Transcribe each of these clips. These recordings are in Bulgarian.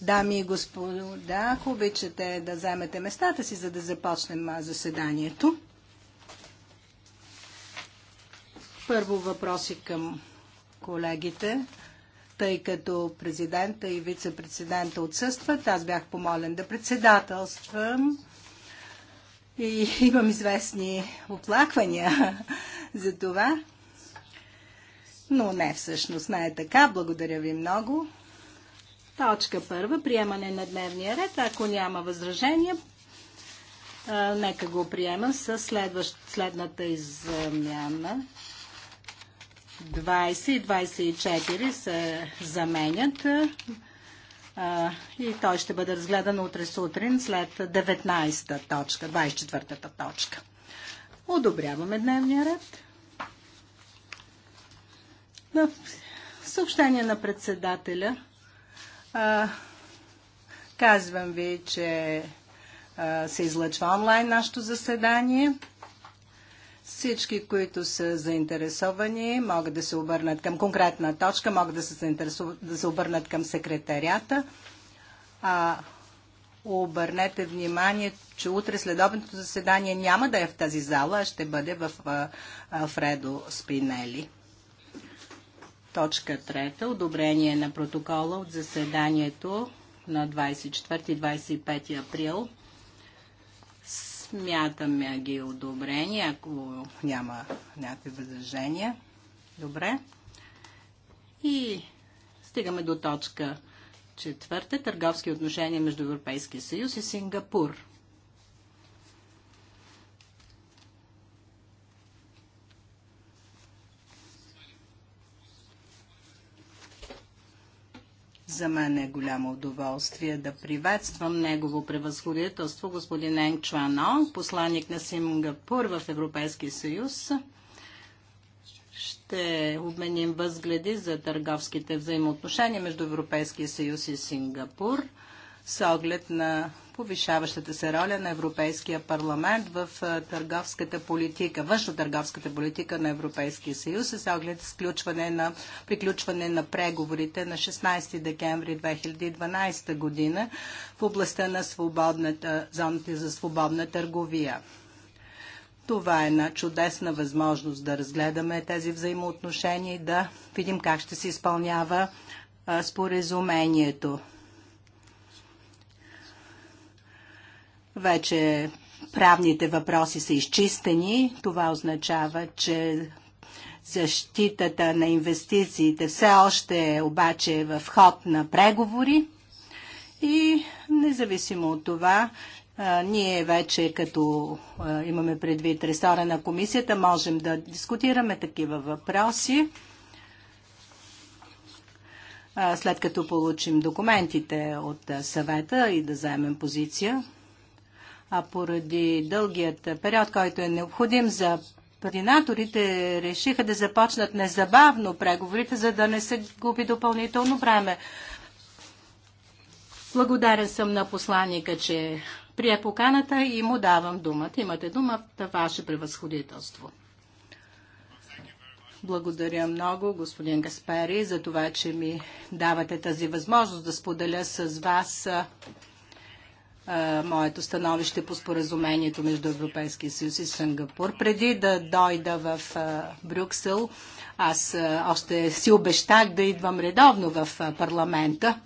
Дами и господа, ако обичате да вземете местата си, за да започнем заседанието. Първо въпроси към колегите. Тъй като президента и вице-президента отсъстват, аз бях помолен да председателствам и имам известни оплаквания за това но не всъщност не е така. Благодаря ви много. Точка първа, приемане на дневния ред. Ако няма възражения, нека го приема с следващ, следната измяна. 20 и 24 се заменят а, и той ще бъде разгледан утре сутрин след 19-та точка, 24-та точка. Одобряваме дневния ред. В съобщение на председателя а, казвам ви, че а, се излъчва онлайн нашето заседание. Всички, които са заинтересовани, могат да се обърнат към конкретна точка, могат да се, да се обърнат към секретарията. А, обърнете внимание, че утре следобното заседание няма да е в тази зала, а ще бъде в а, Фредо Спинели. Точка трета. Одобрение на протокола от заседанието на 24-25 април. Смятаме ги одобрени, ако няма някакви възражения. Добре. И стигаме до точка четвърта. Търговски отношения между Европейския съюз и Сингапур. За мен е голямо удоволствие да приветствам негово превъзходителство господин Енг Чуанонг, посланник на Сингапур в Европейския съюз. Ще обменим възгледи за търговските взаимоотношения между Европейския съюз и Сингапур с оглед на повишаващата се роля на Европейския парламент в търговската политика, външно-търговската политика на Европейския съюз с оглед сключване на, приключване на преговорите на 16 декември 2012 година в областта на свободната, зоните за свободна търговия. Това е една чудесна възможност да разгледаме тези взаимоотношения и да видим как ще се изпълнява споразумението. Вече правните въпроси са изчистени. Това означава, че защитата на инвестициите все още е обаче е в ход на преговори. И независимо от това, ние вече като имаме предвид ресора на комисията, можем да дискутираме такива въпроси след като получим документите от съвета и да заемем позиция а поради дългият период, който е необходим за координаторите решиха да започнат незабавно преговорите, за да не се губи допълнително време. Благодарен съм на посланника, че прие поканата и му давам думата. Имате думата, ваше превъзходителство. Благодаря много, господин Гаспери, за това, че ми давате тази възможност да споделя с вас е, моето становище по споразумението между Европейския съюз и Сингапур. Преди да дойда в е, Брюксел, аз е, още си обещах да идвам редовно в парламента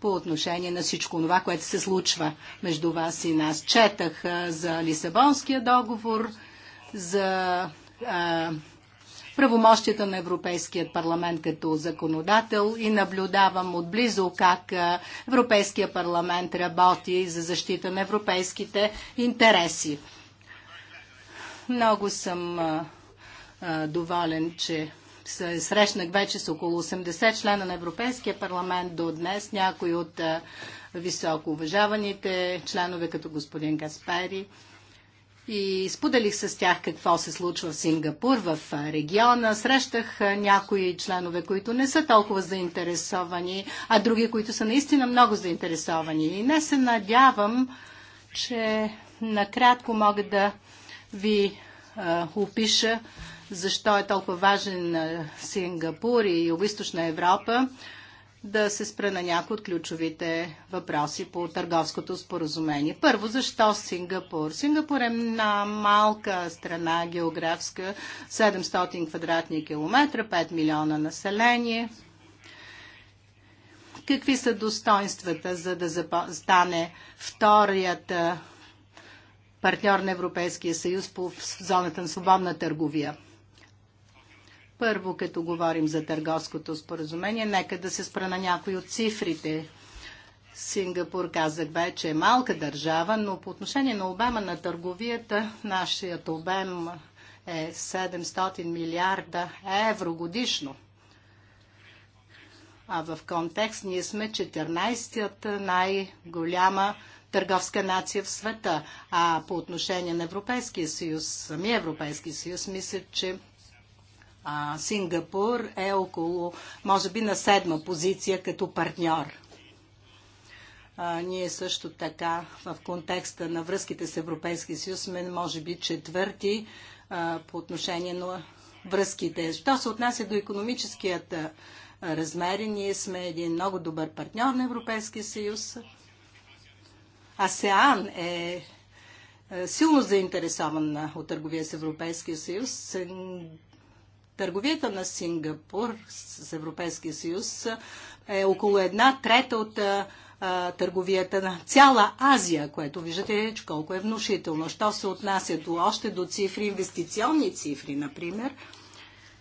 по отношение на всичко това, което се случва между вас и нас. Четах за Лисабонския договор, за правомощията на Европейският парламент като законодател и наблюдавам отблизо как Европейския парламент работи за защита на европейските интереси. Много съм доволен, че се срещнах вече с около 80 члена на Европейския парламент до днес, някои от високо уважаваните членове като господин Каспери и споделих с тях какво се случва в Сингапур, в региона. Срещах някои членове, които не са толкова заинтересовани, а други, които са наистина много заинтересовани. И не се надявам, че накратко мога да ви а, опиша защо е толкова важен Сингапур и Юго-Источна Европа да се спра на някои от ключовите въпроси по търговското споразумение. Първо, защо Сингапур? Сингапур е една малка страна географска, 700 квадратни километра, 5 милиона население. Какви са достоинствата, за да стане вторият партньор на Европейския съюз по зоната на свободна търговия? Първо, като говорим за търговското споразумение, нека да се спра на някои от цифрите. Сингапур, казах вече, е малка държава, но по отношение на обема на търговията, нашият обем е 700 милиарда евро годишно. А в контекст ние сме 14 тият най-голяма търговска нация в света. А по отношение на Европейския съюз, самия Европейски съюз, мисля, че а, Сингапур е около, може би, на седма позиция като партньор. А, ние също така в контекста на връзките с Европейски съюз сме, може би, четвърти а, по отношение на връзките. Що се отнася до економическият размер, ние сме един много добър партньор на Европейския съюз. АСЕАН е, е силно заинтересован от търговия с Европейския съюз. Търговията на Сингапур с Европейския съюз е около една трета от търговията на цяла Азия, което виждате че колко е внушително. Що се отнася до, още до цифри, инвестиционни цифри, например,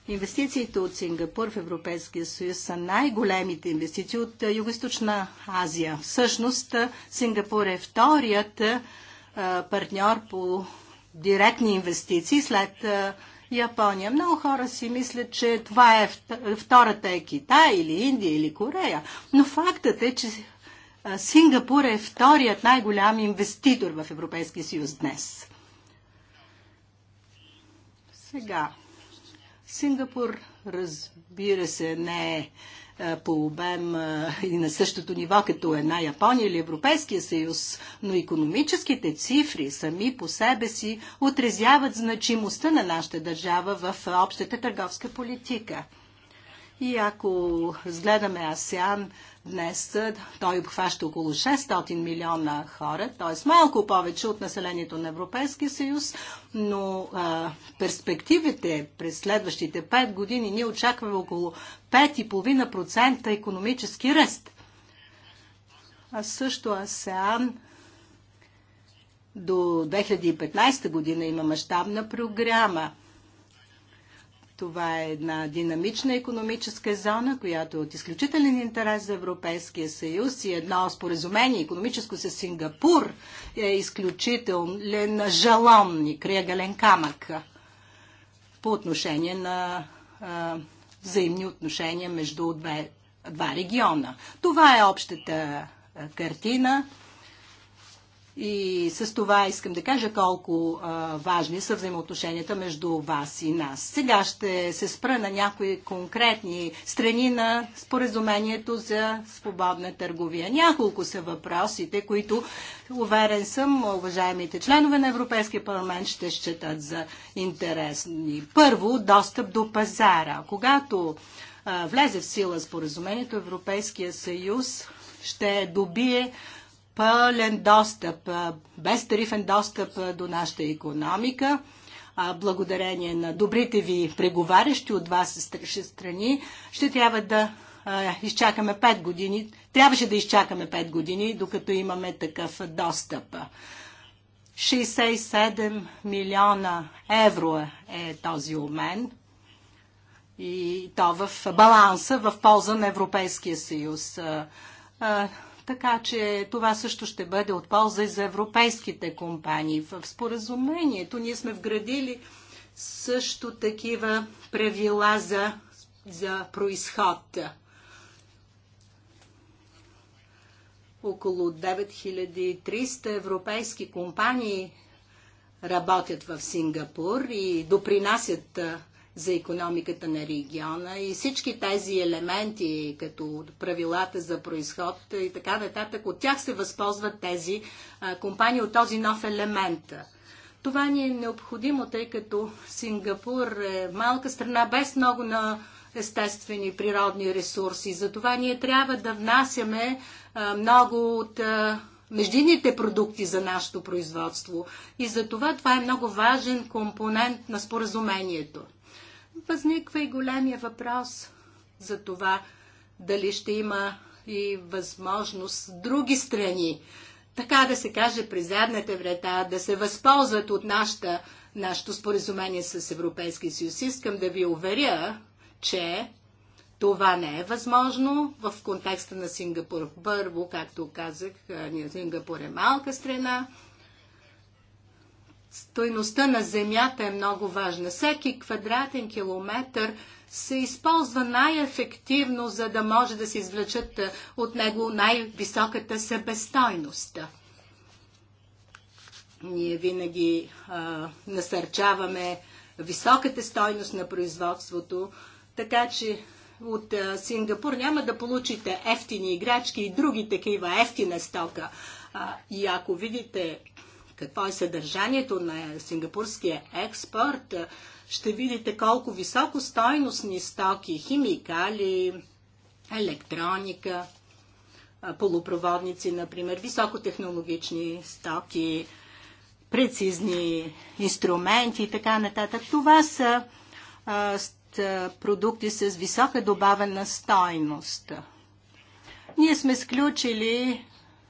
Инвестициите от Сингапур в Европейския съюз са най-големите инвестиции от Юго-Источна Азия. Всъщност Сингапур е вторият партньор по директни инвестиции след Япония. Много хора си мислят, че това е втората е Китай или Индия или Корея. Но фактът е, че Сингапур е вторият най-голям инвеститор в Европейския съюз днес. Сега, Сингапур, разбира се, не е по обем и на същото ниво като една Япония или Европейския съюз, но економическите цифри сами по себе си отрезяват значимостта на нашата държава в общата търговска политика. И ако разгледаме АСЕАН днес. Той обхваща около 600 милиона хора, т.е. малко повече от населението на Европейския съюз, но а, перспективите през следващите 5 години ние очакваме около 5,5% економически ръст. А също АСЕАН до 2015 година има мащабна програма – това е една динамична економическа зона, която е от изключителен интерес за Европейския съюз и едно споразумение економическо с Сингапур е изключителен жаломни, кръгален камък по отношение на а, взаимни отношения между две, два региона. Това е общата картина и с това искам да кажа колко а, важни са взаимоотношенията между вас и нас. Сега ще се спра на някои конкретни страни на споразумението за свободна търговия. Няколко са въпросите, които, уверен съм, уважаемите членове на Европейския парламент ще считат за интересни. Първо, достъп до пазара. Когато а, влезе в сила споразумението, Европейския съюз ще добие пълен достъп, без тарифен достъп до нашата економика. Благодарение на добрите ви преговарящи от вас страни, ще трябва да изчакаме 5 години. Трябваше да изчакаме 5 години, докато имаме такъв достъп. 67 милиона евро е този обмен и то в баланса в полза на Европейския съюз. Така че това също ще бъде от полза и за европейските компании. В споразумението ние сме вградили също такива правила за, за происход. Около 9300 европейски компании работят в Сингапур и допринасят за економиката на региона и всички тези елементи, като правилата за происход и така нататък, от тях се възползват тези а, компании от този нов елемент. Това ни е необходимо, тъй като Сингапур е малка страна без много на естествени природни ресурси. Затова ние трябва да внасяме а, много от а, междинните продукти за нашето производство. И затова това е много важен компонент на споразумението. Възниква и големия въпрос за това дали ще има и възможност други страни, така да се каже, при задната врата, да се възползват от нашата, нашето споразумение с Европейския съюз. Искам да ви уверя, че това не е възможно в контекста на Сингапур. Първо, както казах, Сингапур е малка страна, Стойността на земята е много важна. Всеки квадратен километр се използва най-ефективно, за да може да се извлечат е, от него най-високата себестойност. Ние винаги а, е, насърчаваме високата стойност на производството, така че от а, е, Сингапур няма да получите ефтини играчки и други такива ефтина стока. А, и ако видите какво е съдържанието на сингапурския експорт, ще видите колко високо стойностни стоки, химикали, електроника, полупроводници, например, високотехнологични стоки, прецизни инструменти и така нататък. Това са продукти с висока добавена стойност. Ние сме сключили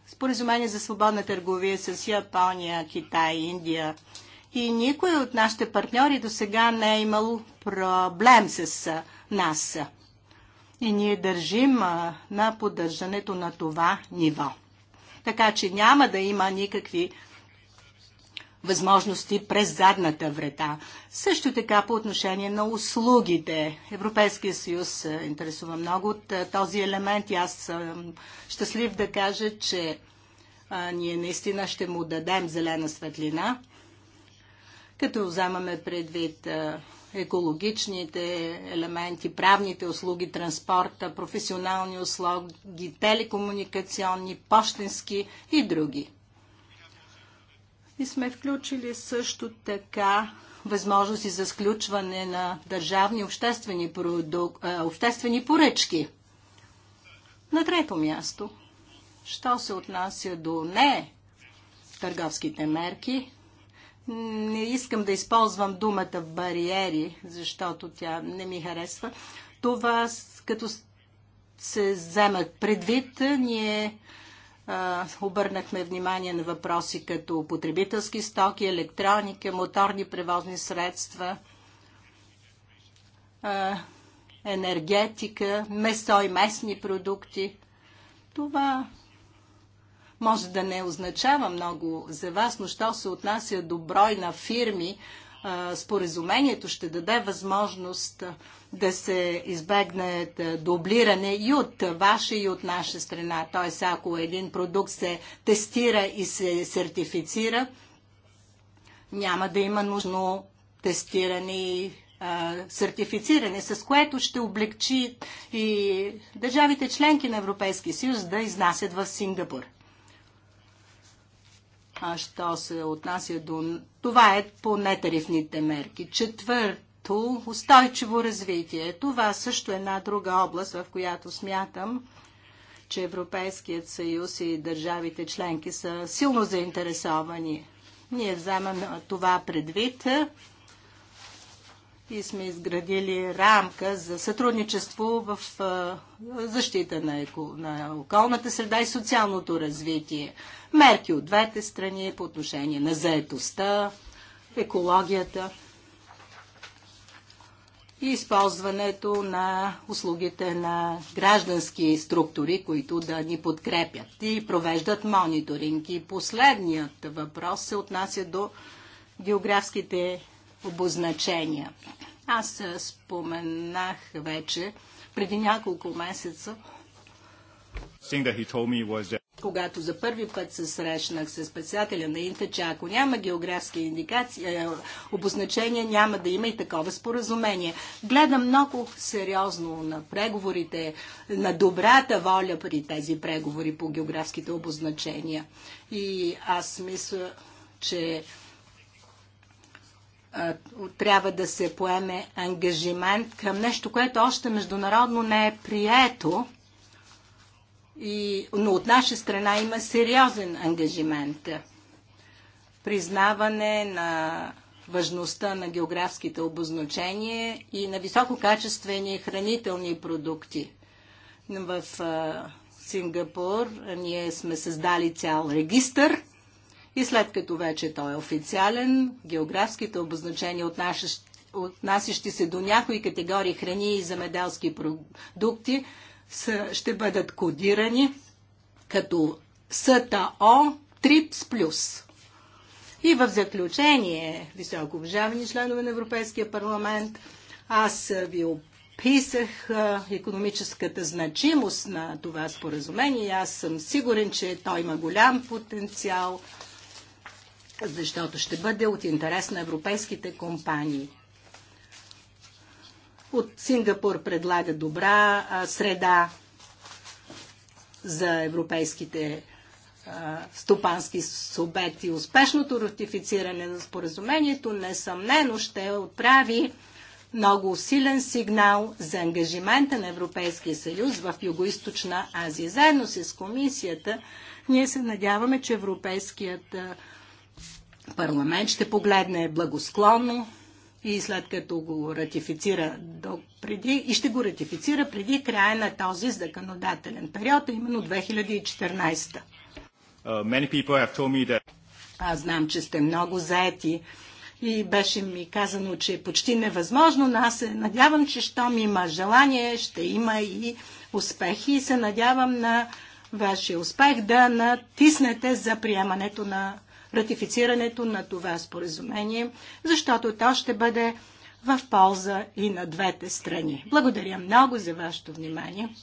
споразумение за свободна търговия с Япония, Китай, Индия. И никой от нашите партньори до сега не е имал проблем с нас. И ние държим на поддържането на това ниво. Така че няма да има никакви възможности през задната врата. Също така по отношение на услугите. Европейския съюз се интересува много от е, този елемент и аз съм щастлив да кажа, че а, е, ние наистина ще му дадем зелена светлина, като вземаме предвид а, е, екологичните елементи, правните услуги, транспорта, професионални услуги, телекомуникационни, почтенски и други. И сме включили също така възможности за сключване на държавни обществени, продук... обществени поръчки. На трето място, що се отнася до не търговските мерки, не искам да използвам думата бариери, защото тя не ми харесва. Това като се вземат предвид, ние обърнахме внимание на въпроси като потребителски стоки, електроника, моторни превозни средства, енергетика, месо и местни продукти. Това може да не означава много за вас, но що се отнася до брой на фирми, споразумението ще даде възможност да се избегне дублиране и от ваша и от наша страна. Т.е. ако един продукт се тестира и се сертифицира, няма да има нужно тестиране и сертифициране, с което ще облегчи и държавите членки на Европейския съюз да изнасят в Сингапур. А що се отнася до... Това е по нетарифните мерки. Четвърт, като устойчиво развитие. Това също е една друга област, в която смятам, че Европейският съюз и държавите членки са силно заинтересовани. Ние вземаме това предвид и сме изградили рамка за сътрудничество в защита на, еко, на околната среда и социалното развитие. Мерки от двете страни по отношение на заетостта, екологията и използването на услугите на граждански структури, които да ни подкрепят и провеждат мониторинг. И последният въпрос се отнася до географските обозначения. Аз споменах вече преди няколко месеца когато за първи път се срещнах с председателя на Инта, че ако няма географски индикации, е, обозначения, няма да има и такова споразумение. Гледам много сериозно на преговорите, на добрата воля при тези преговори по географските обозначения. И аз мисля, че е, трябва да се поеме ангажимент към нещо, което още международно не е прието и, но от наша страна има сериозен ангажимент. Признаване на важността на географските обозначения и на висококачествени хранителни продукти. В Сингапур ние сме създали цял регистър и след като вече той е официален, географските обозначения, отнасящи се до някои категории храни и замеделски продукти, са, ще бъдат кодирани като СТО ТРИПС плюс. И в заключение, високо уважавани членове на Европейския парламент, аз ви описах економическата значимост на това споразумение и аз съм сигурен, че той има голям потенциал, защото ще бъде от интерес на европейските компании. От Сингапур предлага добра среда за европейските стопански субекти. Успешното ратифициране на споразумението несъмнено ще отправи много силен сигнал за ангажимента на Европейския съюз в Юго-Источна Азия. Заедно с комисията ние се надяваме, че Европейският парламент ще погледне благосклонно и след като го ратифицира до преди, и ще го ратифицира преди края на този законодателен период, именно 2014. Uh, that... Аз знам, че сте много заети и беше ми казано, че е почти невъзможно, но аз се надявам, че щом има желание, ще има и успехи и се надявам на вашия успех да натиснете за приемането на ратифицирането на това споразумение, защото то ще бъде в полза и на двете страни. Благодаря много за вашето внимание.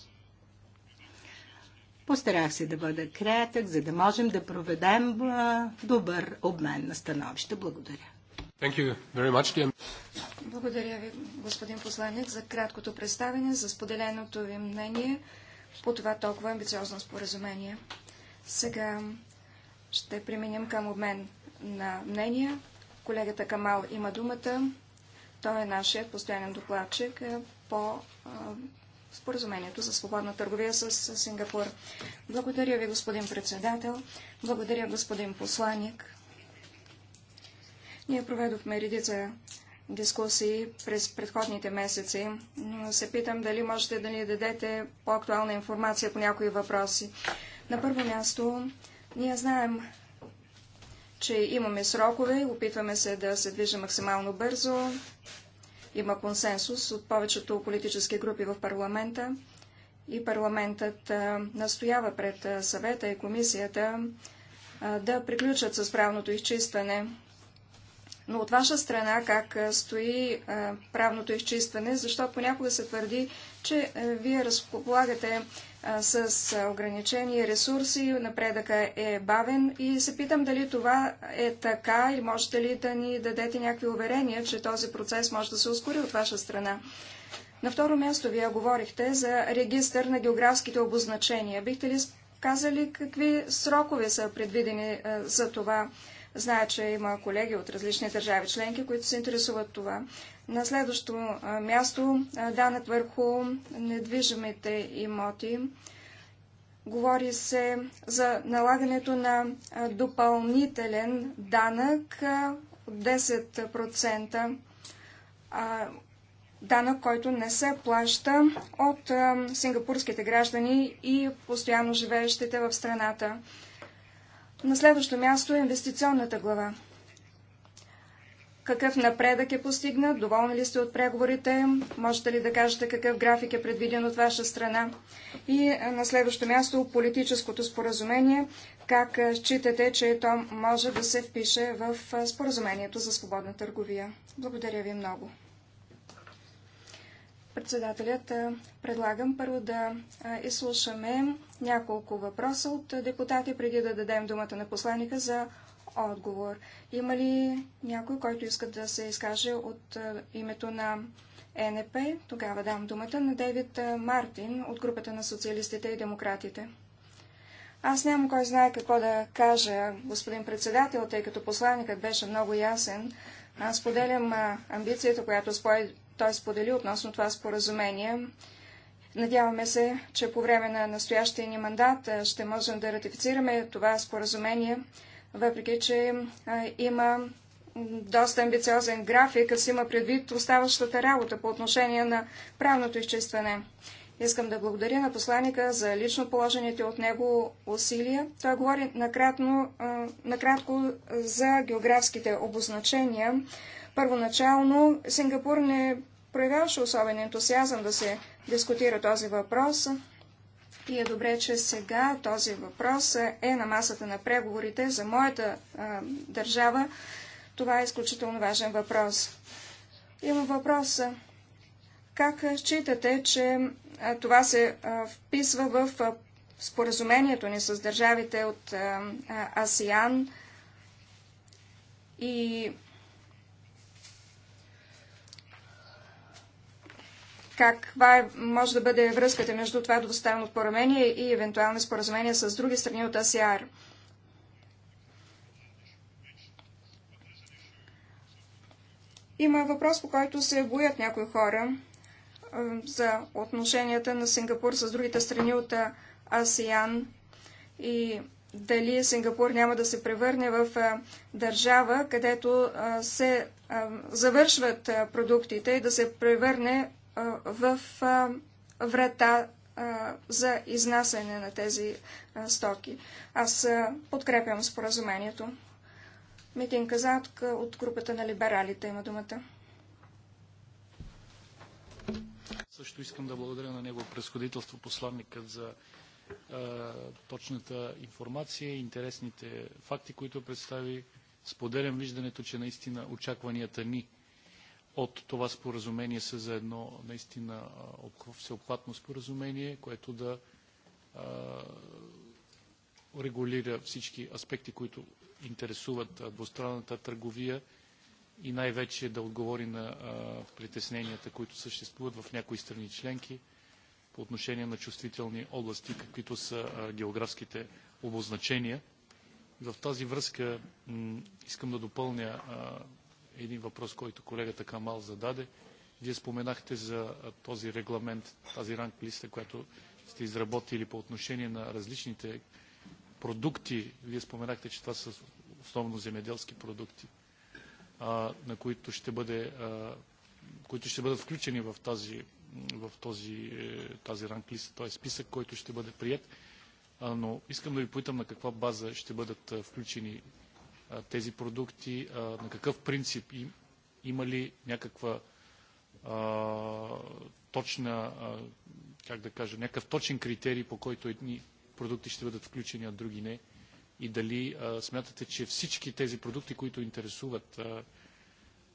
Постарах се да бъда кратък, за да можем да проведем добър обмен на становища. Благодаря. Much, Благодаря ви, господин посланник, за краткото представяне, за споделеното ви мнение по това толкова амбициозно споразумение. Сега ще преминем към обмен на мнения. Колегата Камал има думата. Той е нашия постоянен докладчик е, по споразумението за свободна търговия с Сингапур. Благодаря ви, господин председател. Благодаря, господин посланник. Ние проведохме редица дискусии през предходните месеци, но се питам дали можете да ни дадете по-актуална информация по някои въпроси. На първо място, ние знаем, че имаме срокове, опитваме се да се движим максимално бързо. Има консенсус от повечето политически групи в парламента и парламентът настоява пред съвета и комисията да приключат с правното изчистване. Но от ваша страна как стои правното изчистване, защото понякога се твърди, че вие разполагате с ограничени ресурси, напредъка е бавен и се питам дали това е така и можете ли да ни дадете някакви уверения, че този процес може да се ускори от ваша страна. На второ място вие говорихте за регистър на географските обозначения. Бихте ли казали какви срокове са предвидени за това? Зная, че има колеги от различни държави членки, които се интересуват това. На следващо място данът върху недвижимите имоти. Говори се за налагането на допълнителен данък от 10%, данък, който не се плаща от сингапурските граждани и постоянно живеещите в страната. На следващо място е инвестиционната глава. Какъв напредък е постигнат? Доволни ли сте от преговорите? Можете ли да кажете какъв график е предвиден от ваша страна? И на следващо място политическото споразумение. Как считате, че то може да се впише в споразумението за свободна търговия? Благодаря ви много. Председателят предлагам първо да изслушаме няколко въпроса от депутати, преди да дадем думата на посланика за отговор. Има ли някой, който иска да се изкаже от името на ЕНП? Тогава дам думата на Дейвид Мартин от групата на социалистите и демократите. Аз нямам кой знае какво да кажа, господин председател, тъй като посланникът беше много ясен. Аз поделям амбицията, която той сподели относно това споразумение. Надяваме се, че по време на настоящия ни мандат ще можем да ратифицираме това споразумение, въпреки че има доста амбициозен график, като си има предвид оставащата работа по отношение на правното изчистване. Искам да благодаря на посланика за лично положените от него усилия. Той говори накратно, накратко за географските обозначения Първоначално Сингапур не проявяваше особен ентусиазъм да се дискутира този въпрос. И е добре, че сега този въпрос е на масата на преговорите за моята а, държава. Това е изключително важен въпрос. Има въпрос. Как считате, че а, това се а, вписва в а, споразумението ни с държавите от а, а, АСИАН и каква е, може да бъде връзката между това двустранно споразумение и евентуални споразумения с други страни от АСИАР. Има въпрос, по който се боят някои хора за отношенията на Сингапур с другите страни от АСИАН и дали Сингапур няма да се превърне в държава, където се завършват продуктите и да се превърне в врата за изнасяне на тези стоки. Аз подкрепям споразумението. Митин Казак от групата на либералите има думата. Също искам да благодаря на него пресходителство посланникът за а, точната информация и интересните факти, които представи. Споделям виждането, че наистина очакванията ни от това споразумение са за едно наистина всеобхватно споразумение, което да регулира всички аспекти, които интересуват двустранната търговия и най-вече да отговори на притесненията, които съществуват в някои страни членки по отношение на чувствителни области, каквито са географските обозначения. В тази връзка искам да допълня един въпрос, който колегата Камал зададе. Вие споменахте за този регламент, тази ранг листа, която сте изработили по отношение на различните продукти. Вие споменахте, че това са основно земеделски продукти, а, на които ще, бъде, а, които ще бъдат включени в тази, в този, е, тази ранг листа, т.е. списък, който ще бъде прият. но искам да ви попитам на каква база ще бъдат включени тези продукти, на какъв принцип има ли някаква точна, как да кажа, някакъв точен критерий, по който едни продукти ще бъдат включени, а други не? И дали смятате, че всички тези продукти, които интересуват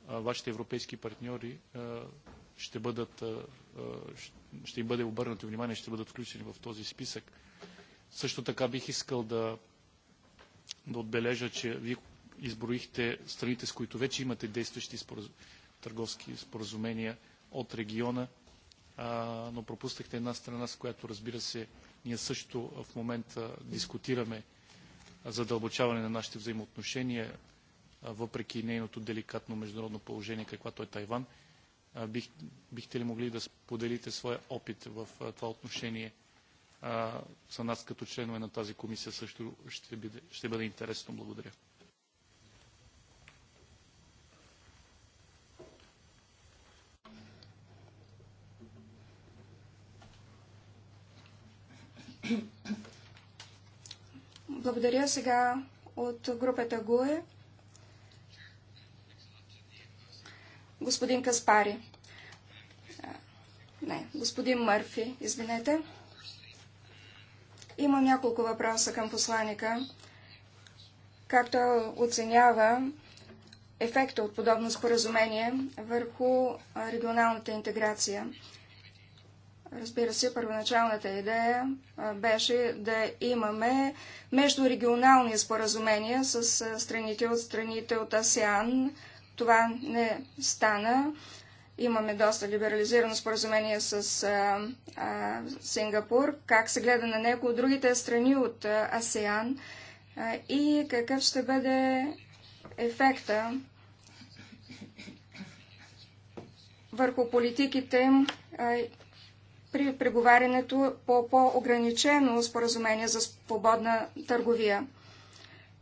вашите европейски партньори, ще, бъдат, ще им бъде обърнато внимание, ще бъдат включени в този списък. Също така бих искал да да отбележа, че вие изброихте страните, с които вече имате действащи споразум... търговски споразумения от региона, а, но пропуснахте една страна, с която, разбира се, ние също в момента дискутираме задълбочаване на нашите взаимоотношения, въпреки нейното деликатно международно положение, каквато е Тайван. Бих, бихте ли могли да споделите своя опит в това отношение – за нас като членове на тази комисия също ще бъде, ще бъде интересно. Благодаря. Благодаря сега от групата ГУЕ. Господин Каспари. Не, господин Мърфи, извинете. Имам няколко въпроса към посланика. Как той оценява ефекта от подобно споразумение върху регионалната интеграция? Разбира се, първоначалната идея беше да имаме междурегионални споразумения с страните от страните от АСЕАН. Това не стана. Имаме доста либерализирано споразумение с а, а, Сингапур. Как се гледа на него от другите страни от АСЕАН и какъв ще бъде ефекта върху политиките им при преговарянето по по-ограничено споразумение за свободна търговия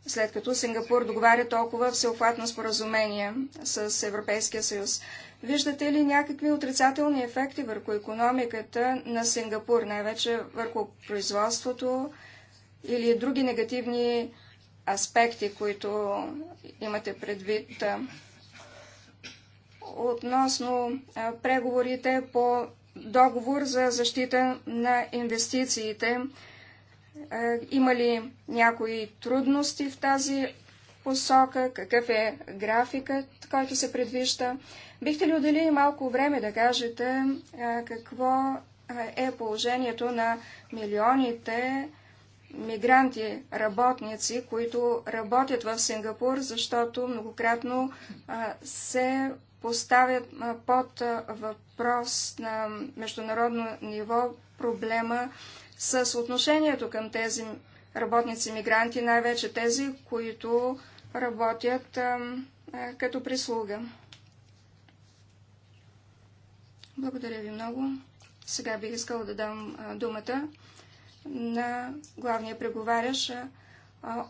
след като Сингапур договаря толкова всеохватно споразумение с Европейския съюз. Виждате ли някакви отрицателни ефекти върху економиката на Сингапур, най-вече върху производството или други негативни аспекти, които имате предвид? Относно преговорите по договор за защита на инвестициите, е, има ли някои трудности в тази посока? Какъв е графикът, който се предвижда? Бихте ли отделили малко време да кажете е, какво е положението на милионите мигранти, работници, които работят в Сингапур, защото многократно е, се поставят под въпрос на международно ниво проблема с отношението към тези работници мигранти, най-вече тези, които работят като прислуга. Благодаря ви много. Сега бих искала да дам думата на главния преговаряш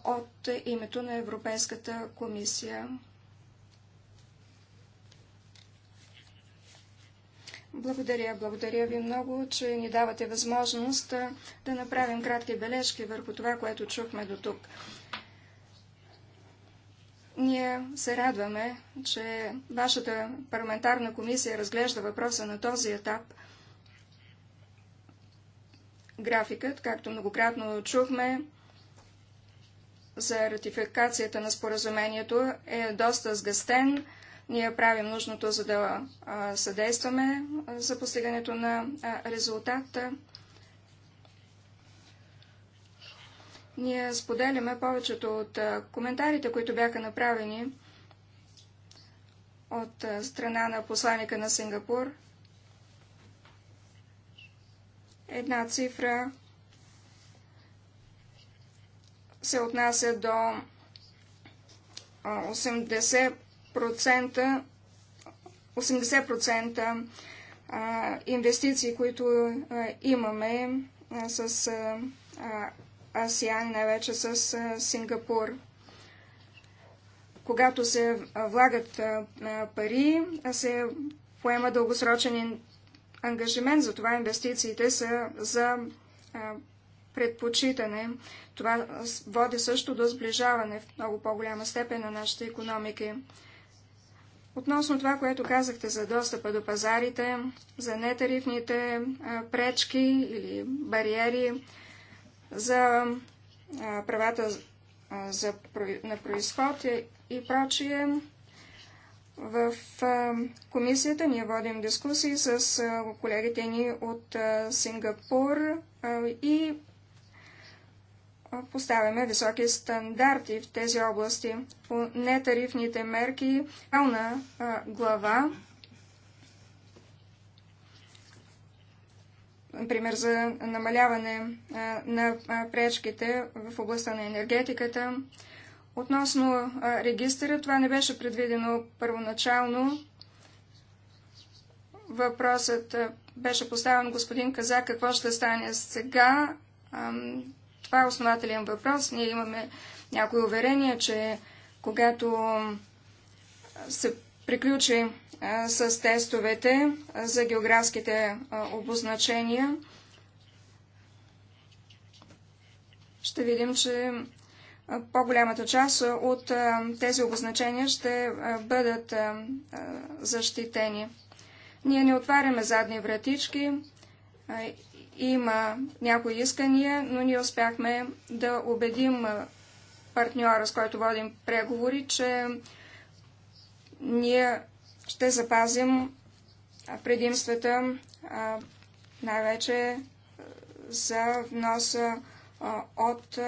от името на Европейската комисия. Благодаря, благодаря ви много, че ни давате възможност да направим кратки бележки върху това, което чухме до тук. Ние се радваме, че вашата парламентарна комисия разглежда въпроса на този етап. Графикът, както многократно чухме, за ратификацията на споразумението е доста сгъстен. Ние правим нужното, за да съдействаме за постигането на резултата. Ние споделяме повечето от коментарите, които бяха направени от страна на посланика на Сингапур. Една цифра се отнася до 80 80%, 80% инвестиции, които имаме с АСИАН, най-вече с Сингапур. Когато се влагат пари, се поема дългосрочен ангажимент, затова инвестициите са за предпочитане. Това води също до сближаване в много по-голяма степен на нашите економики. Относно това, което казахте за достъпа до пазарите, за нетарифните пречки или бариери, за правата за, на происход и прочие, в комисията ние водим дискусии с колегите ни от Сингапур и поставяме високи стандарти в тези области. По нетарифните мерки, Пълна глава, например за намаляване на пречките в областта на енергетиката. Относно регистъра, това не беше предвидено първоначално. Въпросът беше поставен господин Казак, какво ще стане сега това е основателен въпрос. Ние имаме някои уверения, че когато се приключи а, с тестовете а, за географските а, обозначения, ще видим, че по-голямата част от тези обозначения ще бъдат защитени. Ние не отваряме задни вратички има някои искания, но ние успяхме да убедим партньора, с който водим преговори, че ние ще запазим предимствата най-вече за вноса от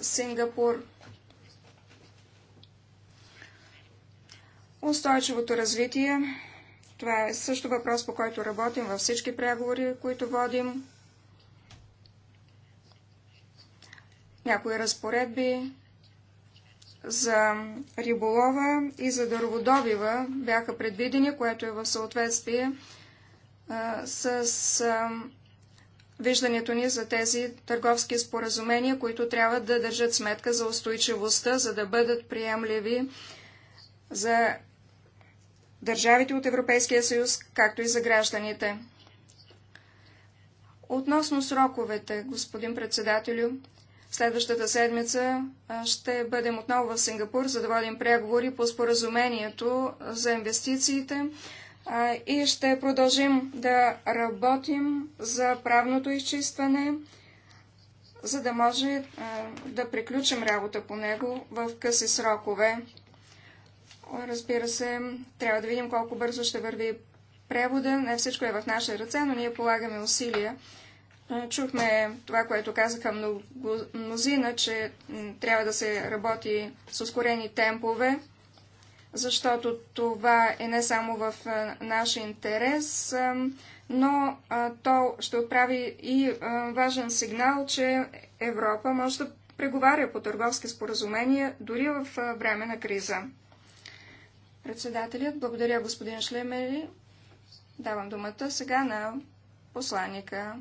Сингапур. Устойчивото развитие това е също въпрос, по който работим във всички преговори, които водим. Някои разпоредби за риболова и за дърводобива бяха предвидени, което е в съответствие а, с а, виждането ни за тези търговски споразумения, които трябва да държат сметка за устойчивостта, за да бъдат приемливи за държавите от Европейския съюз, както и за гражданите. Относно сроковете, господин председателю, следващата седмица ще бъдем отново в Сингапур, за да водим преговори по споразумението за инвестициите и ще продължим да работим за правното изчистване, за да може да приключим работа по него в къси срокове. Разбира се, трябва да видим колко бързо ще върви превода. Не всичко е в наше ръце, но ние полагаме усилия. Е, чухме това, което казаха много, мнозина, че трябва да се работи с ускорени темпове, защото това е не само в е, наш интерес, е, но то ще отправи и важен сигнал, че Европа може да преговаря по търговски споразумения дори в време на криза. Председателят, благодаря господин Шлемери. Давам думата сега на посланника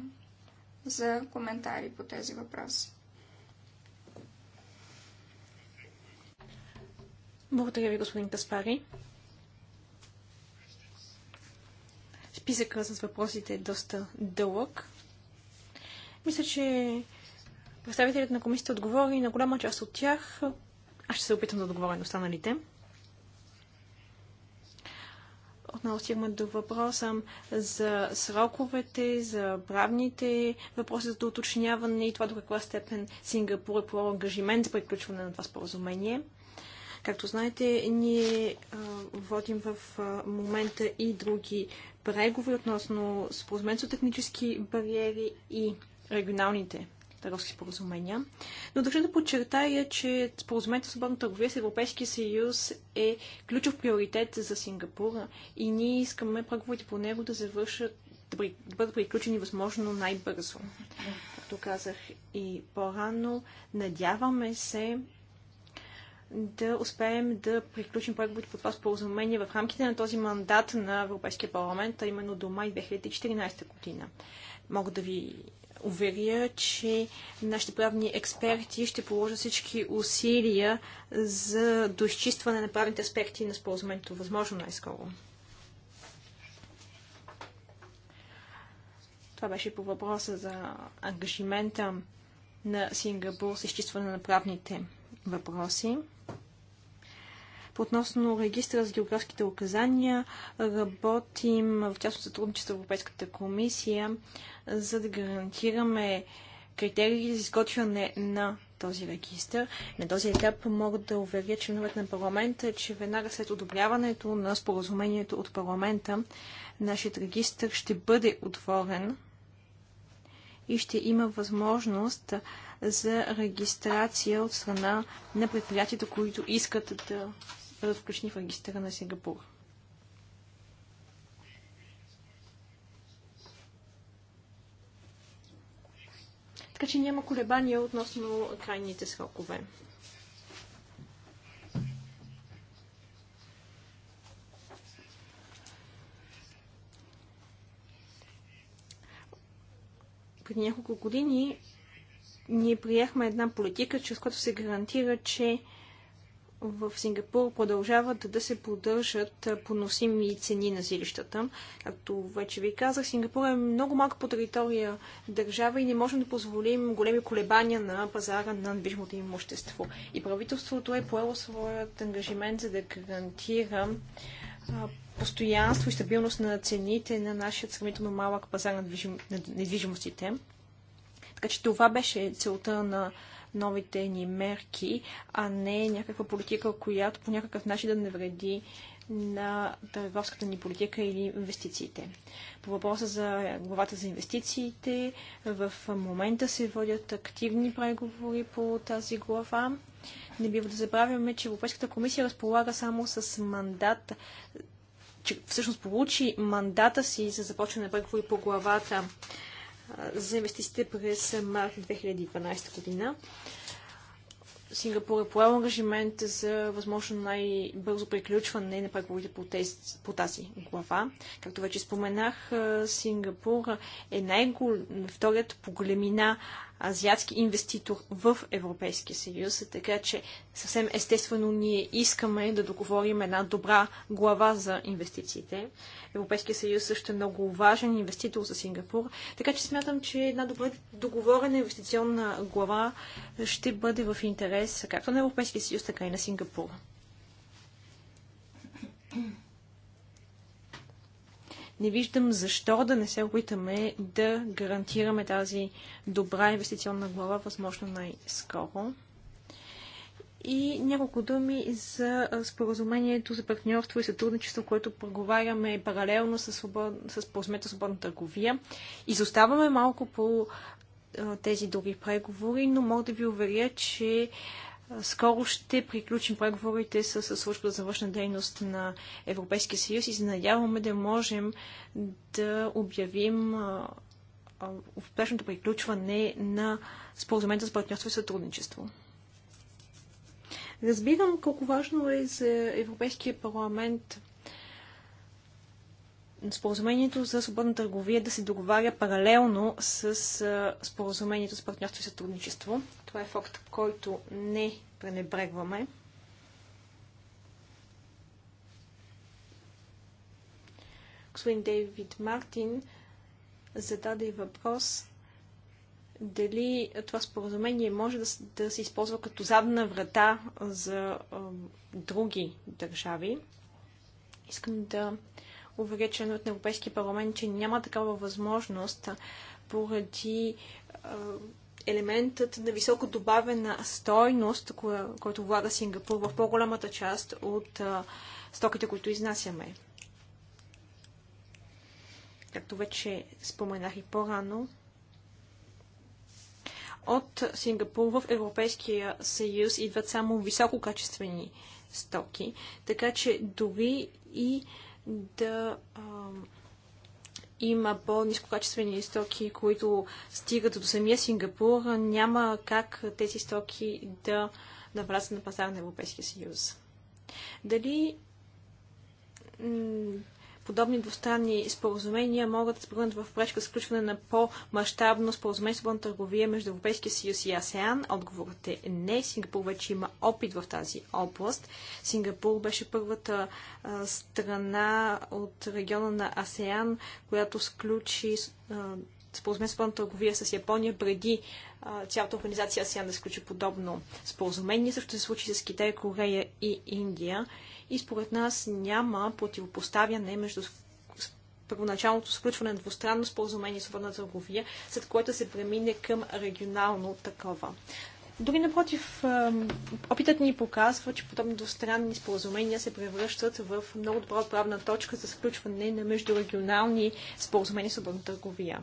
за коментари по тези въпроси. Благодаря ви, господин Каспари. Списъка с въпросите е доста дълъг. Мисля, че представителят на комисията отговори на голяма част от тях. Аз ще се опитам да отговоря на останалите. отново има до въпроса за сроковете, за правните въпроси за уточняване и това до каква степен Сингапур е по ангажимент за приключване на това споразумение. Както знаете, ние а, водим в а, момента и други преговори относно споразумението технически бариери и регионалните търговски споразумения. Но държа да подчертая, че споразумението за свободна търговия с Европейския съюз е ключов приоритет за Сингапура и ние искаме преговорите по него да завършат да, при, да бъдат приключени възможно най-бързо. Както казах и по-рано, надяваме се да успеем да приключим преговорите по това споразумение в рамките на този мандат на Европейския парламент, а именно до май 2014 година. Мога да ви уверя, че нашите правни експерти ще положат всички усилия за доизчистване на правните аспекти на споразумението, възможно най-скоро. Това беше по въпроса за ангажимента на Сингапур с изчистване на правните въпроси. Относно регистра с географските указания работим в тясно сътрудничество с Европейската комисия, за да гарантираме критерии за изготвяне на този регистр. На този етап мога да уверя членовете на парламента, че веднага след одобряването на споразумението от парламента, нашият регистр ще бъде отворен и ще има възможност за регистрация от страна на предприятията, които искат да включени в регистъра на Сингапур. Така че няма колебания относно крайните срокове. преди няколко години ние приехме една политика, чрез която се гарантира, че в Сингапур продължават да се поддържат поносими цени на жилищата. Както вече ви казах, Сингапур е много малка по територия държава и не можем да позволим големи колебания на пазара на недвижимото имущество. И правителството е поело своят ангажимент за да гарантира постоянство и стабилност на цените на нашия сравнително малък пазар на недвижимостите. Така че това беше целта на новите ни мерки, а не някаква политика, която по някакъв начин да не вреди на търговската ни политика или инвестициите. По въпроса за главата за инвестициите, в момента се водят активни преговори по тази глава. Не бива да забравяме, че Европейската комисия разполага само с мандат, че всъщност получи мандата си за започване на преговори по главата за инвестициите през март 2012 година. Сингапур е поел ангажимент за възможно най-бързо приключване на преговорите по, по тази глава. Както вече споменах, Сингапур е най вторият по големина азиатски инвеститор в Европейския съюз, така че съвсем естествено ние искаме да договорим една добра глава за инвестициите. Европейския съюз също е много важен инвеститор за Сингапур, така че смятам, че една добре договорена инвестиционна глава ще бъде в интерес както на Европейския съюз, така и на Сингапур не виждам защо да не се опитаме да гарантираме тази добра инвестиционна глава възможно най-скоро. И няколко думи за споразумението за партньорство и сътрудничество, което проговаряме паралелно с, свобод... с за свободна търговия. Изоставаме малко по тези други преговори, но мога да ви уверя, че скоро ще приключим преговорите с, служба за външна дейност на Европейския съюз и се надяваме да можем да обявим успешното приключване на споразумението за партньорство и сътрудничество. Разбирам колко важно е за Европейския парламент споразумението за свободна търговия да се договаря паралелно с споразумението с партньорство и сътрудничество. Това е факт, който не пренебрегваме. Господин Дейвид Мартин зададе въпрос дали това споразумение може да, да се използва като задна врата за а, други държави. Искам да уверя членове от Европейския парламент, че няма такава възможност поради елементът на високо добавена стойност, който влага Сингапур в по-голямата част от стоките, които изнасяме. Както вече споменах и по-рано, от Сингапур в Европейския съюз идват само висококачествени стоки, така че дори и да а, има по-низкокачествени стоки, които стигат до самия Сингапур, няма как тези стоки да навлязат на пазара на Европейския съюз. Дали подобни двустранни споразумения могат да спръгнат в пречка с включване на по-масштабно споразумение свободна търговия между Европейския съюз и АСЕАН? Отговорът е не. Сингапур вече има опит в тази област. Сингапур беше първата страна от региона на АСЕАН, която сключи споразумение с пълна търговия с Япония преди а, цялата организация АСЕАН да сключи подобно споразумение. Също се случи с Китай, Корея и Индия. И според нас няма противопоставяне между първоначалното сключване на двустранно споразумение с свободна търговия, след което се премине към регионално такова. Дори напротив, опитът ни показва, че подобни двустранни споразумения се превръщат в много добра отправна точка за сключване на междурегионални споразумения с свободна търговия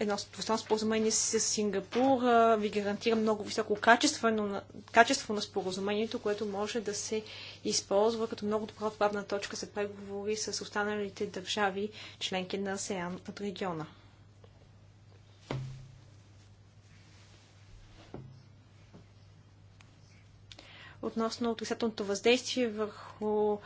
едно двустранно споразумение с Сингапур ви гарантира много високо качество, качество на споразумението, което може да се използва като много добра отправна точка за преговори с останалите държави, членки на СЕАН от региона. Относно отрицателното въздействие върху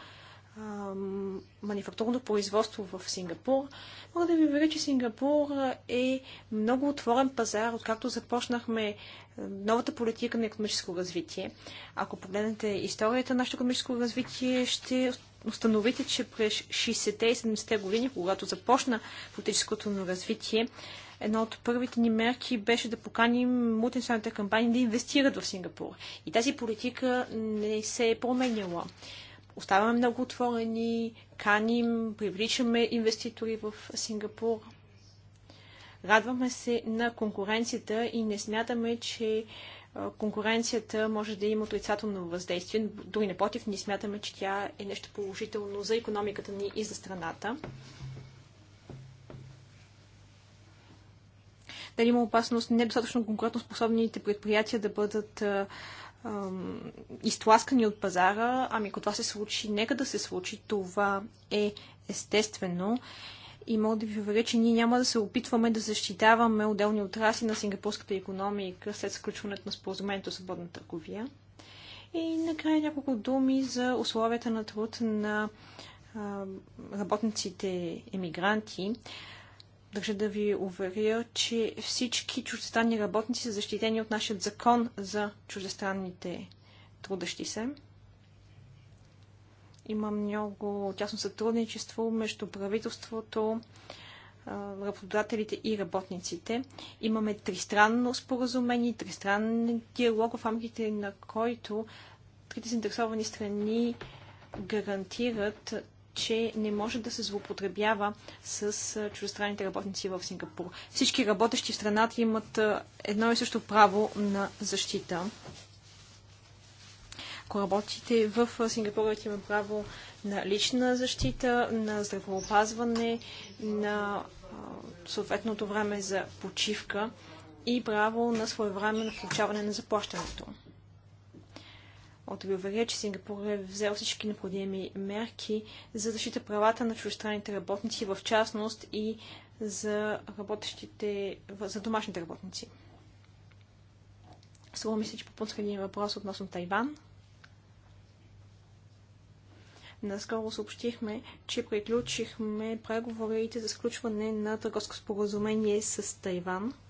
манифактурното производство в Сингапур. Мога да ви уверя, че Сингапур е много отворен пазар, откакто започнахме новата политика на економическо развитие. Ако погледнете историята на нашето економическо развитие, ще установите, че през 60-те и 70-те години, когато започна политическото на развитие, една от първите ни мерки беше да поканим мултинационалните кампании да инвестират в Сингапур. И тази политика не се е променяла оставаме много отворени, каним, привличаме инвеститори в Сингапур. Радваме се на конкуренцията и не смятаме, че конкуренцията може да има отрицателно въздействие. Дори напротив, ние смятаме, че тя е нещо положително за економиката ни и за страната. Дали има опасност недостатъчно конкурентоспособните предприятия да бъдат изтласкани от пазара, ами ако това се случи, нека да се случи. Това е естествено. И мога да ви уверя, че ние няма да се опитваме да защитаваме отделни отрасли на сингапурската економика след сключването на споразумението за свободна търговия. И накрая няколко думи за условията на труд на а, работниците емигранти. Държа да ви уверя, че всички чуждестранни работници са защитени от нашия закон за чуждестранните трудещи се. Има много тясно сътрудничество между правителството, работодателите и работниците. Имаме тристранно споразумение, тристранен диалог в рамките на който трите заинтересовани страни гарантират, че не може да се злоупотребява с чуждестранните работници в Сингапур. Всички работещи в страната имат едно и също право на защита. Ако работите в Сингапур, има право на лична защита, на здравеопазване, на съответното време за почивка и право на своевременно включаване на заплащането. От ви уверя, че Сингапур е взел всички необходими мерки за защита правата на чуждестранните работници, в частност и за работещите, за домашните работници. Слово мисля, че попуснах един въпрос относно Тайван. Наскоро съобщихме, че приключихме преговорите за сключване на търговско споразумение с Тайван –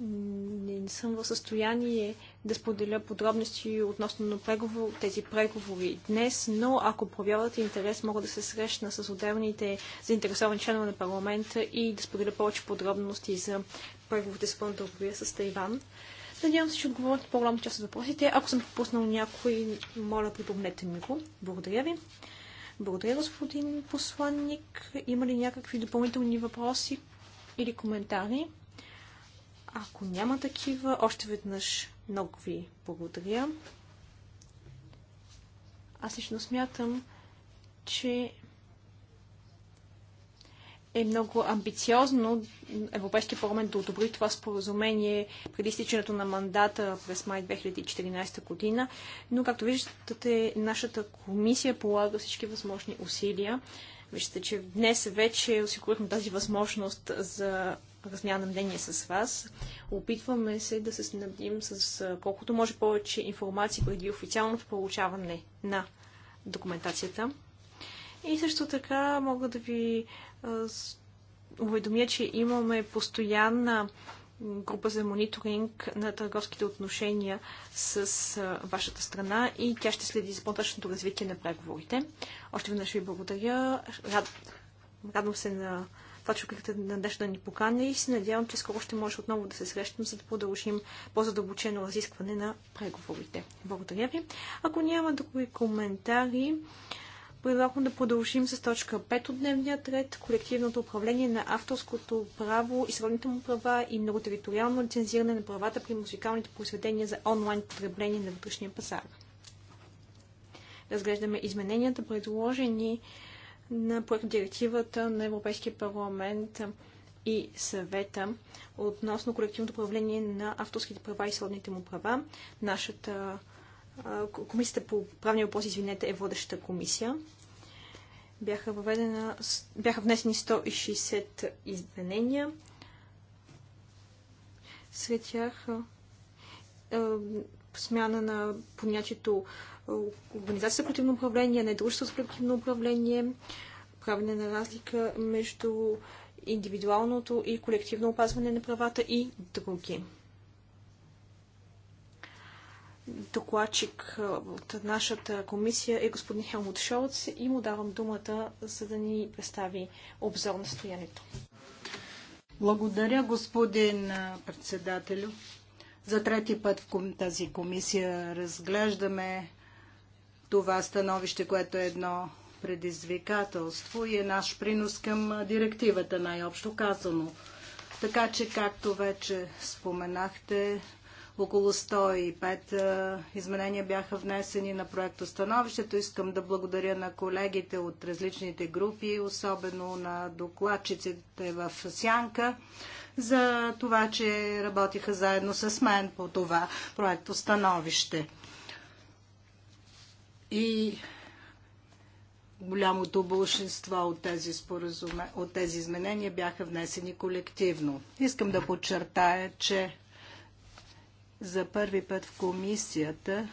не съм в състояние да споделя подробности относно на преговор, тези преговори днес, но ако проявявате интерес, мога да се срещна с отделните заинтересовани членове на парламента и да споделя повече подробности за преговорите с Пълната с Тайван. Надявам се, че отговорите по-голяма част от въпросите. Ако съм пропуснал някой, моля, припомнете ми го. Благодаря ви. Благодаря, господин посланник. Има ли някакви допълнителни въпроси или коментари? Ако няма такива, още веднъж много ви благодаря. Аз лично смятам, че е много амбициозно Европейския парламент да одобри това споразумение преди стичането на мандата през май 2014 година, но както виждате, нашата комисия полага всички възможни усилия. Виждате, че днес вече осигурихме тази възможност за размяна мнение с вас. Опитваме се да се снабдим с колкото може повече информация преди официалното получаване на документацията. И също така мога да ви уведомя, че имаме постоянна група за мониторинг на търговските отношения с вашата страна и тя ще следи за по-точното развитие на преговорите. Още веднъж ви благодаря. Рад... Радвам се на това, че откликате на днешна ни покана и се надявам, че скоро ще може отново да се срещнем, за да продължим по-задълбочено разискване на преговорите. Благодаря ви. Ако няма други коментари, предлагам да продължим с точка 5 от дневния ред колективното управление на авторското право и сродните му права и многотериториално лицензиране на правата при музикалните произведения за онлайн потребление на вътрешния пазар. Разглеждаме измененията, предложени на директивата на Европейския парламент и съвета относно колективното управление на авторските права и сродните му права. Нашата комисията по правни въпроси, извинете, е водещата комисия. Бяха, въведена, бяха внесени 160 изменения. Сред тях смяна на понятието организация за колективно управление, не дружество за колективно управление, правене на разлика между индивидуалното и колективно опазване на правата и други. Докладчик от нашата комисия е господин Хелмут Шолц и му давам думата, за да ни представи обзор на стоянието. Благодаря, господин председателю. За трети път в тази комисия разглеждаме това становище, което е едно предизвикателство и е наш принос към директивата, най-общо казано. Така че, както вече споменахте, около 105 изменения бяха внесени на проекто становището. Искам да благодаря на колегите от различните групи, особено на докладчиците в Сянка, за това, че работиха заедно с мен по това проекто становище и голямото большинство от тези, споразуме, от тези изменения бяха внесени колективно. Искам да подчертая, че за първи път в комисията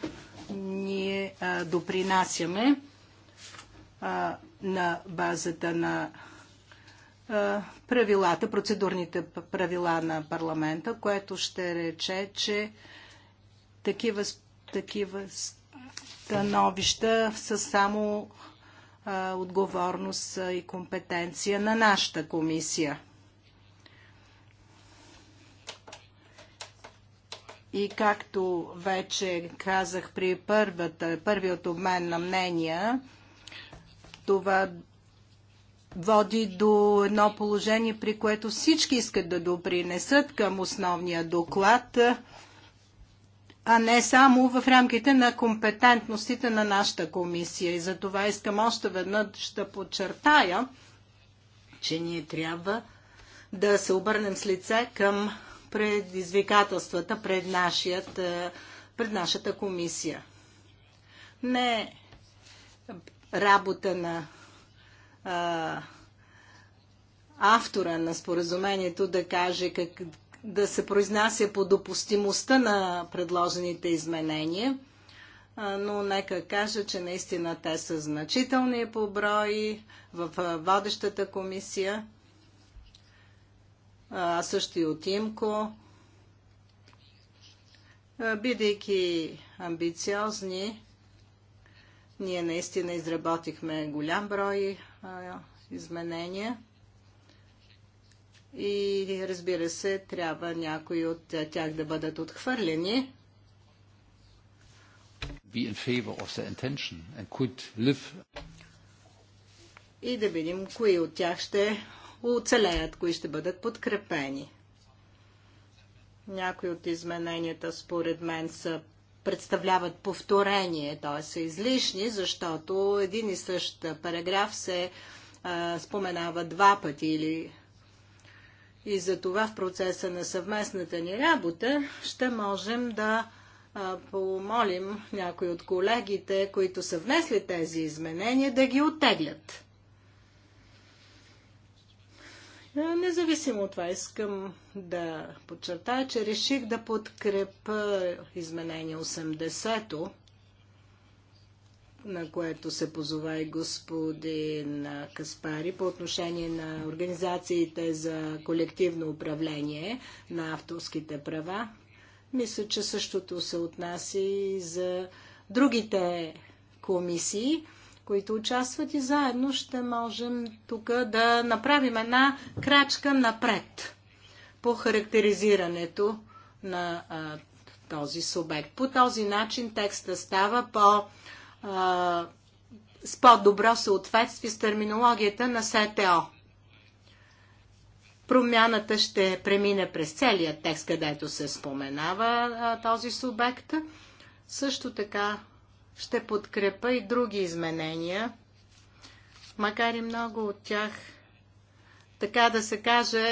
ние а, допринасяме а, на базата на а, правилата, процедурните правила на парламента, което ще рече, че такива, такива становища са само а, отговорност и компетенция на нашата комисия. И както вече казах при първата, първият обмен на мнения, това води до едно положение, при което всички искат да допринесат към основния доклад – а не само в рамките на компетентностите на нашата комисия. И за това искам още веднъж да подчертая, че ние трябва да се обърнем с лице към предизвикателствата пред, нашият, е, пред нашата комисия. Не работа на а, е, автора на споразумението да каже как, да се произнася по допустимостта на предложените изменения, но нека кажа, че наистина те са значителни по брои в водещата комисия, а също и от Имко. Бидейки амбициозни, ние наистина изработихме голям брой изменения и разбира се, трябва някои от тях да бъдат отхвърлени. И да видим кои от тях ще оцелеят, кои ще бъдат подкрепени. Някои от измененията, според мен, са представляват повторение, т.е. са излишни, защото един и същ параграф се а, споменава два пъти или и за това в процеса на съвместната ни работа ще можем да помолим някои от колегите, които са внесли тези изменения, да ги оттеглят. Независимо от това, искам да подчертая, че реших да подкрепа изменение 80-то, на което се позова и господин Каспари по отношение на организациите за колективно управление на авторските права. Мисля, че същото се отнася и за другите комисии, които участват и заедно ще можем тук да направим една крачка напред по характеризирането на а, този субект. По този начин текста става по- с по-добро съответствие с терминологията на СТО. Промяната ще премине през целия текст, където се споменава а, този субект. Също така ще подкрепа и други изменения, макар и много от тях, така да се каже,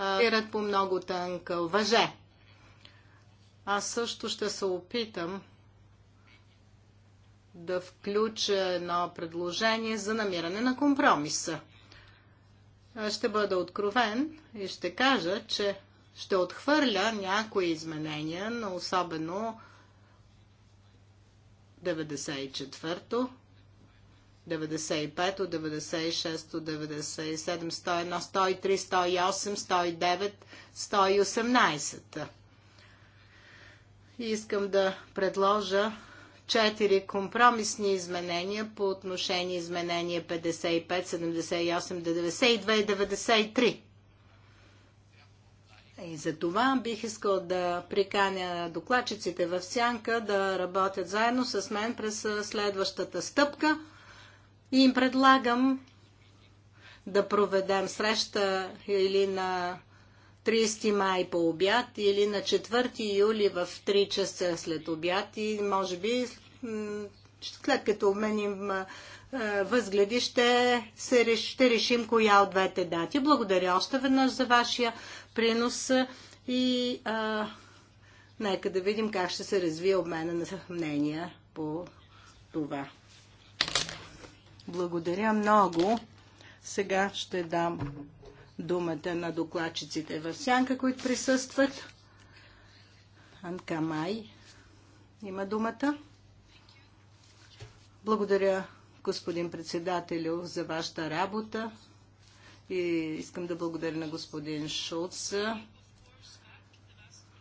ират по много тънка въже. Аз също ще се опитам да включа едно предложение за намиране на компромиса. Ще бъда откровен и ще кажа, че ще отхвърля някои изменения, но особено 94-то, 95-то, 96-то, 97, 101, 103, 108, 109, 118. И искам да предложа четири компромисни изменения по отношение изменения 55, 78, 92 и 93. И за това бих искал да приканя докладчиците в сянка да работят заедно с мен през следващата стъпка и им предлагам да проведем среща или на 30 май по обяд или на 4 юли в 3 часа след обяд и може би след като обменим възгледи, ще, се, ще решим коя от двете дати. Благодаря още веднъж за вашия принос и а, нека да видим как ще се развие обмена на мнения по това. Благодаря много. Сега ще дам думата на докладчиците в сянка, които присъстват. Анка Май има думата. Благодаря, господин председателю, за вашата работа и искам да благодаря на господин Шулц.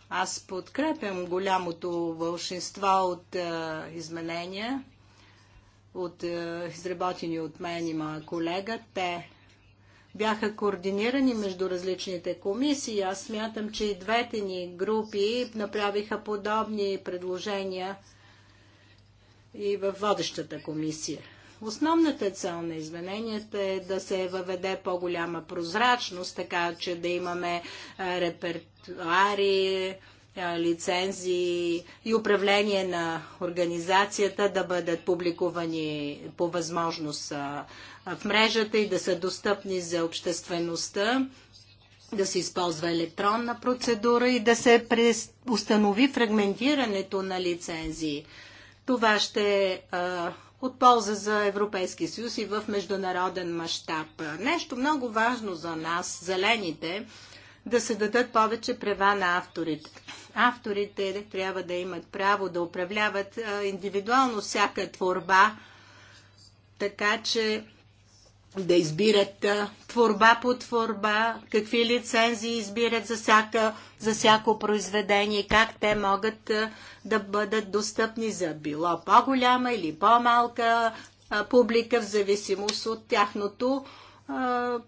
Аз подкрепям голямото вълшинство от е, изменения, от е, изработени от мен и моя колега. Те бяха координирани между различните комисии. Аз смятам, че и двете ни групи направиха подобни предложения и във водещата комисия. Основната цел на измененията е да се въведе по-голяма прозрачност, така че да имаме репертуари, лицензии и управление на организацията да бъдат публикувани по възможност в мрежата и да са достъпни за обществеността, да се използва електронна процедура и да се установи фрагментирането на лицензии. Това ще е от полза за Европейския съюз и в международен мащаб. Нещо много важно за нас, зелените, да се дадат повече права на авторите. Авторите трябва да имат право да управляват индивидуално всяка творба, така че да избират творба по творба, какви лицензии избират за, всяка, за всяко произведение, как те могат да бъдат достъпни за било по-голяма или по-малка публика в зависимост от тяхното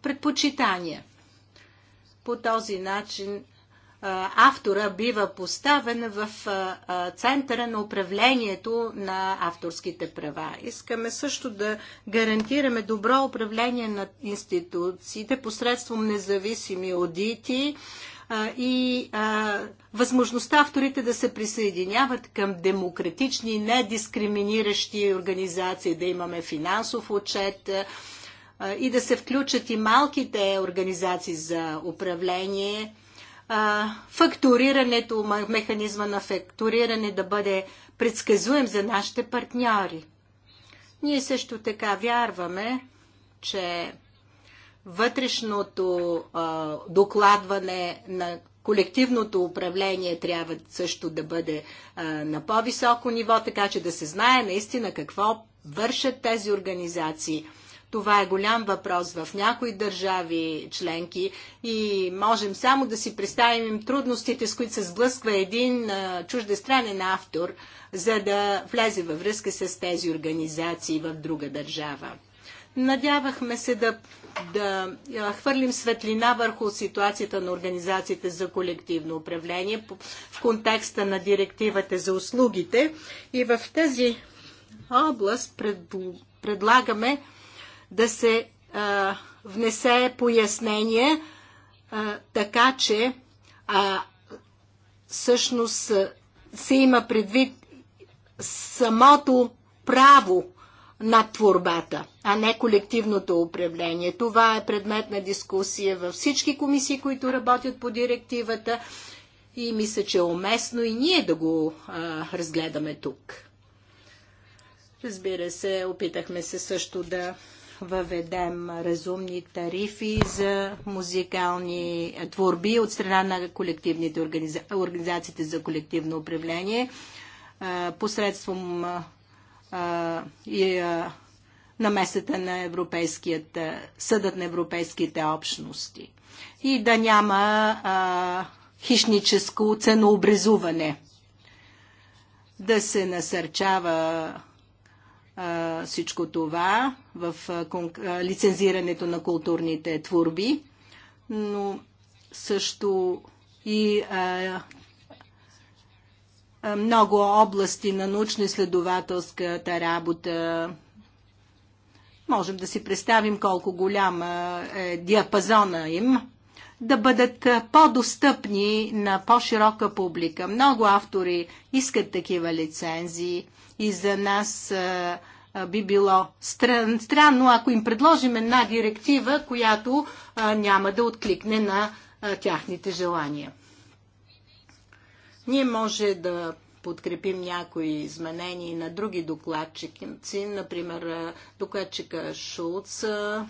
предпочитание по този начин автора бива поставен в центъра на управлението на авторските права. Искаме също да гарантираме добро управление на институциите посредством независими аудити и възможността авторите да се присъединяват към демократични, недискриминиращи организации, да имаме финансов отчет, и да се включат и малките организации за управление, фактурирането, механизма на фактуриране да бъде предсказуем за нашите партньори. Ние също така вярваме, че вътрешното докладване на колективното управление трябва също да бъде на по-високо ниво, така че да се знае наистина какво вършат тези организации – това е голям въпрос в някои държави членки и можем само да си представим трудностите, с които се сблъсква един чуждестранен автор, за да влезе във връзка с тези организации в друга държава. Надявахме се да, да хвърлим светлина върху ситуацията на организациите за колективно управление в контекста на директивата за услугите. И в тази област предлагаме да се а, внесе пояснение, а, така че а, всъщност се има предвид самото право на творбата, а не колективното управление. Това е предмет на дискусия във всички комисии, които работят по директивата и мисля, че е уместно и ние да го а, разгледаме тук. Разбира се, опитахме се също да въведем разумни тарифи за музикални творби от страна на колективните организа... организациите за колективно управление посредством и намесата на Европейският съдът на европейските общности и да няма а, хищническо ценообразуване. Да се насърчава всичко това в лицензирането на културните творби, но също и много области на научно-изследователската работа. Можем да си представим колко голяма е диапазона им да бъдат по-достъпни на по-широка публика. Много автори искат такива лицензии и за нас би било стран, странно, ако им предложим една директива, която а, няма да откликне на а, тяхните желания. Ние може да подкрепим някои изменения на други докладчики, Например, докладчика Шулц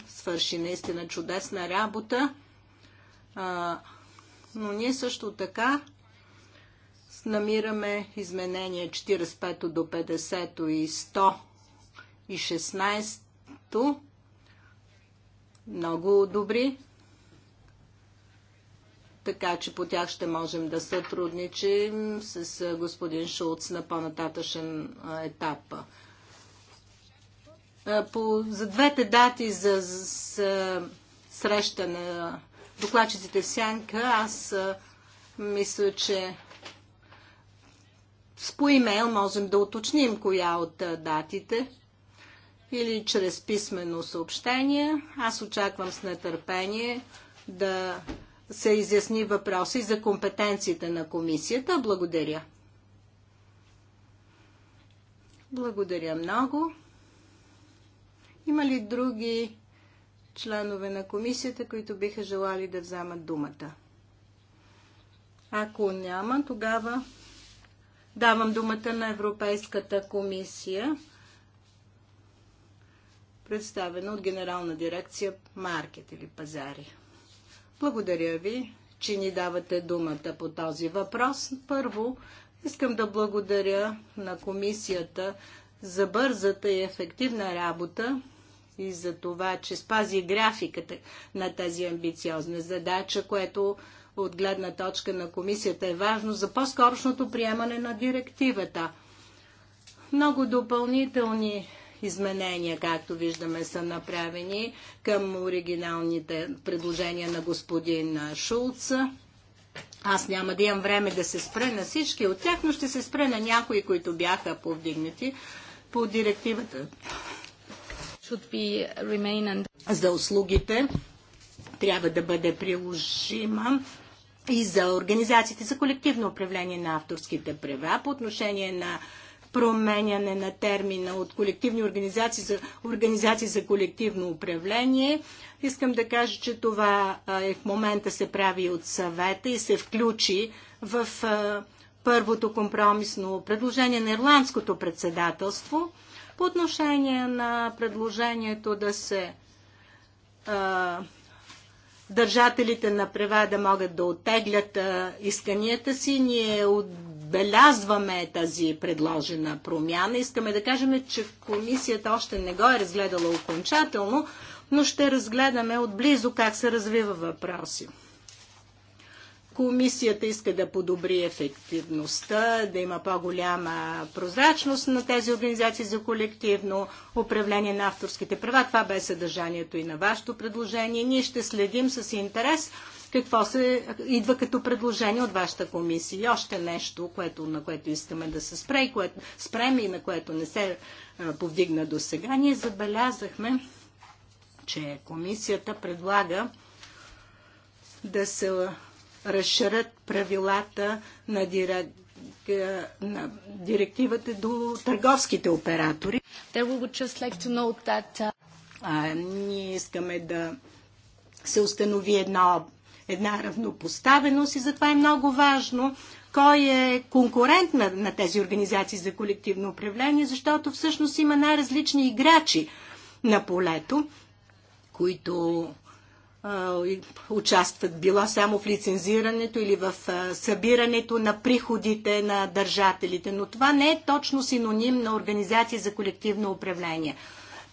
свърши наистина чудесна работа. А, но ние също така намираме изменение 45 до 50 и 100 и 16 много добри, така че по тях ще можем да сътрудничим с господин Шулц на по-нататъчен етап. По, за двете дати за, за среща на докладчиците в сянка, аз мисля, че с по имейл можем да уточним коя от датите или чрез писмено съобщение. Аз очаквам с нетърпение да се изясни въпроси за компетенциите на комисията. Благодаря. Благодаря много. Има ли други членове на комисията, които биха желали да вземат думата? Ако няма, тогава давам думата на Европейската комисия, представена от Генерална дирекция Маркет или Пазари. Благодаря ви, че ни давате думата по този въпрос. Първо, искам да благодаря на комисията за бързата и ефективна работа, и за това, че спази графиката на тази амбициозна задача, което от гледна точка на комисията е важно за по-скорошното приемане на директивата. Много допълнителни изменения, както виждаме, са направени към оригиналните предложения на господин Шулца. Аз няма да имам време да се спре на всички от тях, но ще се спре на някои, които бяха повдигнати по директивата за услугите трябва да бъде приложима и за организациите за колективно управление на авторските права по отношение на променяне на термина от колективни организации за организации за колективно управление. Искам да кажа, че това е, в момента се прави от съвета и се включи в първото компромисно предложение на ирландското председателство. По отношение на предложението да се а, държателите на права да могат да оттеглят а, исканията си, ние отбелязваме тази предложена промяна. Искаме да кажем, че комисията още не го е разгледала окончателно, но ще разгледаме отблизо как се развива въпроси. Комисията иска да подобри ефективността, да има по-голяма прозрачност на тези организации за колективно управление на авторските права. Това бе съдържанието и на вашето предложение. Ние ще следим с интерес какво се идва като предложение от вашата комисия. И още нещо, което, на което искаме да се спре и което, спрем и на което не се а, повдигна до сега. Ние забелязахме, че комисията предлага да се разширят правилата на, дирек... на директивата до търговските оператори. Like that... Uh, а, ние искаме да се установи една, една равнопоставеност и затова е много важно кой е конкурент на, на тези организации за колективно управление, защото всъщност има най-различни играчи на полето, които участват било само в лицензирането или в събирането на приходите на държателите. Но това не е точно синоним на организация за колективно управление.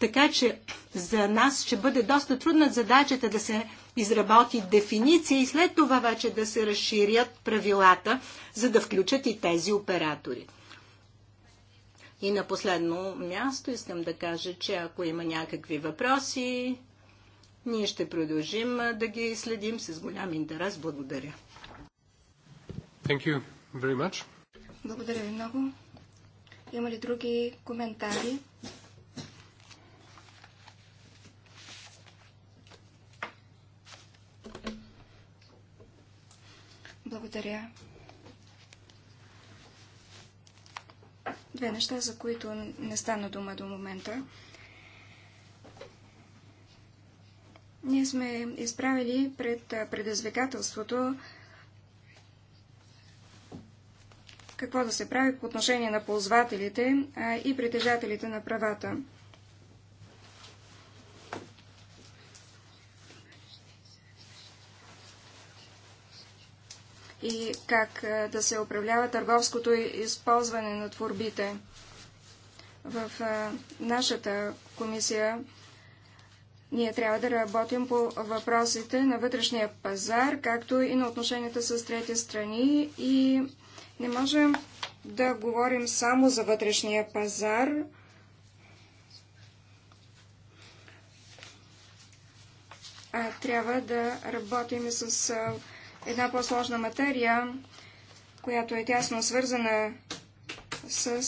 Така че за нас ще бъде доста трудна задачата да се изработи дефиниция и след това вече да се разширят правилата, за да включат и тези оператори. И на последно място искам да кажа, че ако има някакви въпроси, ние ще продължим да ги следим с голям интерес. Благодаря. Thank you very much. Благодаря ви много. Има ли други коментари? Благодаря. Две неща, за които не стана дума до момента. ние сме изправили пред предизвикателството какво да се прави по отношение на ползвателите и притежателите на правата. И как да се управлява търговското използване на творбите. В нашата комисия ние трябва да работим по въпросите на вътрешния пазар, както и на отношенията с трети страни и не можем да говорим само за вътрешния пазар. А трябва да работим и с една по-сложна материя, която е тясно свързана с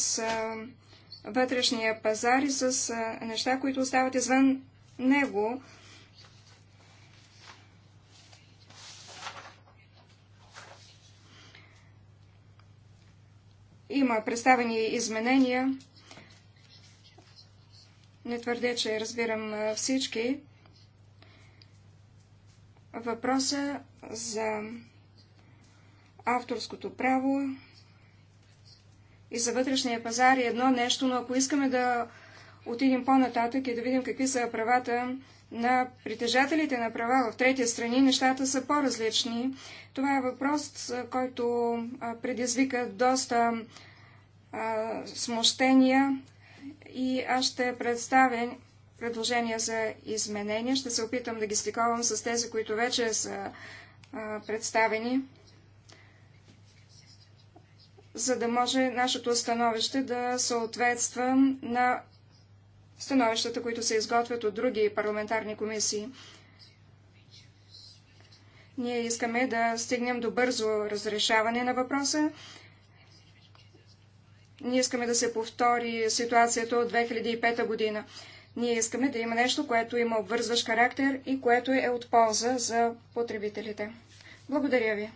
вътрешния пазар и с неща, които остават извън него има представени изменения. Не твърде, че разбирам всички. Въпроса за авторското право и за вътрешния пазар е едно нещо, но ако искаме да отидем по-нататък и да видим какви са правата на притежателите на права в трети страни, нещата са по-различни. Това е въпрос, който предизвика доста смущения и аз ще представя предложения за изменения. Ще се опитам да ги стиковам с тези, които вече са представени, за да може нашето становище да съответства на становищата, които се изготвят от други парламентарни комисии. Ние искаме да стигнем до бързо разрешаване на въпроса. Ние искаме да се повтори ситуацията от 2005 година. Ние искаме да има нещо, което има обвързващ характер и което е от полза за потребителите. Благодаря ви.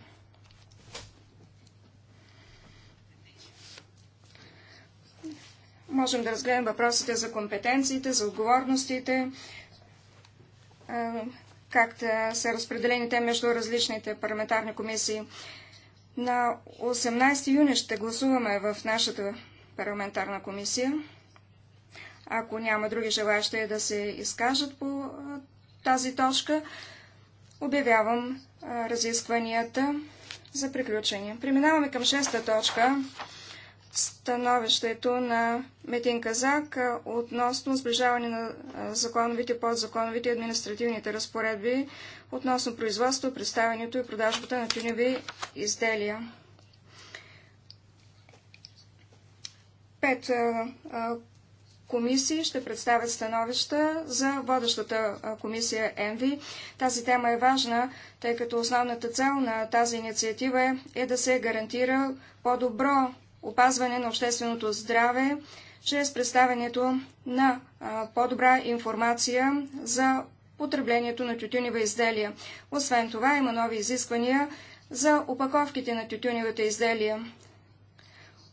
Можем да разгледам въпросите за компетенциите, за отговорностите, как са разпределени те между различните парламентарни комисии. На 18 юни ще гласуваме в нашата парламентарна комисия. Ако няма други желаящи да се изкажат по тази точка, обявявам разискванията за приключение. Преминаваме към шеста точка становището на Метин Казак относно сближаване на законовите, подзаконовите и административните разпоредби относно производство, представянето и продажбата на тюневи изделия. Пет комисии ще представят становища за водещата комисия ЕНВИ. Тази тема е важна, тъй като основната цел на тази инициатива е, е да се гарантира по-добро опазване на общественото здраве, чрез представянето на по-добра информация за потреблението на тютюнева изделия. Освен това, има нови изисквания за опаковките на тютюневите изделия.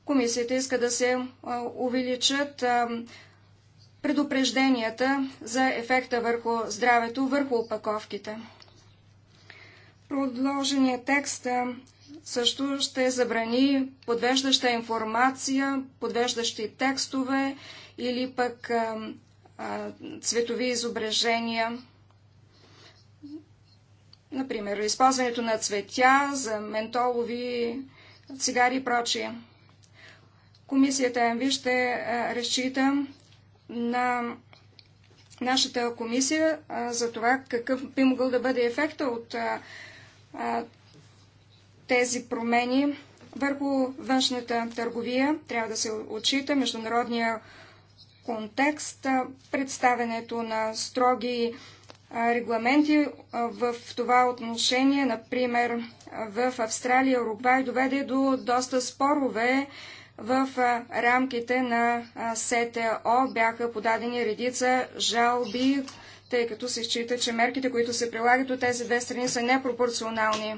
Комисията иска да се увеличат предупрежденията за ефекта върху здравето, върху опаковките. Продължения текст също ще забрани подвеждаща информация, подвеждащи текстове или пък а, а, цветови изображения. Например, използването на цветя за ментолови цигари и прочие. Комисията МВ ще разчита на нашата комисия за това какъв би могъл да бъде ефекта от тези промени върху външната търговия. Трябва да се отчита международния контекст, представенето на строги регламенти в това отношение, например в Австралия, Уругвай, доведе до доста спорове в рамките на СТО. Бяха подадени редица жалби, тъй като се счита, че мерките, които се прилагат от тези две страни, са непропорционални.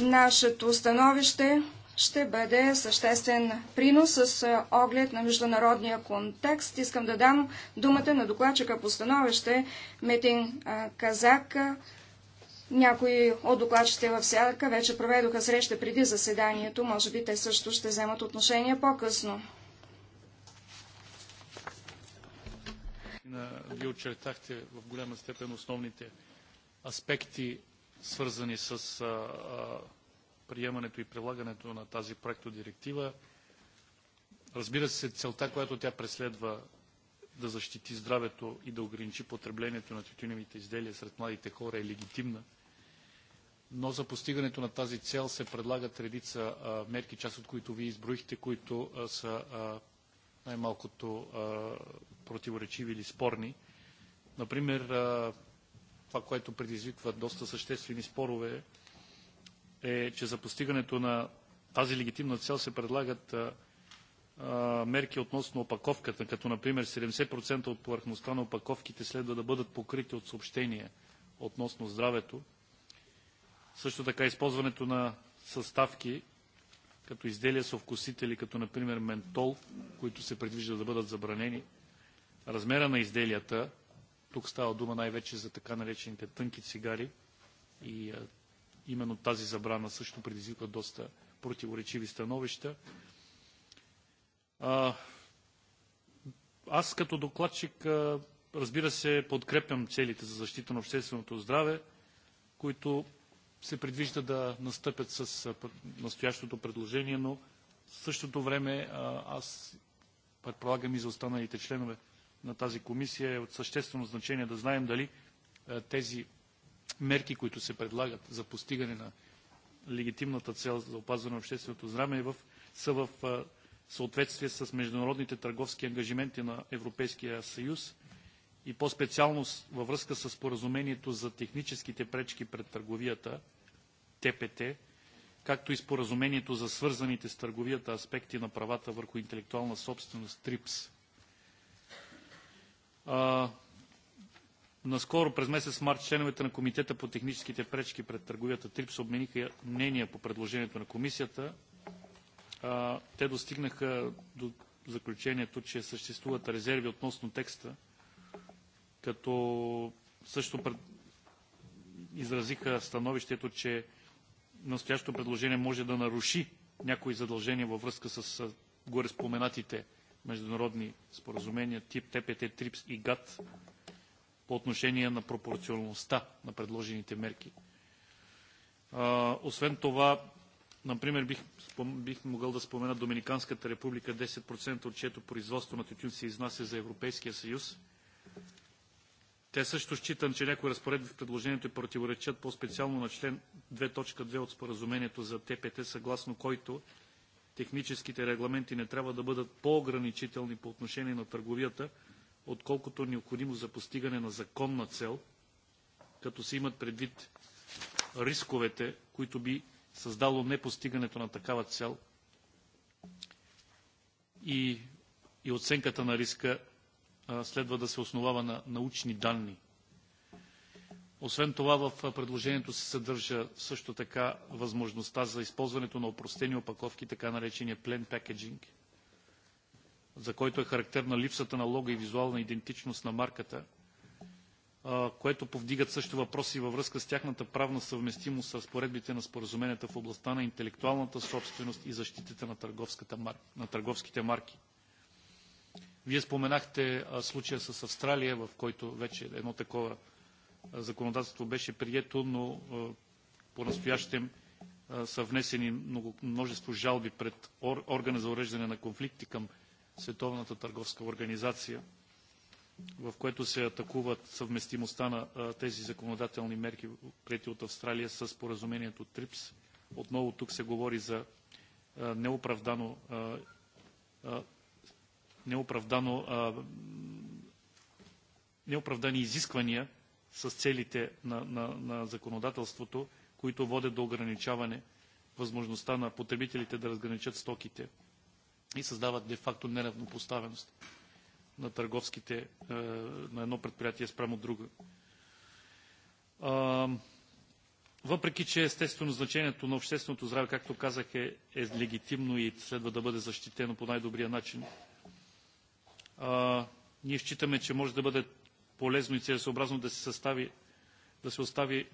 Нашето становище ще бъде съществен принос с оглед на международния контекст. Искам да дам думата на докладчика по становище Метин Казак. Някои от докладчите в всяка вече проведоха среща преди заседанието. Може би те също ще вземат отношение по-късно. Вие очертахте в голяма степен основните аспекти свързани с приемането и прилагането на тази проектодиректива. Разбира се, целта, която тя преследва да защити здравето и да ограничи потреблението на тютюневите изделия сред младите хора е легитимна. Но за постигането на тази цел се предлагат редица мерки, част от които вие изброихте, които са най-малкото противоречиви или спорни. Например, това, което предизвиква доста съществени спорове, е, че за постигането на тази легитимна цел се предлагат а, а, мерки относно опаковката, като например 70% от повърхността на опаковките следва да бъдат покрити от съобщения относно здравето. Също така използването на съставки като изделия с вкусители, като например ментол, които се предвижда да бъдат забранени. Размера на изделията – тук става дума най-вече за така наречените тънки цигари и а, именно тази забрана също предизвиква доста противоречиви становища. А, аз като докладчик, а, разбира се, подкрепям целите за защита на общественото здраве, които се предвижда да настъпят с настоящото предложение, но в същото време аз предполагам и за останалите членове на тази комисия е от съществено значение да знаем дали е, тези мерки, които се предлагат за постигане на легитимната цел за опазване на общественото здраве е са в е, съответствие с международните търговски ангажименти на Европейския съюз и по-специално във връзка с поразумението за техническите пречки пред търговията, ТПТ, както и споразумението за свързаните с търговията аспекти на правата върху интелектуална собственост, ТРИПС. Наскоро през месец март членовете на Комитета по техническите пречки пред търговията ТРИПС обмениха мнения по предложението на комисията. те достигнаха до заключението, че съществуват резерви относно текста, като също пред... изразиха становището, че настоящото предложение може да наруши някои задължения във връзка с гореспоменатите международни споразумения тип ТПТ, ТРИПС и ГАТ по отношение на пропорционалността на предложените мерки. Освен това, например, бих, бих могъл да спомена Доминиканската република, 10% от чието производство на тютюн се изнася за Европейския съюз. Те също считам, че някои разпоредби в предложението противоречат по-специално на член 2.2 от споразумението за ТПТ, съгласно който техническите регламенти не трябва да бъдат по-ограничителни по отношение на търговията, отколкото необходимо за постигане на законна цел, като се имат предвид рисковете, които би създало непостигането на такава цел и, и оценката на риска а, следва да се основава на научни данни. Освен това, в предложението се съдържа също така възможността за използването на опростени опаковки, така наречения plain packaging, за който е характерна липсата на лога и визуална идентичност на марката, което повдигат също въпроси във връзка с тяхната правна съвместимост с разпоредбите на споразуменията в областта на интелектуалната собственост и защитата на, на търговските марки. Вие споменахте случая с Австралия, в който вече е едно такова законодателство беше прието, но по-настоящем са внесени множество жалби пред органа за уреждане на конфликти към Световната търговска организация, в което се атакуват съвместимостта на тези законодателни мерки, прияти от Австралия с поразумението ТРИПС. Отново тук се говори за неоправдано, неоправдано неоправдани изисквания с целите на, на, на законодателството, които водят до ограничаване възможността на потребителите да разграничат стоките и създават де-факто неравнопоставеност на търговските, е, на едно предприятие спрямо друго. Въпреки, че естествено значението на общественото здраве, както казах, е, е легитимно и следва да бъде защитено по най-добрия начин, а, ние считаме, че може да бъде полезно и целесообразно да се, състави, да се остави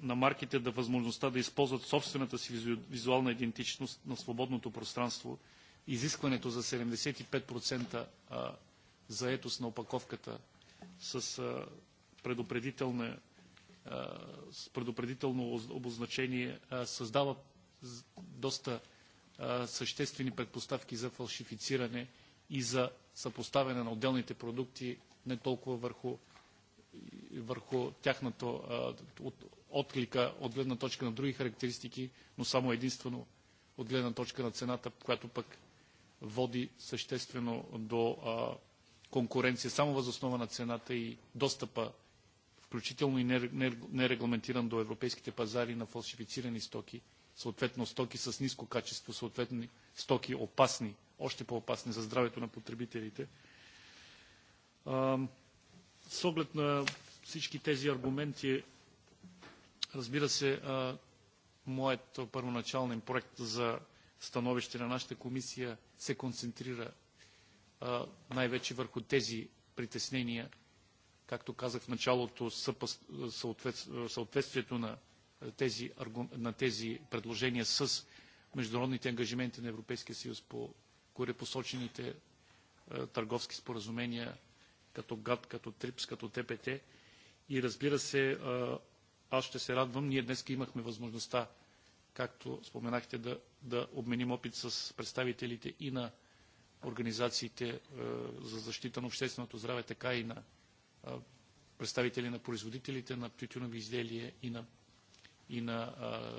на марките да възможността да използват собствената си визуална идентичност на свободното пространство. Изискването за 75% заетост на опаковката с предупредителна с предупредително обозначение създава доста съществени предпоставки за фалшифициране и за съпоставяне на отделните продукти не толкова върху, върху тяхната отклика от гледна точка на други характеристики, но само единствено от гледна точка на цената, която пък води съществено до а, конкуренция само възоснова на цената и достъпа, включително и нерегламентиран до европейските пазари на фалшифицирани стоки, съответно стоки с ниско качество, съответни стоки опасни, още по-опасни за здравето на потребителите – с оглед на всички тези аргументи, разбира се, моят първоначален проект за становище на нашата комисия се концентрира най-вече върху тези притеснения, както казах в началото, съответствието на тези, на тези предложения с международните ангажименти на Европейския съюз по горепосочените търговски споразумения като ГАТ, като ТРИПС, като ТПТ. И разбира се, аз ще се радвам. Ние днес имахме възможността, както споменахте, да, да обменим опит с представителите и на организациите за защита на общественото здраве, така и на представители на производителите на тютюнови изделия и на, и на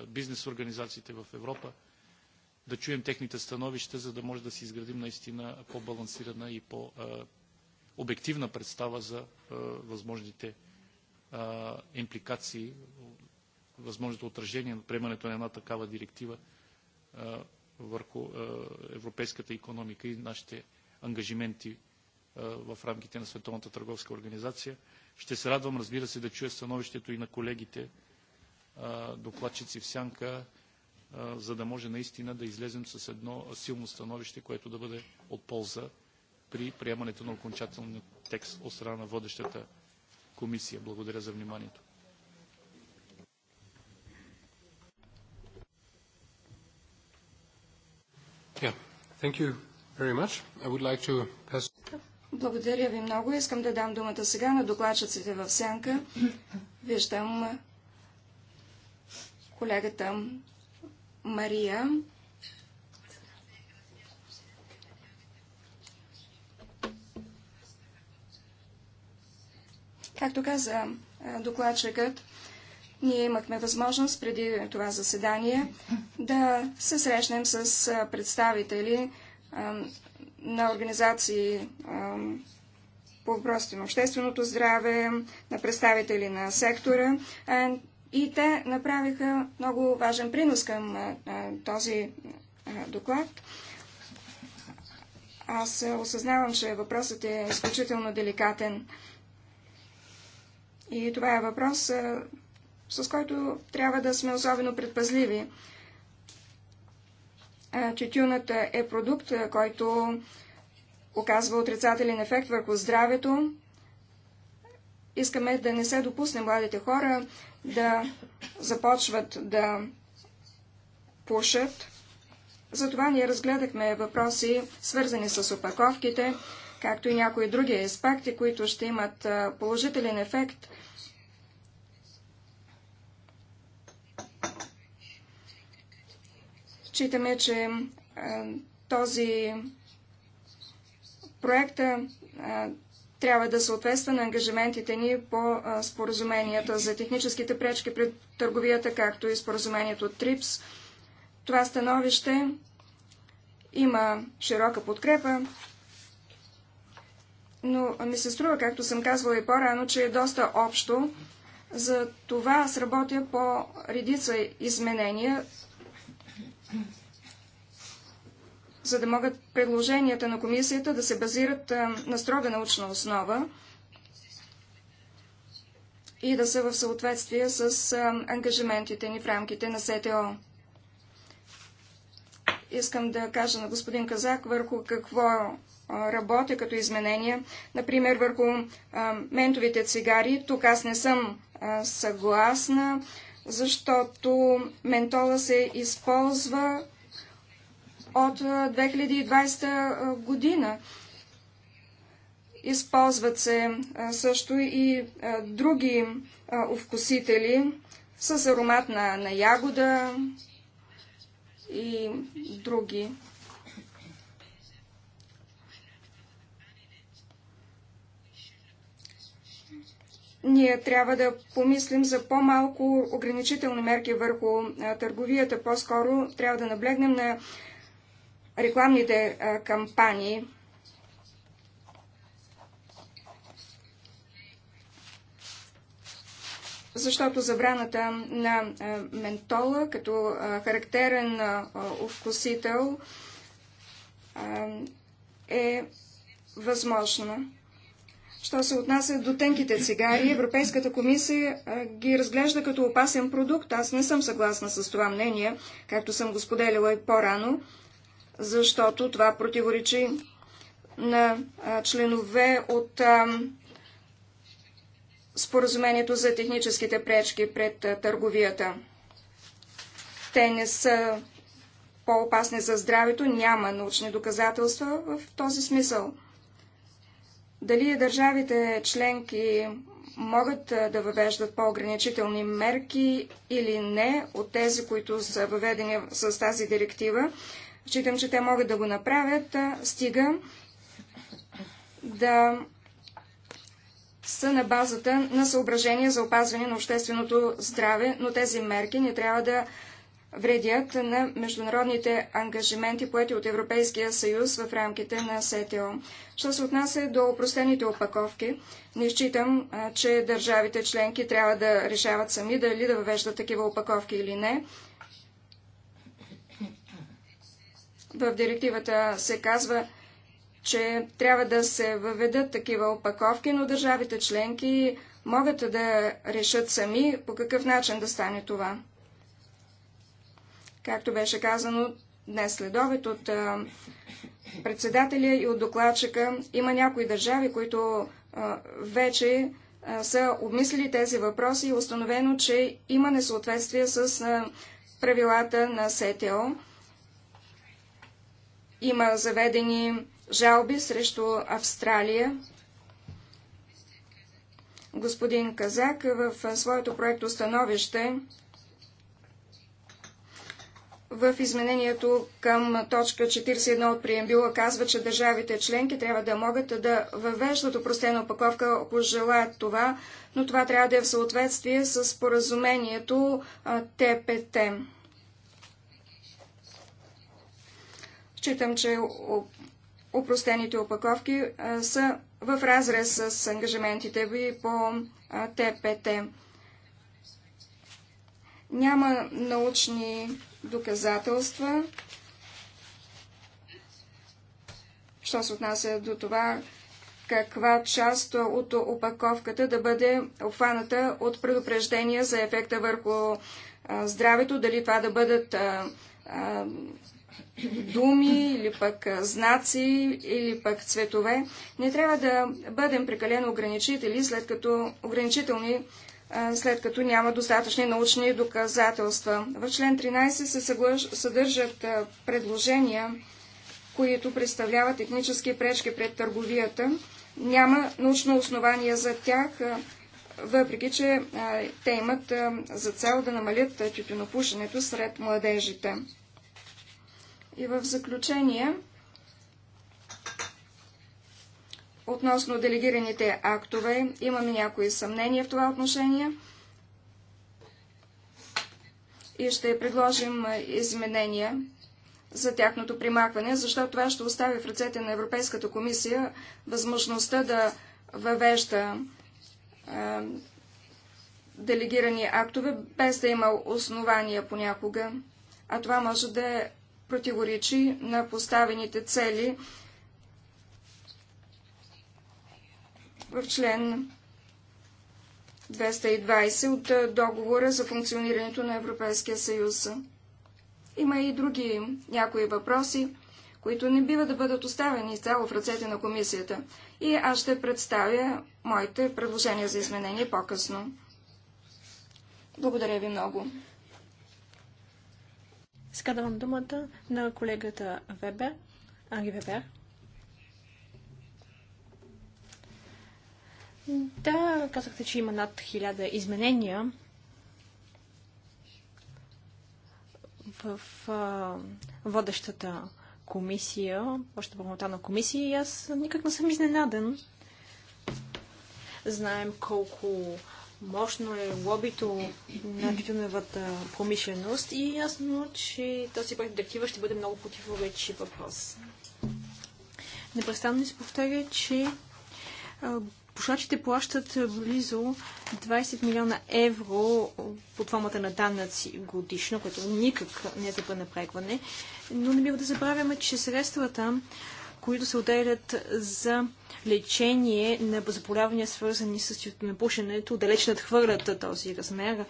бизнес организациите в Европа, да чуем техните становища, за да може да си изградим наистина по-балансирана и по, обективна представа за е, възможните е, импликации, възможното отражение на приемането на една такава директива е, върху европейската економика и нашите ангажименти в рамките на Световната търговска организация. Ще се радвам, разбира се, да чуя становището и на колегите, докладчици в сянка, за да може наистина да излезем с едно силно становище, което да бъде от полза при приемането на окончателния текст от страна на водещата комисия. Благодаря за вниманието. Благодаря ви много. Искам да дам думата сега на докладчиците в сянка. Виждам колегата Мария. Както каза докладчикът, ние имахме възможност преди това заседание да се срещнем с представители на организации по въпросите на общественото здраве, на представители на сектора. И те направиха много важен принос към този доклад. Аз осъзнавам, че въпросът е изключително деликатен. И това е въпрос, е, с който трябва да сме особено предпазливи. Е, тютюнът е продукт, е, който оказва отрицателен ефект върху здравето. Искаме да не се допусне младите хора да започват да пушат. Затова ние разгледахме въпроси, свързани с опаковките, както и някои други аспекти, които ще имат положителен ефект. Считаме, че този проект трябва да съответства на ангажиментите ни по споразуменията за техническите пречки пред търговията, както и споразумението ТРИПС. Това становище има широка подкрепа но ми се струва, както съм казвала и по-рано, че е доста общо. За това аз работя по редица изменения, за да могат предложенията на комисията да се базират на строга научна основа и да са в съответствие с ангажиментите ни в рамките на СТО. Искам да кажа на господин Казак върху какво работя като изменения, например върху ментовите цигари. Тук аз не съм съгласна, защото ментола се използва от 2020 година. Използват се също и други овкусители с аромат на, на ягода и други. ние трябва да помислим за по-малко ограничителни мерки върху търговията. По-скоро трябва да наблегнем на рекламните кампании. Защото забраната на ментола като характерен вкусител е възможна. Що се отнася до тенките цигари, Европейската комисия ги разглежда като опасен продукт. Аз не съм съгласна с това мнение, както съм го споделила и по-рано, защото това противоречи на членове от споразумението за техническите пречки пред търговията. Те не са по-опасни за здравето, няма научни доказателства в този смисъл. Дали държавите членки могат да въвеждат по-ограничителни мерки или не от тези, които са въведени с тази директива. Считам, че те могат да го направят, стига да са на базата на съображения за опазване на общественото здраве, но тези мерки не трябва да вредят на международните ангажименти, поети от Европейския съюз в рамките на СТО. Що се отнася до опростените опаковки, не считам, че държавите членки трябва да решават сами дали да въвеждат такива опаковки или не. В директивата се казва, че трябва да се въведат такива опаковки, но държавите членки могат да решат сами по какъв начин да стане това както беше казано днес следобед от председателя и от докладчика. Има някои държави, които вече са обмислили тези въпроси и е установено, че има несъответствие с правилата на СТО. Има заведени жалби срещу Австралия. Господин Казак в своето проекто становище в изменението към точка 41 от приембила казва, че държавите членки трябва да могат да въвеждат опростена опаковка, ако желаят това, но това трябва да е в съответствие с поразумението ТПТ. Считам, че опростените опаковки са в разрез с ангажиментите ви по ТПТ. Няма научни доказателства. Що се отнася до това, каква част от опаковката да бъде обхваната от предупреждения за ефекта върху здравето, дали това да бъдат думи или пък знаци или пък цветове. Не трябва да бъдем прекалено ограничители, след като ограничителни, след като няма достатъчни научни доказателства. В член 13 се съдържат предложения, които представляват технически пречки пред търговията. Няма научно основание за тях, въпреки че те имат за цел да намалят тютюнопушенето сред младежите. И в заключение Относно делегираните актове, имаме някои съмнения в това отношение и ще предложим изменения за тяхното примахване, защото това ще остави в ръцете на Европейската комисия възможността да въвежда е, делегирани актове, без да има основания понякога, а това може да противоречи на поставените цели в член 220 от договора за функционирането на Европейския съюз. Има и други някои въпроси, които не бива да бъдат оставени изцяло в ръцете на комисията. И аз ще представя моите предложения за изменение по-късно. Благодаря ви много. Скадавам думата на колегата Вебе Анги Вебер. Да, казахте, че има над хиляда изменения. В а, водещата комисия, още на комисия, и аз никак не съм изненаден. Знаем колко мощно е лобито на тютюневата промишленост и ясно, че този проект директива ще бъде много противоречив въпрос. Непрестанно се повторя, че Пушачите плащат е, близо 20 милиона евро под формата на данъци годишно, което никак не е за пренапрегване. Но не бива да забравяме, че средствата, които се отделят за лечение на заболявания, свързани с тютюнопушенето, далеч надхвърлят този размер.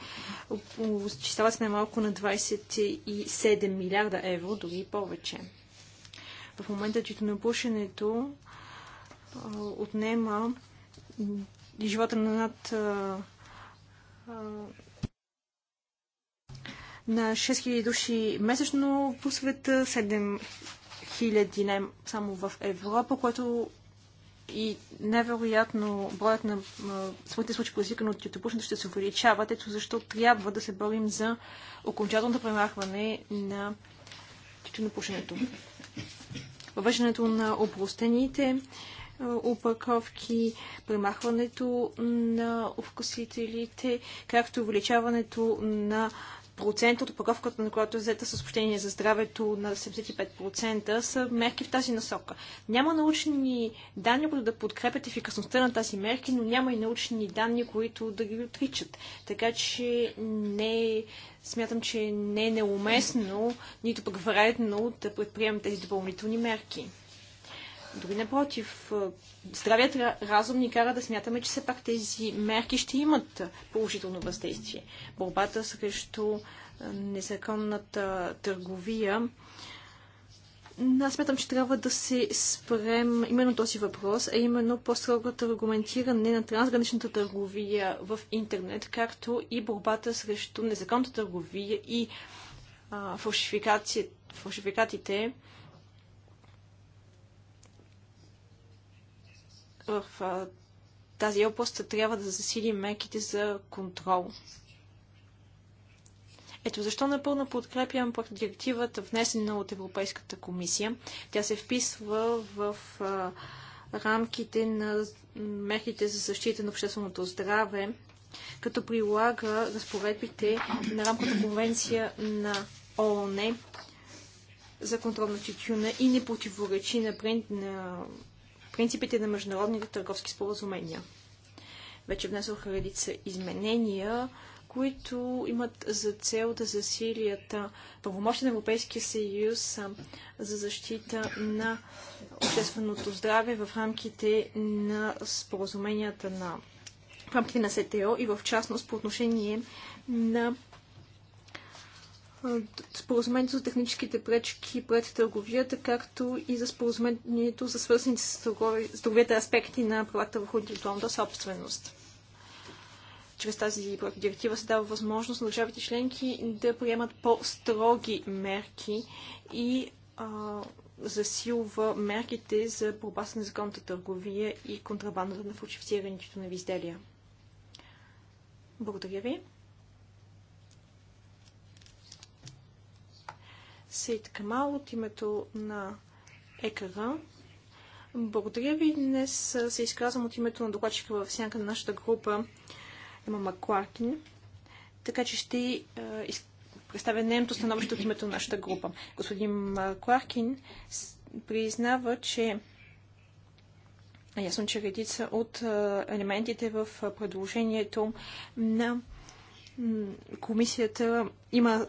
Чистават се най-малко на 27 милиарда евро, дори и повече. В момента тютюнопушенето отнема живота на над на 6000 души месечно по света, 7000 не, само в Европа, което и невероятно броят на своите случаи, произвикани от тютюпушната, ще се увеличава. Ето защо трябва да се борим за окончателното премахване на тютюнопушенето. Въвеждането на областените опаковки, премахването на овкусителите, както увеличаването на процент от опаковката, на която е взета с общение за здравето на 75%, са мерки в тази насока. Няма научни данни, които да подкрепят ефикасността на тази мерки, но няма и научни данни, които да ги отричат. Така че не смятам, че не е неуместно, нито пък вредно да предприемем тези допълнителни мерки. Дори напротив, здравият разум ни кара да смятаме, че все пак тези мерки ще имат положително въздействие. Борбата срещу незаконната търговия. Аз смятам, че трябва да се спрем именно този въпрос, а именно по-строгото регламентиране на трансграничната търговия в интернет, както и борбата срещу незаконната търговия и а, фалшификатите в тази област трябва да засилим мерките за контрол. Ето защо напълно подкрепям пък директивата, внесена от Европейската комисия. Тя се вписва в а, рамките на мерките за защита на общественото здраве, като прилага разпоредбите на рамката конвенция на ООН за контрол на тютюна и не противоречи на, на принципите на международните търговски споразумения. Вече внесох редица изменения, които имат за цел да засилят правомощи на Европейския съюз за защита на общественото здраве в рамките на споразуменията на в рамките на СТО и в частност по отношение на споразумението за техническите пречки пред търговията, както и за споразумението за свързаните с, търгови, с търговията аспекти на правата върху индивидуалната собственост. Чрез тази директива се дава възможност на държавите членки да приемат по-строги мерки и а, засилва мерките за борба с незаконната търговия и контрабандата на фалшифицирането на изделия. Благодаря ви. Сейд Камал от името на ЕКР. Благодаря ви. Днес се изказвам от името на докладчика в сянка на нашата група Ема Макларкин. Така че ще представя нейното становище от името на нашата група. Господин Макларкин признава, че ясно, че редица от елементите в предложението на комисията има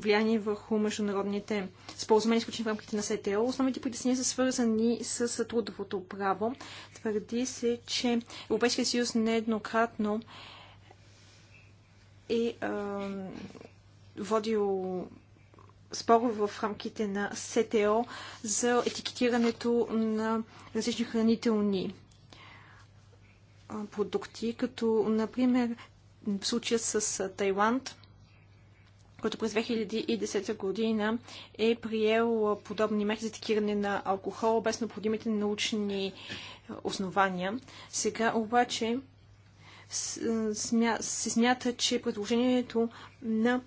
влияние върху международните споразумения, изключени в рамките на СТО. Основните притеснения са свързани с трудовото право. Твърди се, че Европейския съюз нееднократно е а, водил спорове в рамките на СТО за етикетирането на различни хранителни продукти, като, например, в случая с Тайланд, който през 2010 година е приел подобни мерки за етикиране на алкохол без необходимите научни е, основания. Сега обаче е, се смята, че предложението на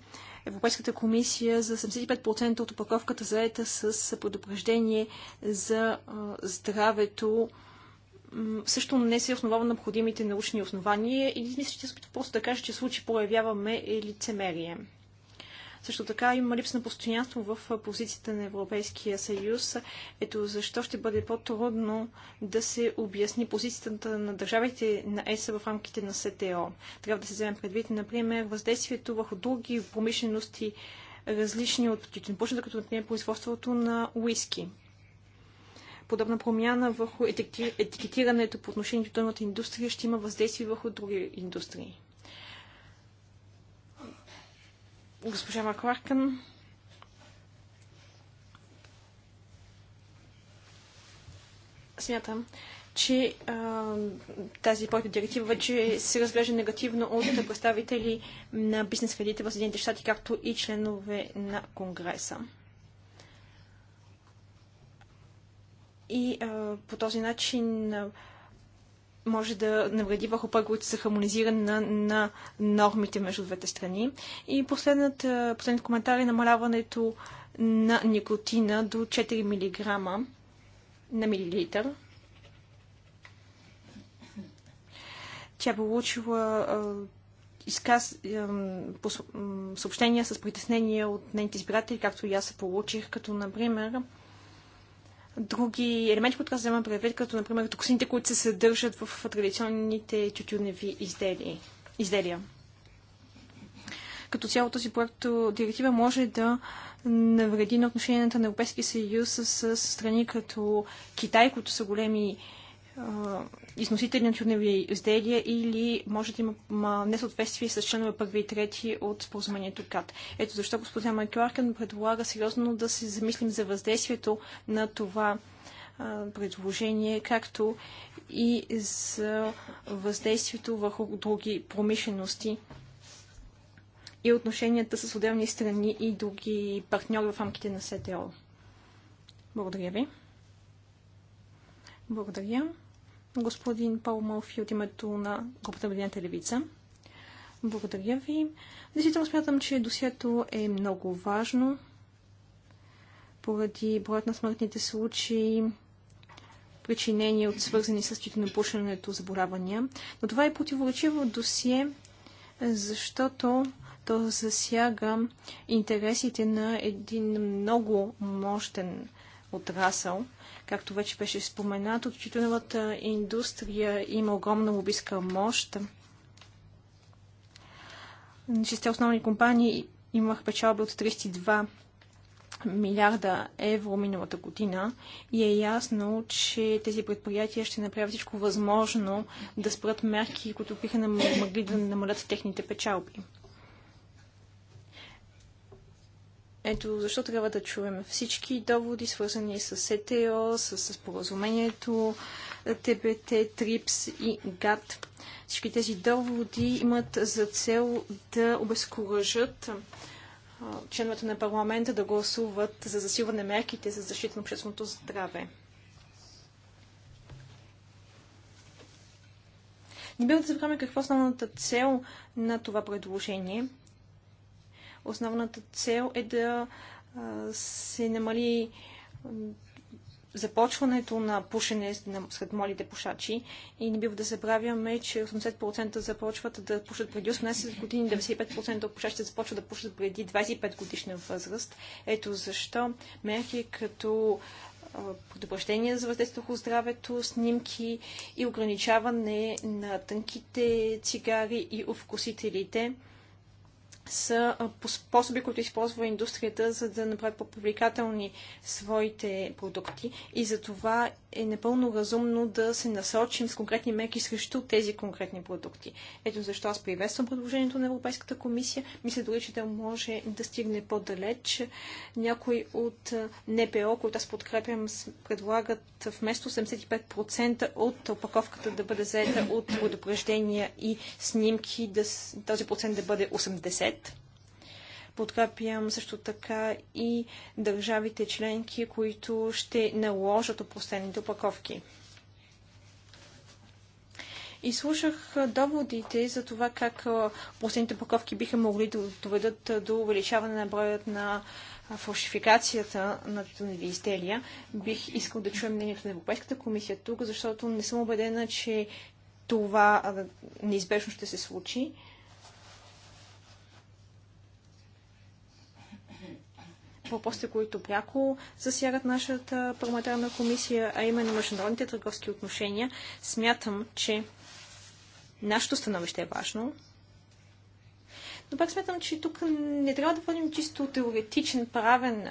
Европейската комисия за 75% от опаковката заета с предупреждение за е, здравето също не се основава на необходимите научни основания. мисля, че се опитва просто да кажа, че случай проявяваме е лицемерие. Също така има липса на постоянство в позицията на Европейския съюз. Ето защо ще бъде по-трудно да се обясни позицията на държавите на ЕС в рамките на СТО. Трябва да се вземе предвид, например, въздействието върху други промишлености, различни от тютюнопушната, като например производството на уиски подобна промяна върху етикетирането по отношение на тютюнната индустрия ще има въздействие върху други индустрии. Госпожа Макваркан, Смятам, че а, тази проекта директива вече се разглежда негативно от представители на бизнес кредите в Съединените щати, както и членове на Конгреса. И а, по този начин може да навреди върху преговорите за хармонизиране на, на нормите между двете страни. И последният, последният коментар е намаляването на никотина до 4 мг на милилитър. Тя получила изказ, съобщения с притеснения от нейните избиратели, както и аз се получих, като, например, други елементи, които трябва да вземем предвид, като например токсините, които се съдържат в традиционните тютюневи изделия. изделия. Като цяло този проект директива може да навреди на отношенията на Европейския съюз с, с страни като Китай, които са големи износители на чудневи изделия или може да има несъответствие с членове първи и трети от споразумението КАТ. Ето защо господин Макьоркан предлага сериозно да се замислим за въздействието на това предложение, както и за въздействието върху други промишлености и отношенията с отделни страни и други партньори в рамките на СТО. Благодаря ви. Благодаря господин Пол Мълфи от името на групата Обединената левица. Благодаря ви. Действително смятам, че досието е много важно. Поради броят на смъртните случаи, причинени от свързани с тютюнопушенето заборавания, Но това е противоречиво досие, защото то засяга интересите на един много мощен отрасъл – Както вече беше споменато, тютюновата индустрия има огромна лобистка мощ. Шесте основни компании имах печалби от 32 милиарда евро миналата година и е ясно, че тези предприятия ще направят всичко възможно да спрат мерки, които биха могли да намалят техните печалби. Ето защо трябва да чуем всички доводи, свързани с СТО, с споразумението ТБТ, ТРИПС и ГАТ. Всички тези доводи имат за цел да обезкуражат членовете на парламента да гласуват за засилване мерките за защита на общественото здраве. Не бива да забравяме какво е основната цел на това предложение – Основната цел е да се намали започването на пушене сред молите пушачи и не бива да забравяме, че 80% започват да пушат преди 18 години, 95% от пушачите започват да пушат преди 25 годишна възраст. Ето защо мерки като предупреждение за въздействието върху здравето, снимки и ограничаване на тънките цигари и овкусителите – са способи, които използва индустрията, за да направи по-привлекателни своите продукти. И за това е напълно разумно да се насочим с конкретни мерки срещу тези конкретни продукти. Ето защо аз приветствам предложението на Европейската комисия. Мисля дори, че да може да стигне по-далеч. Някой от НПО, които аз подкрепям, предлагат вместо 75% от опаковката да бъде заета от предупреждения и снимки, да, този процент да бъде 80%. Подкрепям също така и държавите членки, които ще наложат опростените опаковки. И слушах доводите за това как последните опаковки биха могли да доведат до увеличаване на броят на фалшификацията на тютюневи изделия. Бих искал да чуя мнението на Европейската комисия тук, защото не съм убедена, че това неизбежно ще се случи. въпросите, които пряко засягат нашата парламентарна комисия, а именно международните търговски отношения, смятам, че нашето становище е важно. Но пак смятам, че тук не трябва да водим чисто теоретичен правен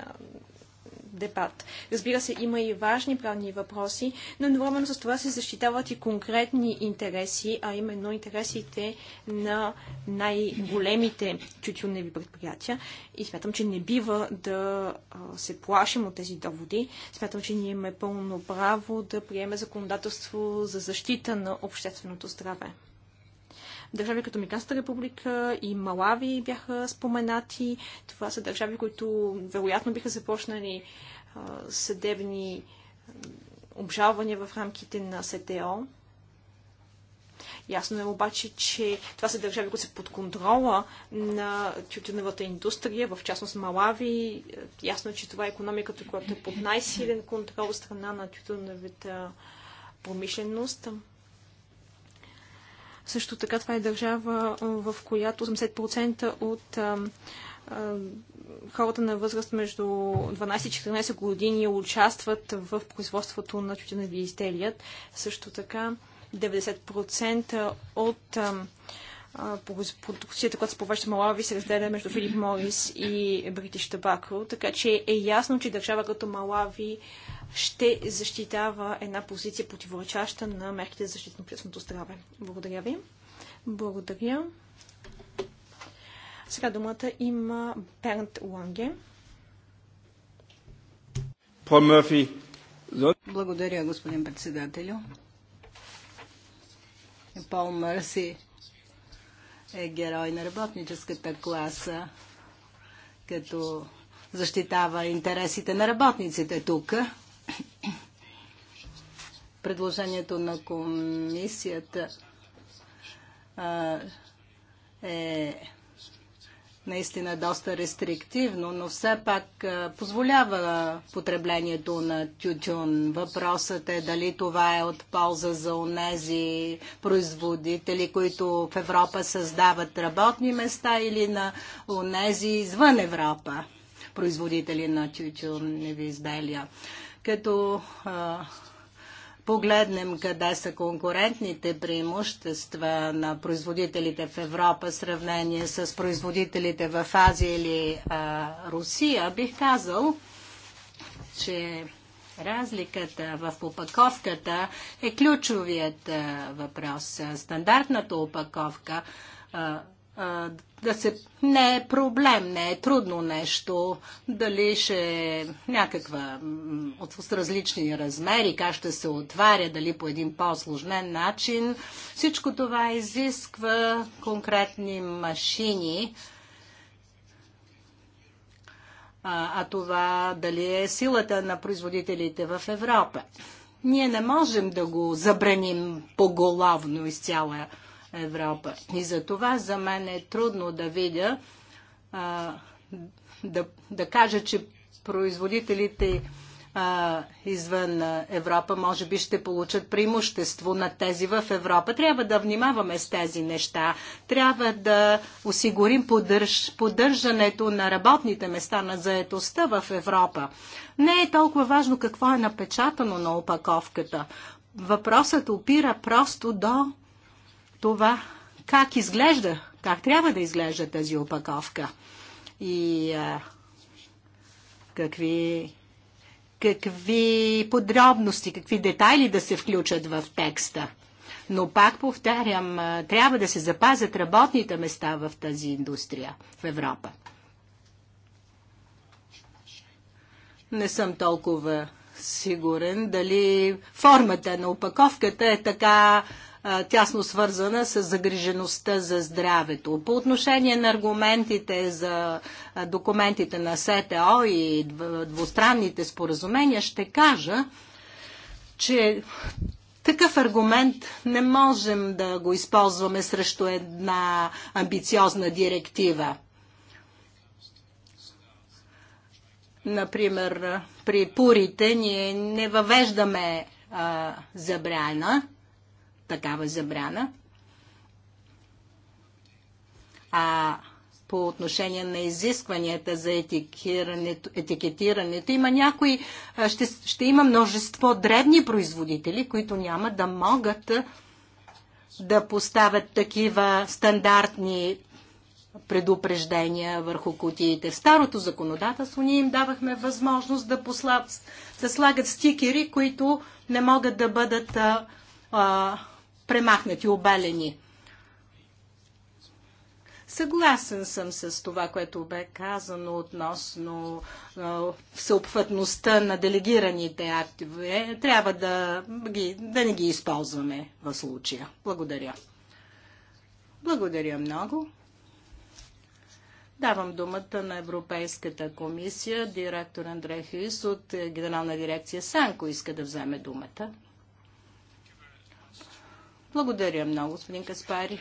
дебат. Разбира се, има и важни правни въпроси, но едновременно с това се защитават и конкретни интереси, а именно интересите на най-големите тютюневи предприятия. И смятам, че не бива да се плашим от тези доводи. Смятам, че ние имаме пълно право да приеме законодателство за защита на общественото здраве. Държави като Миканската република и Малави бяха споменати. Това са държави, които вероятно биха започнали съдебни обжалвания в рамките на СТО. Ясно е обаче, че това са държави, които са под контрола на тютюневата индустрия, в частност Малави. Ясно е, че това е економиката, която е под най-силен контрол страна на тютюневата промишленост. Също така това е държава, в която 80% от а, а, хората на възраст между 12 и 14 години участват в производството на чутенови изделия. Също така 90% от а, продукцията, която се повеща в Малави, се разделя между Филип Морис и Бритиш Табако. Така че е ясно, че държава като Малави ще защитава една позиция противоречаща на мерките за защита на общественото здраве. Благодаря ви. Благодаря. Сега думата има Бернт Ланге. Благодаря, господин председателю. Пол Мърси е герой на работническата класа, като защитава интересите на работниците тук предложението на комисията а, е наистина доста рестриктивно, но все пак а, позволява потреблението на тютюн. Въпросът е дали това е от полза за онези производители, които в Европа създават работни места или на онези извън Европа производители на ви изделия. Като а, погледнем къде са конкурентните преимущества на производителите в Европа в сравнение с производителите в Азия или а, Русия, бих казал, че разликата в опаковката е ключовият а, въпрос. Стандартната опаковка а, да се... Не е проблем, не е трудно нещо, дали ще е някаква с различни размери, как ще се отваря, дали по един по сложнен начин. Всичко това изисква конкретни машини, а, а това дали е силата на производителите в Европа. Ние не можем да го забраним поголовно из цяла Европа Европа. И за това за мен е трудно да видя, а, да, да кажа, че производителите а, извън Европа може би ще получат преимущество на тези в Европа. Трябва да внимаваме с тези неща. Трябва да осигурим поддърж, поддържането на работните места на заетостта в Европа. Не е толкова важно какво е напечатано на опаковката. Въпросът опира просто до това как изглежда, как трябва да изглежда тази опаковка и а, какви, какви подробности, какви детайли да се включат в текста. Но пак повтарям, трябва да се запазят работните места в тази индустрия в Европа. Не съм толкова сигурен дали формата на опаковката е така тясно свързана с загрижеността за здравето. По отношение на аргументите за документите на СТО и двустранните споразумения, ще кажа, че такъв аргумент не можем да го използваме срещу една амбициозна директива. Например, при пурите ние не въвеждаме а, забрана, такава забрана. А по отношение на изискванията за етикетирането. Има някои, ще, ще има множество дребни производители, които няма да могат да поставят такива стандартни предупреждения върху кутиите. В старото законодателство ние им давахме възможност да, послав, да слагат стикери, които не могат да бъдат а, а, премахнати, обалени. Съгласен съм с това, което бе казано относно съобхватността на делегираните актове. Трябва да, ги, да не ги използваме в случая. Благодаря. Благодаря много. Давам думата на Европейската комисия. Директор Андрей Хюис от Генерална дирекция Санко иска да вземе думата. Благодаря много, господин Каспари.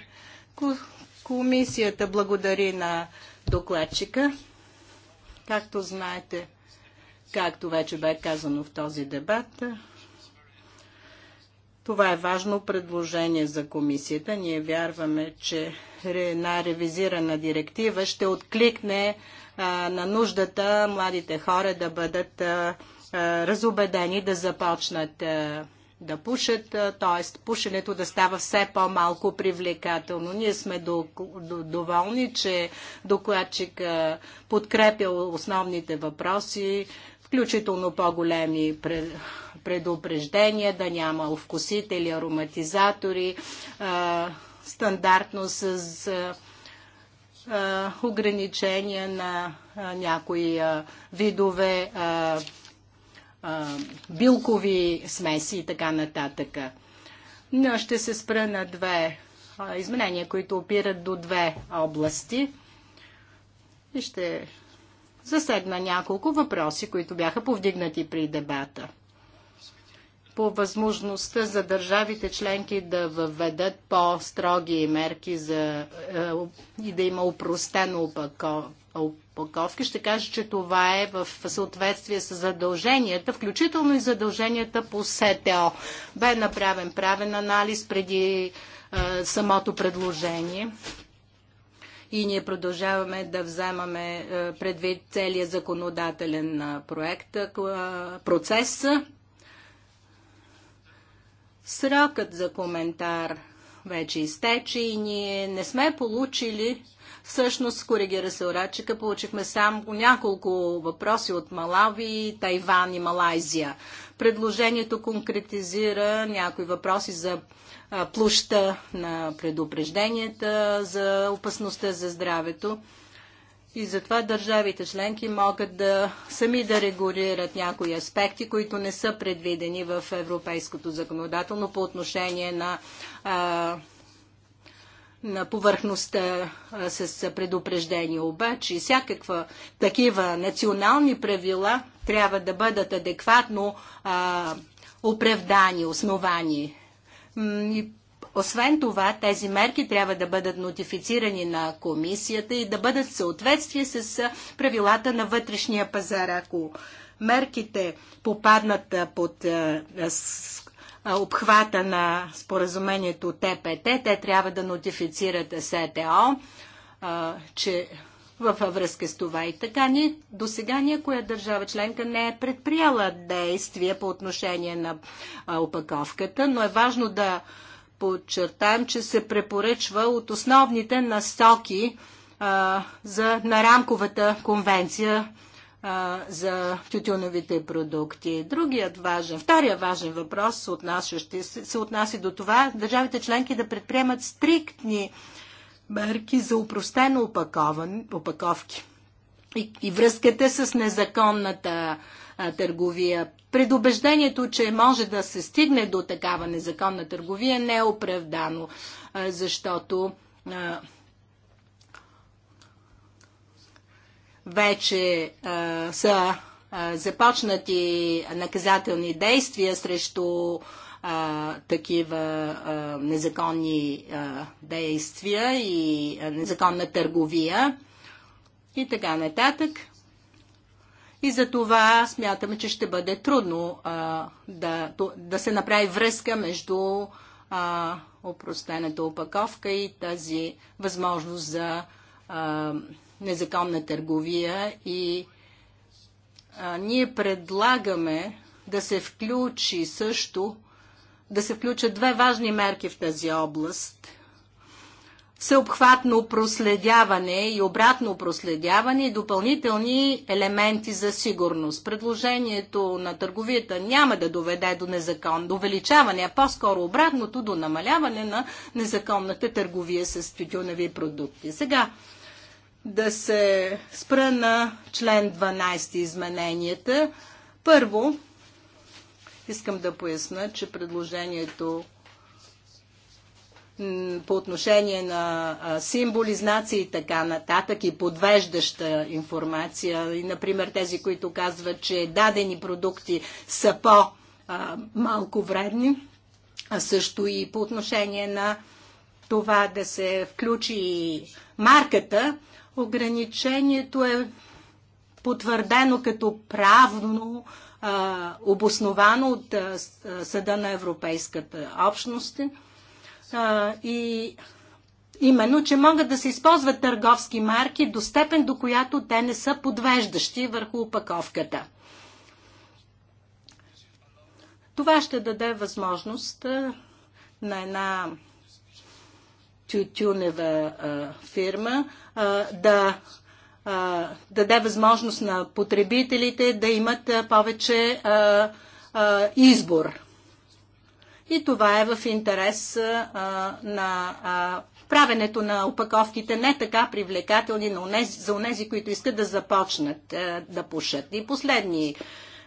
Комисията благодари на докладчика. Както знаете, както вече бе казано в този дебат, това е важно предложение за комисията. Ние вярваме, че една ревизирана директива ще откликне на нуждата младите хора да бъдат разобедени да започнат а, да пушат, т.е. пушенето да става все по-малко привлекателно. Ние сме доволни, че докладчик подкрепя основните въпроси, включително по-големи предупреждения, да няма овкусители, ароматизатори, стандартно с ограничения на някои видове билкови смеси и така нататък. Но ще се спра на две изменения, които опират до две области и ще заседна няколко въпроси, които бяха повдигнати при дебата по възможността за държавите членки да въведат по-строги мерки за, е, и да има упростено Полковски ще кажа, че това е в съответствие с задълженията, включително и задълженията по СТО. Бе направен правен анализ преди е, самото предложение и ние продължаваме да вземаме е, предвид целия законодателен е, проект, е, процес. Срокът за коментар вече изтече и ние не сме получили Всъщност, коригира се орачика, получихме само няколко въпроси от Малави, Тайван и Малайзия. Предложението конкретизира някои въпроси за площа на предупрежденията, за опасността за здравето. И затова държавите членки могат да сами да регулират някои аспекти, които не са предвидени в европейското законодателно по отношение на а, на повърхността а, с предупреждение. Обаче всякаква такива национални правила трябва да бъдат адекватно а, оправдани, основани. И освен това, тези мерки трябва да бъдат нотифицирани на комисията и да бъдат в съответствие с правилата на вътрешния пазар. Ако мерките попаднат под обхвата на споразумението ТПТ. Те трябва да нотифицират СТО, че във връзка с това и така. Ни, до сега някоя държава членка не е предприела действия по отношение на опаковката, но е важно да подчертаем, че се препоръчва от основните насоки а, за, на рамковата конвенция за тютюновите продукти. Другият важен, втория важен въпрос, отнасящи, се, се отнася до това държавите членки да предприемат стриктни мерки за упростено опаковки и, и връзката с незаконната а, търговия. Предубеждението, че може да се стигне до такава незаконна търговия не е оправдано, а, защото а, вече а, са а, започнати наказателни действия срещу а, такива а, незаконни а, действия и а, незаконна търговия и така нататък. И за това смятаме, че ще бъде трудно а, да, да се направи връзка между а, опростената опаковка и тази възможност за а, незаконна търговия и а, ние предлагаме да се включи също, да се включат две важни мерки в тази област. Всеобхватно проследяване и обратно проследяване и допълнителни елементи за сигурност. Предложението на търговията няма да доведе до незакон, до увеличаване, а по-скоро обратното до намаляване на незаконната търговия с тютюневи продукти. Сега, да се спра на член 12 измененията. Първо, искам да поясна, че предложението по отношение на символи, знаци и така нататък и подвеждаща информация. И, например, тези, които казват, че дадени продукти са по-малко вредни, а също и по отношение на това да се включи марката, Ограничението е потвърдено като правно а, обосновано от а, Съда на Европейската общност а, и именно, че могат да се използват търговски марки до степен, до която те не са подвеждащи върху опаковката. Това ще даде възможност на една тютюнева а, фирма а, да а, даде възможност на потребителите да имат а, повече а, а, избор. И това е в интерес а, на а, правенето на опаковките не така привлекателни на унези, за унези, които искат да започнат а, да пушат. И последни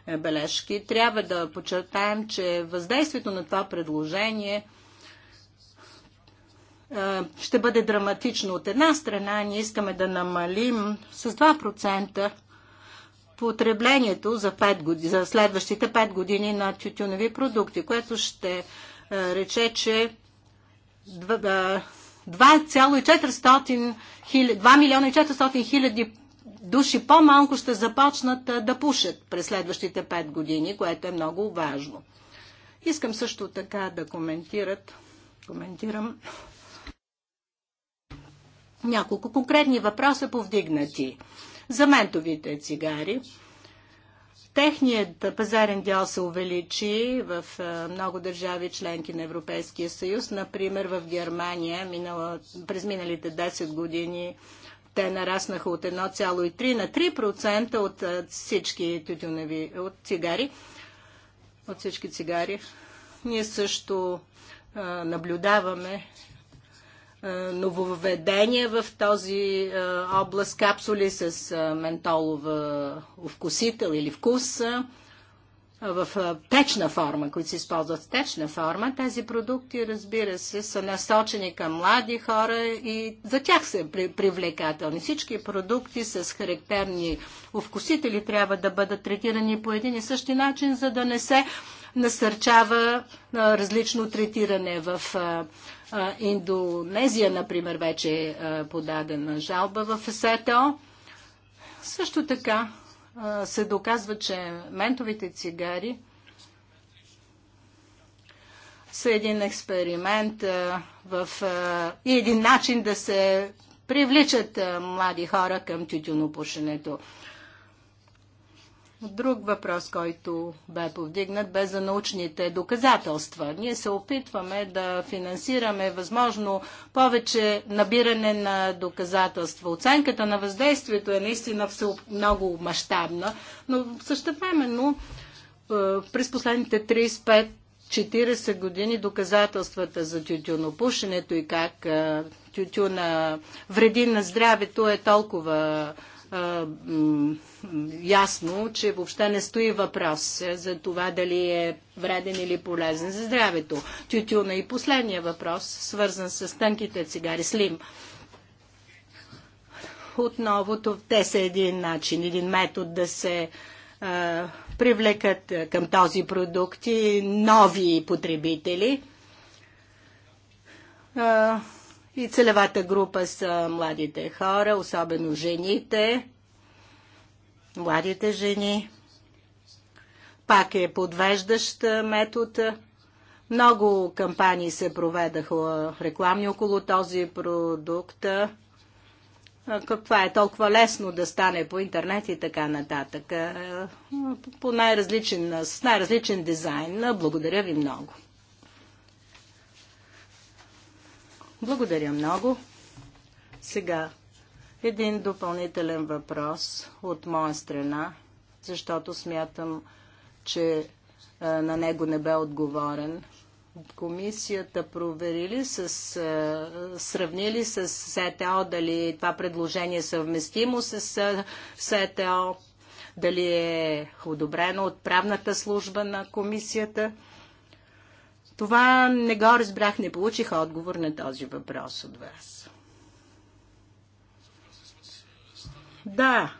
е, бележки. Трябва да подчертаем, че въздействието на това предложение – е, ще бъде драматично. От една страна ние искаме да намалим с 2% потреблението за, 5 години, за следващите 5 години на тютюнови продукти, което ще е, рече, че 2 е, милиона и 400 хиляди души по-малко ще започнат да пушат през следващите 5 години, което е много важно. Искам също така да коментират, коментирам няколко конкретни въпроса повдигнати. За ментовите цигари. Техният пазарен дял се увеличи в много държави членки на Европейския съюз. Например, в Германия минала, през миналите 10 години те нараснаха от 1,3 на 3% от всички тютюневи, от цигари. От всички цигари. Ние също наблюдаваме, е, нововведения в този е, област, капсули с е, ментолова вкусител или вкус в течна форма, които се използват в течна форма. Тези продукти, разбира се, са насочени към млади хора и за тях са привлекателни. Всички продукти с характерни овкусители трябва да бъдат третирани по един и същи начин, за да не се насърчава различно третиране в Индонезия, например, вече е подадена жалба в СТО. Също така се доказва, че ментовите цигари са един експеримент в, и един начин да се привличат млади хора към тютюнопушенето. пушенето. Друг въпрос, който бе повдигнат, бе за научните доказателства. Ние се опитваме да финансираме възможно повече набиране на доказателства. Оценката на въздействието е наистина много мащабна, но същевременно е, през последните 35 40 години доказателствата за тютюнопушенето и как е, тютюна вреди на здравето е толкова ясно, че въобще не стои въпрос за това дали е вреден или полезен за здравето. Тютюна и последния въпрос, свързан с тънките цигари, слим. Отново те са един начин, един метод да се а, привлекат към този продукт и нови потребители. А, и целевата група са младите хора, особено жените. Младите жени. Пак е подвеждащ метод. Много кампании се проведаха рекламни около този продукт. Каква е толкова лесно да стане по интернет и така нататък. По най-различен, с най-различен дизайн. Благодаря ви много. Благодаря много. Сега един допълнителен въпрос от моя страна, защото смятам, че а, на него не бе отговорен. Комисията проверили с, а, сравнили с СТО дали това предложение е съвместимо с СТО, дали е одобрено от правната служба на комисията. Това не го разбрах, не получих отговор на този въпрос от вас. Да,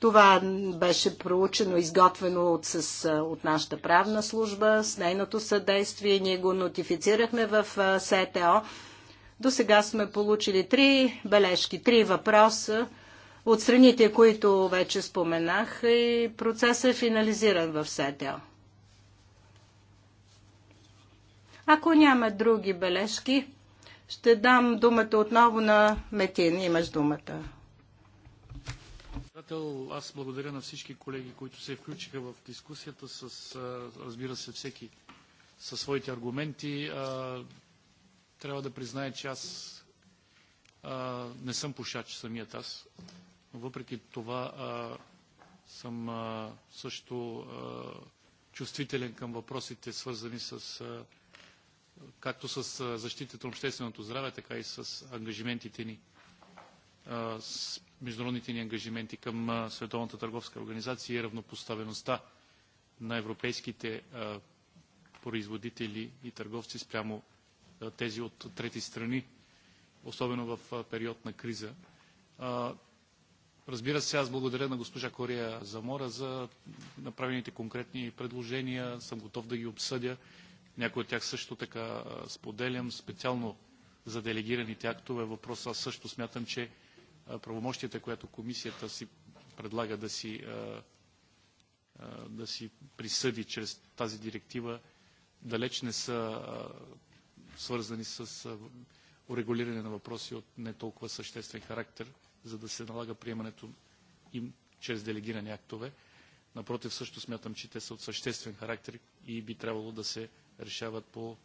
това беше проучено, изготвено от, с, от нашата правна служба, с нейното съдействие. Ние го нотифицирахме в СТО. До сега сме получили три бележки, три въпроса от страните, които вече споменах и процесът е финализиран в СТО. Ако няма други бележки, ще дам думата отново на Метин. Имаш думата. аз благодаря на всички колеги, които се включиха в дискусията с, разбира се, всеки със своите аргументи. Трябва да призная, че аз не съм пушач самият аз. Въпреки това съм също чувствителен към въпросите, свързани с както с защитата на общественото здраве, така и с ангажиментите ни, с международните ни ангажименти към Световната търговска организация и равнопоставеността на европейските производители и търговци спрямо тези от трети страни, особено в период на криза. Разбира се, аз благодаря на госпожа Кория Замора за направените конкретни предложения. Съм готов да ги обсъдя. Някои от тях също така споделям специално за делегираните актове. Е въпрос аз също смятам, че правомощията, която комисията си предлага да си, да си присъди чрез тази директива, далеч не са свързани с урегулиране на въпроси от не толкова съществен характер, за да се налага приемането им чрез делегирани актове. Напротив, също смятам, че те са от съществен характер и би трябвало да се решават по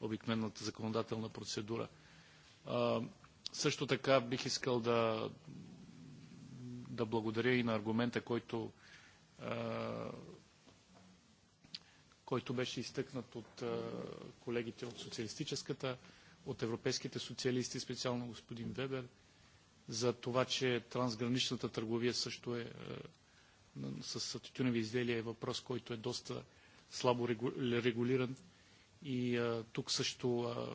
обикновената законодателна процедура. А, също така бих искал да, да благодаря и на аргумента, който, а, който беше изтъкнат от а, колегите от социалистическата, от европейските социалисти, специално господин Вебер, за това, че трансграничната търговия също е с тютюневи изделия е въпрос, който е доста слабо регулиран и а, тук също а,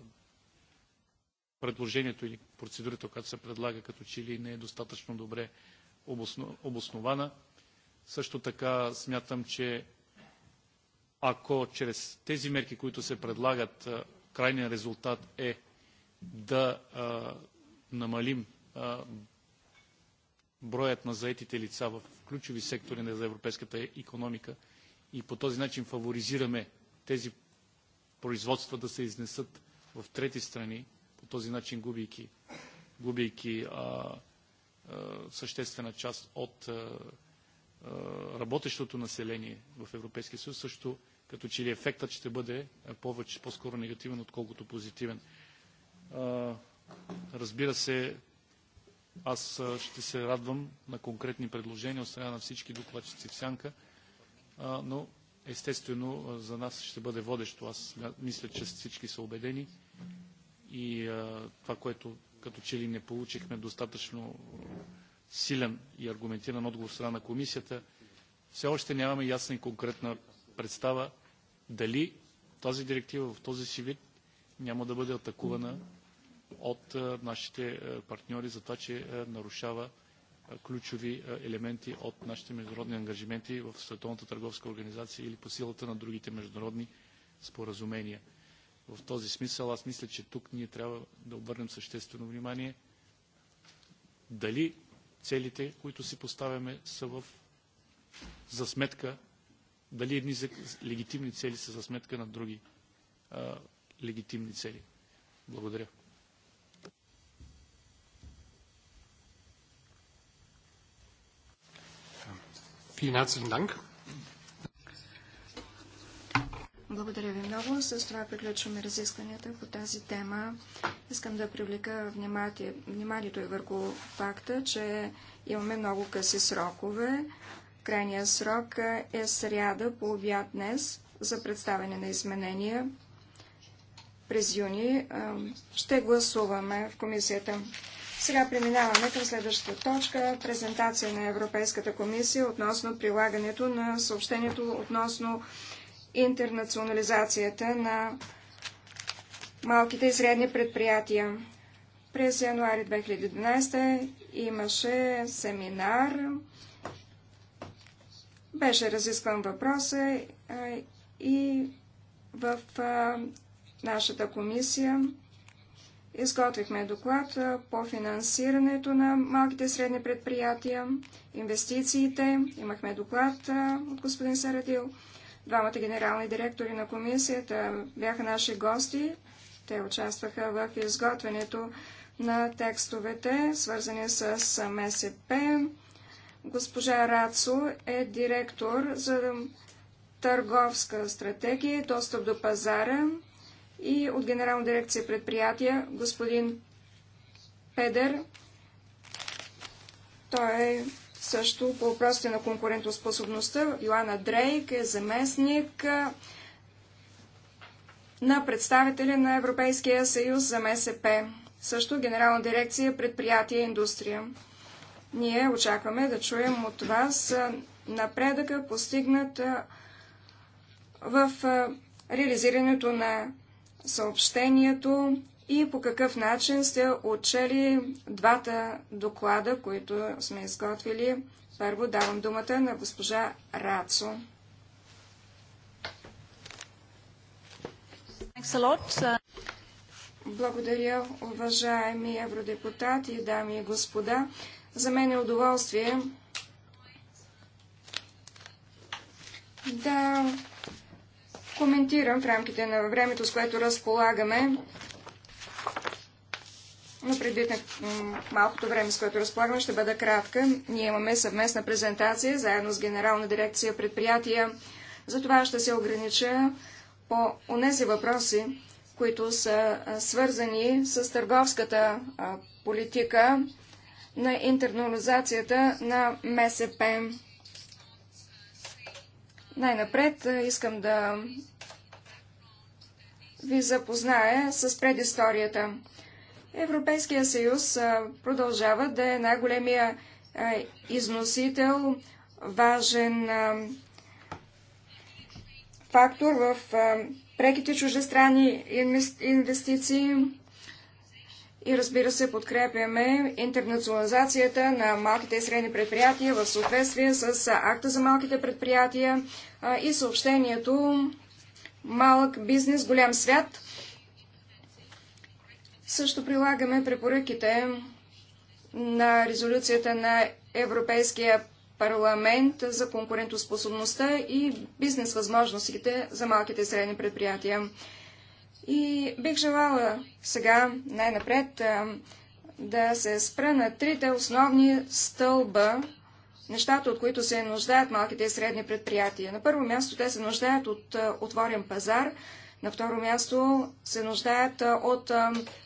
предложението или процедурата, която се предлага като чили, не е достатъчно добре обоснована. Също така смятам, че ако чрез тези мерки, които се предлагат, крайният резултат е да а, намалим а, броят на заетите лица в ключови сектори за европейската економика и по този начин фаворизираме тези производства да се изнесат в трети страни, по този начин губейки, губийки а, а, съществена част от а, а, работещото население в Европейския съюз, също като че ли ефектът ще бъде повече, по-скоро негативен, отколкото позитивен. А, разбира се, аз ще се радвам на конкретни предложения от страна на всички докладчици в Сянка, а, но естествено за нас ще бъде водещо. Аз мисля, че всички са убедени и това, което като че ли не получихме достатъчно силен и аргументиран отговор страна на комисията, все още нямаме ясна и конкретна представа дали тази директива в този си вид няма да бъде атакувана от нашите партньори за това, че нарушава ключови е, елементи от нашите международни ангажименти в Световната търговска организация или по силата на другите международни споразумения. В този смисъл аз мисля, че тук ние трябва да обърнем съществено внимание дали целите, които си поставяме, са в за сметка, дали едни легитимни цели са за сметка на други а, легитимни цели. Благодаря. Vielen herzlichen Dank. Благодаря ви много. С това приключваме разискванията по тази тема. Искам да привлека вниманието и върху факта, че имаме много къси срокове. Крайният срок е сряда по обяд днес за представяне на изменения. През юни ще гласуваме в комисията. Сега преминаваме към следващата точка – презентация на Европейската комисия относно прилагането на съобщението относно интернационализацията на малките и средни предприятия. През януари 2012 имаше семинар, беше разискван въпроса и в нашата комисия Изготвихме доклад по финансирането на малките и средни предприятия, инвестициите. Имахме доклад от господин Сарадил. Двамата генерални директори на комисията бяха наши гости. Те участваха в изготвянето на текстовете, свързани с МСП. Госпожа Рацо е директор за търговска стратегия и достъп до пазара и от Генерална дирекция предприятия господин Педер. Той е също по въпросите на конкурентоспособността. Йоанна Дрейк е заместник на представители на Европейския съюз за МСП, също Генерална дирекция предприятия и индустрия. Ние очакваме да чуем от вас напредъка, постигната в реализирането на съобщението и по какъв начин сте отчели двата доклада, които сме изготвили. Първо давам думата на госпожа Рацо. Uh, Благодаря, уважаеми евродепутати, дами и господа. За мен е удоволствие да коментирам в рамките на времето, с което разполагаме, но предвид на малкото време, с което разполагаме, ще бъда кратка. Ние имаме съвместна презентация заедно с Генерална дирекция предприятия. Затова ще се огранича по онези въпроси, които са свързани с търговската политика на интернализацията на МСП. Най-напред искам да ви запозная с предисторията. Европейския съюз продължава да е най-големия износител, важен фактор в преките чуждестранни инвестиции и разбира се подкрепяме интернационализацията на малките и средни предприятия в съответствие с акта за малките предприятия и съобщението малък бизнес, голям свят. Също прилагаме препоръките на резолюцията на Европейския парламент за конкурентоспособността и бизнес възможностите за малките и средни предприятия. И бих желала сега най-напред да се спра на трите основни стълба нещата, от които се нуждаят малките и средни предприятия. На първо място те се нуждаят от отворен пазар, на второ място се нуждаят от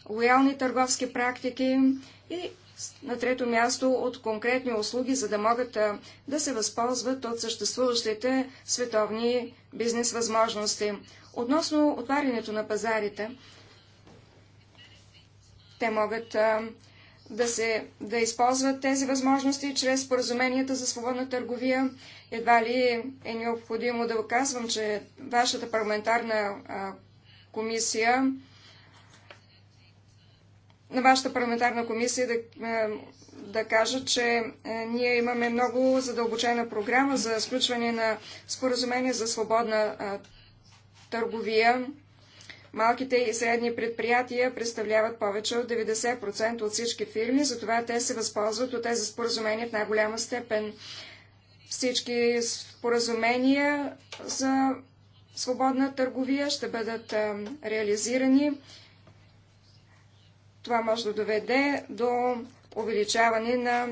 лоялни търговски практики и на трето място от конкретни услуги, за да могат да се възползват от съществуващите световни бизнес възможности. Относно отварянето на пазарите, те могат да, се, да използват тези възможности чрез споразуменията за свободна търговия. Едва ли е необходимо да оказвам, че вашата парламентарна а, комисия на вашата парламентарна комисия да, да кажа, че е, ние имаме много задълбочена програма за сключване на споразумение за свободна а, търговия. Малките и средни предприятия представляват повече от 90% от всички фирми, затова те се възползват от тези споразумения в най-голяма степен. Всички споразумения за свободна търговия ще бъдат реализирани. Това може да доведе до увеличаване на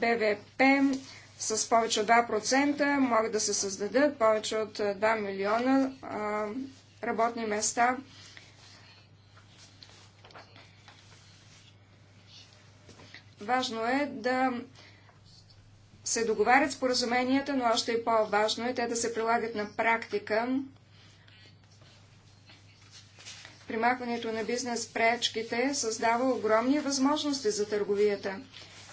БВП с повече от 2%. Могат да се създадат повече от 2 милиона работни места – Важно е да се договарят споразуменията, но още и е по-важно е те да се прилагат на практика. Примахването на бизнес пречките създава огромни възможности за търговията.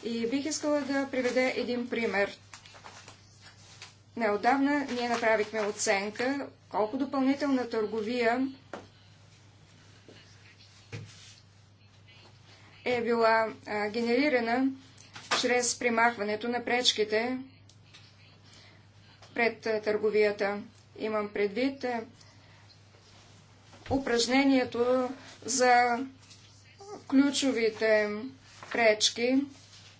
И бих искала да приведа един пример. Неодавна ние направихме оценка колко допълнителна търговия е била а, генерирана чрез примахването на пречките пред а, търговията. Имам предвид а, упражнението за ключовите пречки.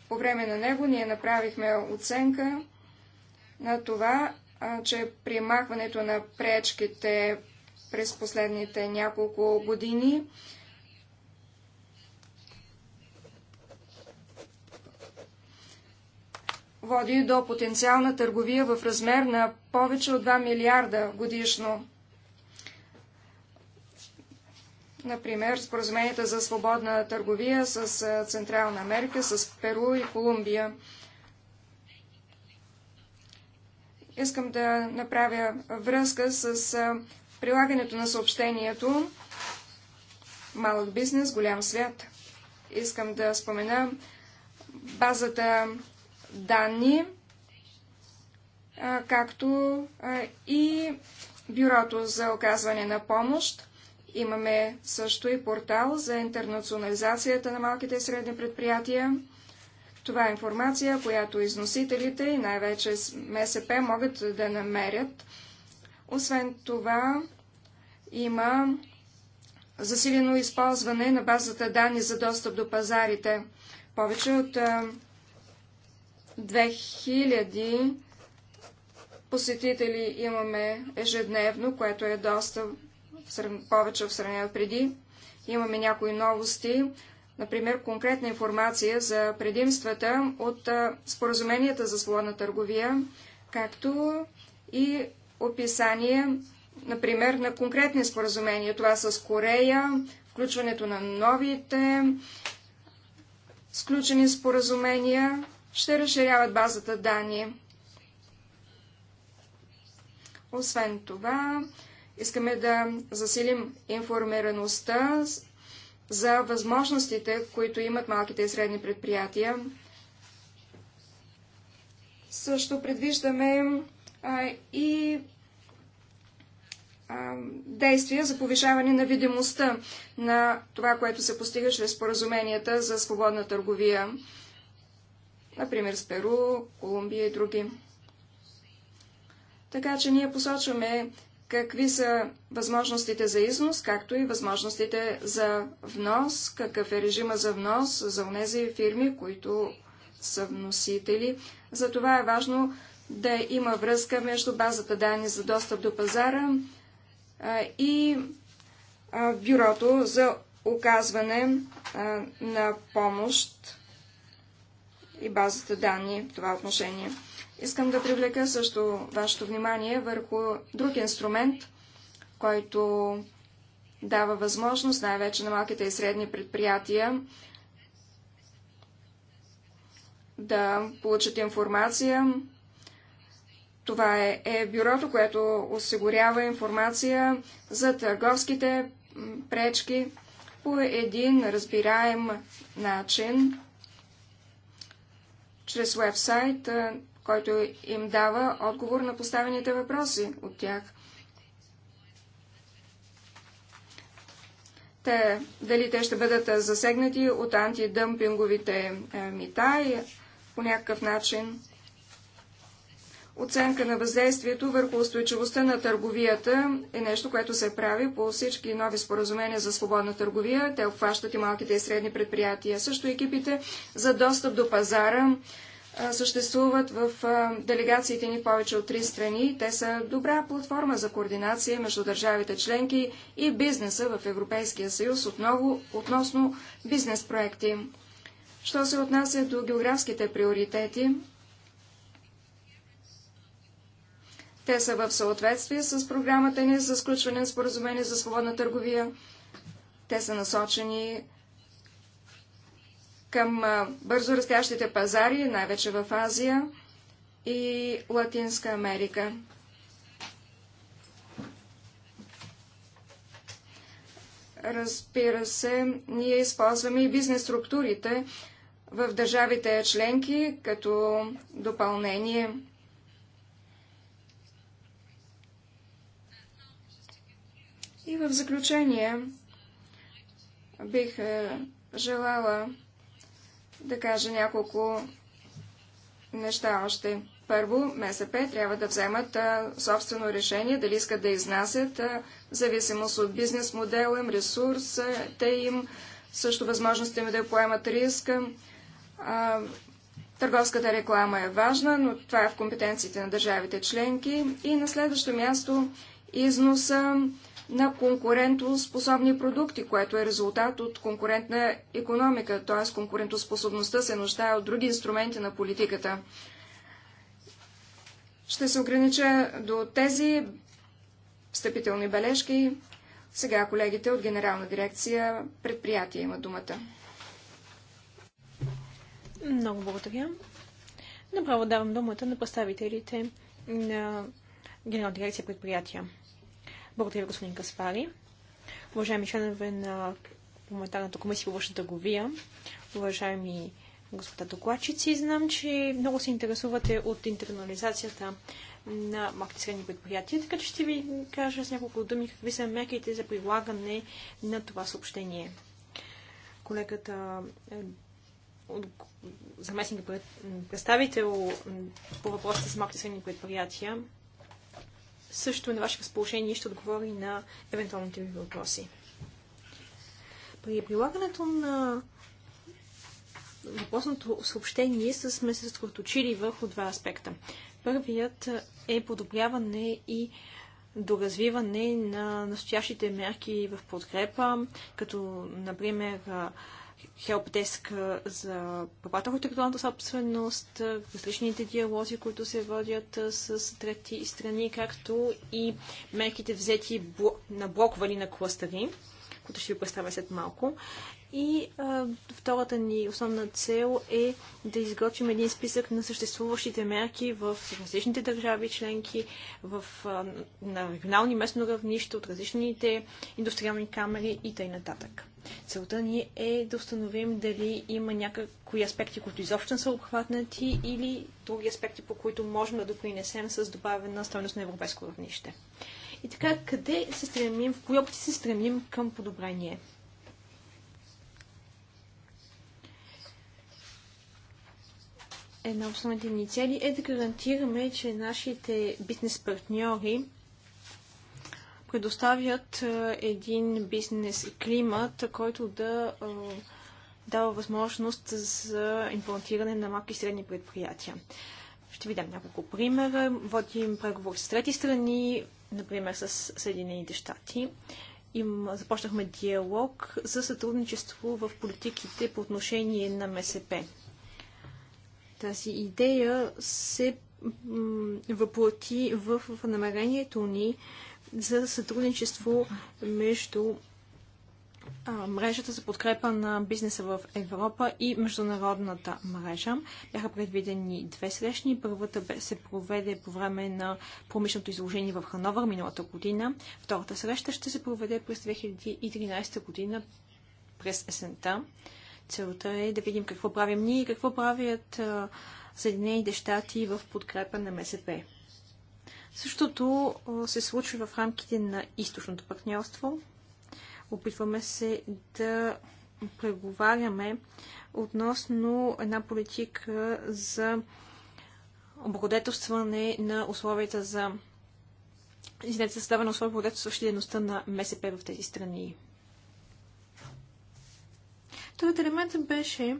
По време на него ние направихме оценка на това, че примахването на пречките през последните няколко години води до потенциална търговия в размер на повече от 2 милиарда годишно. Например, споразуменията за свободна търговия с Централна Америка, с Перу и Колумбия. Искам да направя връзка с прилагането на съобщението Малък бизнес, голям свят. Искам да спомена базата данни, както и Бюрото за оказване на помощ. Имаме също и портал за интернационализацията на малките и средни предприятия. Това е информация, която износителите и най-вече МСП могат да намерят. Освен това, има засилено използване на базата данни за достъп до пазарите. Повече от 2000 посетители имаме ежедневно, което е доста повече в сравнение преди. Имаме някои новости, например конкретна информация за предимствата от споразуменията за свободна търговия, както и описание, например, на конкретни споразумения. Това с Корея, включването на новите сключени споразумения ще разширяват базата данни. Освен това, искаме да засилим информираността за възможностите, които имат малките и средни предприятия. Също предвиждаме а, и а, действия за повишаване на видимостта на това, което се постига чрез споразуменията за свободна търговия например с Перу, Колумбия и други. Така че ние посочваме какви са възможностите за износ, както и възможностите за внос, какъв е режима за внос за унези фирми, които са вносители. Затова е важно да има връзка между базата данни за достъп до пазара и бюрото за оказване на помощ и базата данни в това отношение. Искам да привлека също вашето внимание върху друг инструмент, който дава възможност най-вече на малките и средни предприятия да получат информация. Това е, е бюрото, което осигурява информация за търговските пречки по един разбираем начин чрез вебсайт, който им дава отговор на поставените въпроси от тях. Те, дали те ще бъдат засегнати от антидъмпинговите мита и по някакъв начин Оценка на въздействието върху устойчивостта на търговията е нещо, което се прави по всички нови споразумения за свободна търговия. Те обхващат и малките и средни предприятия. Също екипите за достъп до пазара съществуват в делегациите ни повече от три страни. Те са добра платформа за координация между държавите членки и бизнеса в Европейския съюз отново относно бизнес проекти. Що се отнася до географските приоритети, Те са в съответствие с програмата ни за сключване на споразумение за свободна търговия. Те са насочени към бързо растящите пазари, най-вече в Азия и Латинска Америка. Разбира се, ние използваме и бизнес структурите в държавите членки като допълнение. И в заключение бих е, желала да кажа няколко неща още. Първо, МСП трябва да вземат е, собствено решение дали искат да изнасят, е, в зависимост от бизнес модела им, те им, също възможността им да поемат риска. търговската реклама е важна, но това е в компетенциите на държавите членки. И на следващо място износа на конкурентоспособни продукти, което е резултат от конкурентна економика, т.е. конкурентоспособността се нуждае от други инструменти на политиката. Ще се огранича до тези встъпителни бележки. Сега колегите от Генерална дирекция предприятия имат думата. Много благодаря. Направо давам думата на представителите на Генерална дирекция предприятия. Благодаря, господин Каспари. Уважаеми членове на Коментарната комисия по външна търговия, уважаеми господа докладчици, знам, че много се интересувате от интернализацията на малките средни предприятия, така че ще ви кажа с няколко думи какви са мерките за прилагане на това съобщение. Колегата е, заместник представител по въпросите с малките средни предприятия също е на ваше разположение и ще отговори на евентуалните ви въпроси. При прилагането на въпросното съобщение сме се съсредоточили върху два аспекта. Първият е подобряване и доразвиване на настоящите мерки в подкрепа, като, например, хелпдеск за правата в интелектуалната собственост, различните диалози, които се водят с трети страни, както и мерките взети на блокове или на кластери, които ще ви представя след малко. И а, втората ни основна цел е да изготвим един списък на съществуващите мерки в различните държави членки, в, а, на регионални местно равнище, от различните индустриални камери и т.н. Целта ни е да установим дали има някакви аспекти, които изобщо не са обхватнати или други аспекти, по които можем да допринесем с добавена стойност на европейско равнище. И така, къде се стремим, в кои опити се стремим към подобрение? една от основните ни цели е да гарантираме, че нашите бизнес партньори предоставят е, един бизнес климат, който да е, дава възможност за имплантиране на малки и средни предприятия. Ще ви дам няколко примера. Водим преговор с трети страни, например с Съединените щати. Им започнахме диалог за сътрудничество в политиките по отношение на МСП. Тази идея се въплати в намерението ни за сътрудничество между мрежата за подкрепа на бизнеса в Европа и международната мрежа. Бяха предвидени две срещни. Първата се проведе по време на промишленото изложение в Хановър миналата година. Втората среща ще се проведе през 2013 година през есента. Целта е да видим какво правим ние и какво правят Съединените щати в подкрепа на МСП. Същото се случва в рамките на източното партньорство. Опитваме се да преговаряме относно една политика за облагодетелстване на условията за Извинете, създаване на условия благодетелстващи дейността на МСП в тези страни. Той елемент беше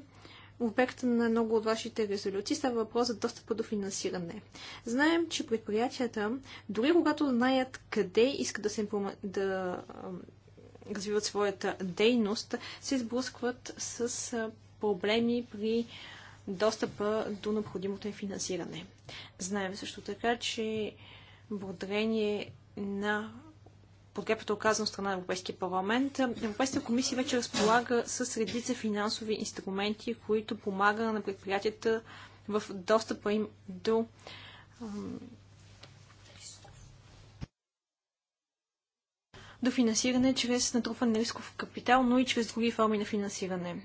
обект на много от вашите резолюции става въпрос за достъпа до финансиране. Знаем, че предприятията, дори когато знаят къде искат да, се, да развиват своята дейност, се сблъскват с проблеми при достъпа до необходимото им финансиране. Знаем също така, че благодарение на подкрепата оказана страна на Европейския парламент. Европейската комисия вече разполага с редица финансови инструменти, които помага на предприятията в достъпа им до до финансиране чрез натрупване на рисков капитал, но и чрез други форми на финансиране.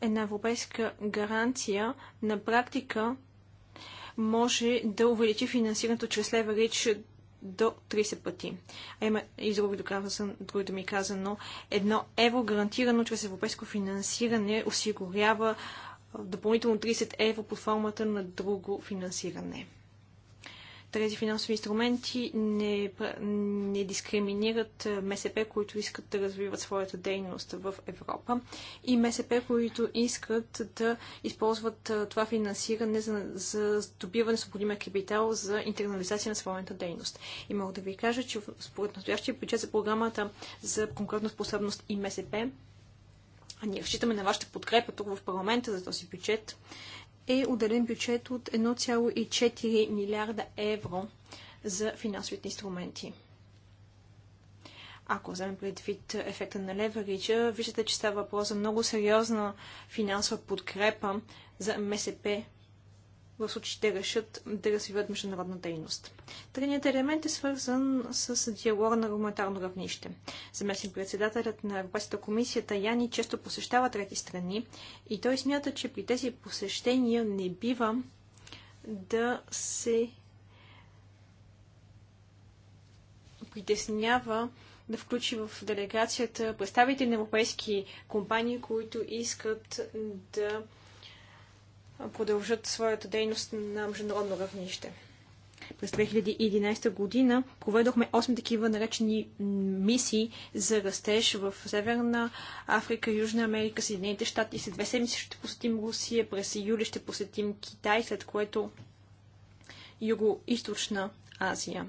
Една европейска гаранция на практика може да увеличи финансирането чрез леверидж до 30 пъти. А има и друго доказано, да ми казано, едно евро гарантирано чрез европейско финансиране осигурява допълнително 30 евро под формата на друго финансиране. Тези финансови инструменти не, не дискриминират е, МСП, които искат да развиват своята дейност в Европа и МСП, които искат да използват е, това финансиране за, за добиване с необходимия капитал за интернализация на своята дейност. И мога да ви кажа, че според настоящия бюджет за програмата за конкретна способност и МСП, а ние разчитаме на вашата подкрепа тук в парламента за този бюджет, е отделен бюджет от 1,4 милиарда евро за финансовите инструменти. Ако вземем предвид ефекта на левериджа, виждате, че става въпрос за много сериозна финансова подкрепа за МСП в случай те решат да развиват международна дейност. Треният елемент е свързан с диалога на гуманитарно равнище. Заместник председателят на Европейската комисия Таяни често посещава трети страни и той смята, че при тези посещения не бива да се притеснява да включи в делегацията представители на европейски компании, които искат да продължат своята дейност на международно равнище. През 2011 година проведохме 8 такива наречени мисии за растеж в Северна Африка, Южна Америка, Съединените щати. След две седмици ще посетим Русия, през юли ще посетим Китай, след което Юго-Източна Азия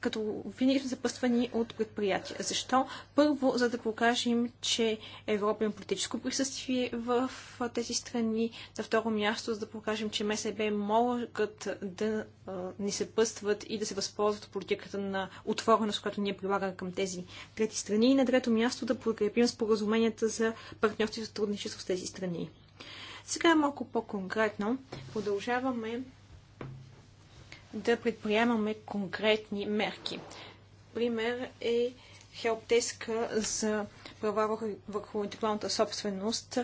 като винаги сме запъствани от предприятия. Защо? Първо, за да покажем, че Европа има политическо присъствие в тези страни. За второ място, за да покажем, че МСБ могат да а, ни съпъстват и да се възползват от политиката на отвореност, която ние прилагаме към тези трети страни. И на трето място, да подкрепим споразуменията за партньорство и сътрудничество с тези страни. Сега малко по-конкретно продължаваме да предприемаме конкретни мерки. Пример е хелптеска за права върху интелектуалната собственост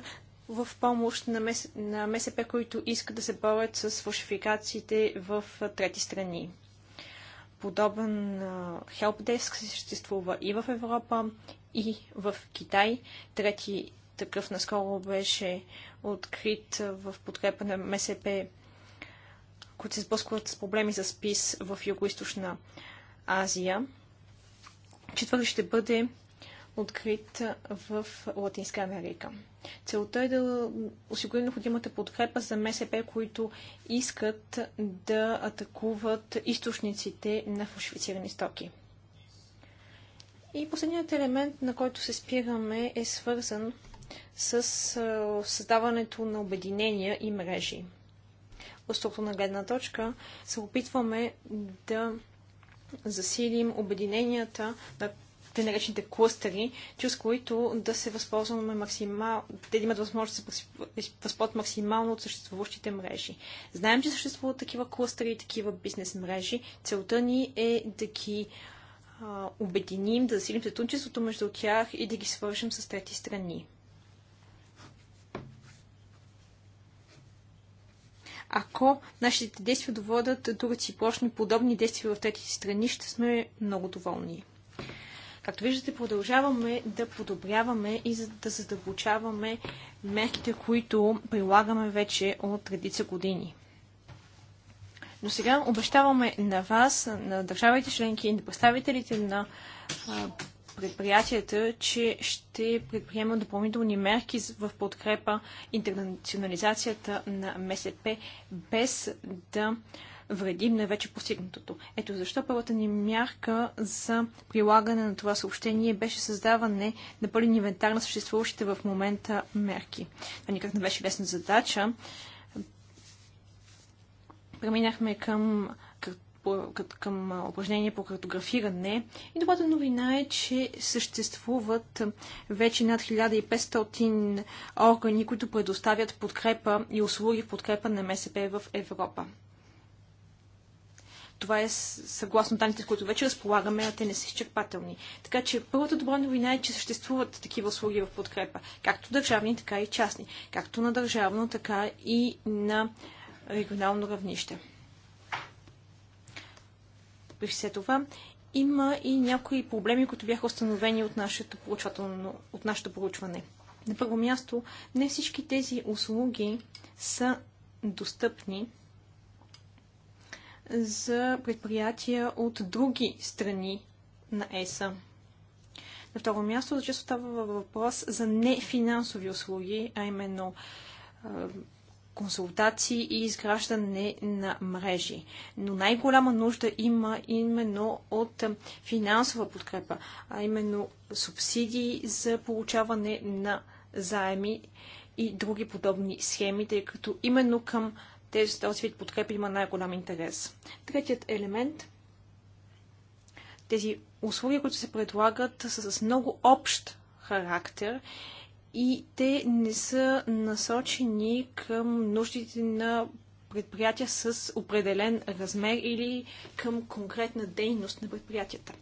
в помощ на, на МСП, които искат да се борят с фалшификациите в трети страни. Подобен хелпдеск съществува и в Европа, и в Китай. Трети такъв наскоро беше открит в подкрепа на МСП които се сблъскват с проблеми за спис в Юго-Источна Азия. Четвърти ще бъде открит в Латинска Америка. Целта е да осигури необходимата подкрепа за МСП, които искат да атакуват източниците на фалшифицирани стоки. И последният елемент, на който се спираме, е свързан с създаването на обединения и мрежи структурна гледна точка, се опитваме да засилим обединенията на те наречените клъстери, чрез които да се възползваме максимално, те да имат възможност да се възползват максимално от съществуващите мрежи. Знаем, че съществуват такива клъстери и такива бизнес мрежи. Целта ни е да ги а, обединим, да засилим сътрудничеството между тях и да ги свържем с трети страни. ако нашите действия доводят до реципрочни подобни действия в трети страни, ще сме много доволни. Както виждате, продължаваме да подобряваме и да задълбочаваме мерките, които прилагаме вече от редица години. Но сега обещаваме на вас, на държавите членки и на представителите на предприятията, че ще предприемат допълнителни мерки в подкрепа интернационализацията на МСП, без да вредим на вече постигнатото. Ето защо първата ни мярка за прилагане на това съобщение беше създаване на пълен инвентар на съществуващите в момента мерки. Това никак не беше лесна задача. Преминахме към към упражнения по картографиране. И добрата новина е, че съществуват вече над 1500 органи, които предоставят подкрепа и услуги в подкрепа на МСП в Европа. Това е съгласно данните, с които вече разполагаме, а те не са изчерпателни. Така че първата добра новина е, че съществуват такива услуги в подкрепа, както държавни, така и частни, както на държавно, така и на регионално равнище. При все това има и някои проблеми, които бяха установени от нашето, от нашето проучване. На първо място, не всички тези услуги са достъпни за предприятия от други страни на ЕСА. На второ място, често става въпрос за нефинансови услуги, а именно консултации и изграждане на мрежи. Но най-голяма нужда има именно от финансова подкрепа, а именно субсидии за получаване на заеми и други подобни схеми, тъй като именно към тези, този вид подкрепа има най-голям интерес. Третият елемент тези услуги, които се предлагат, са с много общ характер и те не са насочени към нуждите на предприятия с определен размер или към конкретна дейност на предприятията.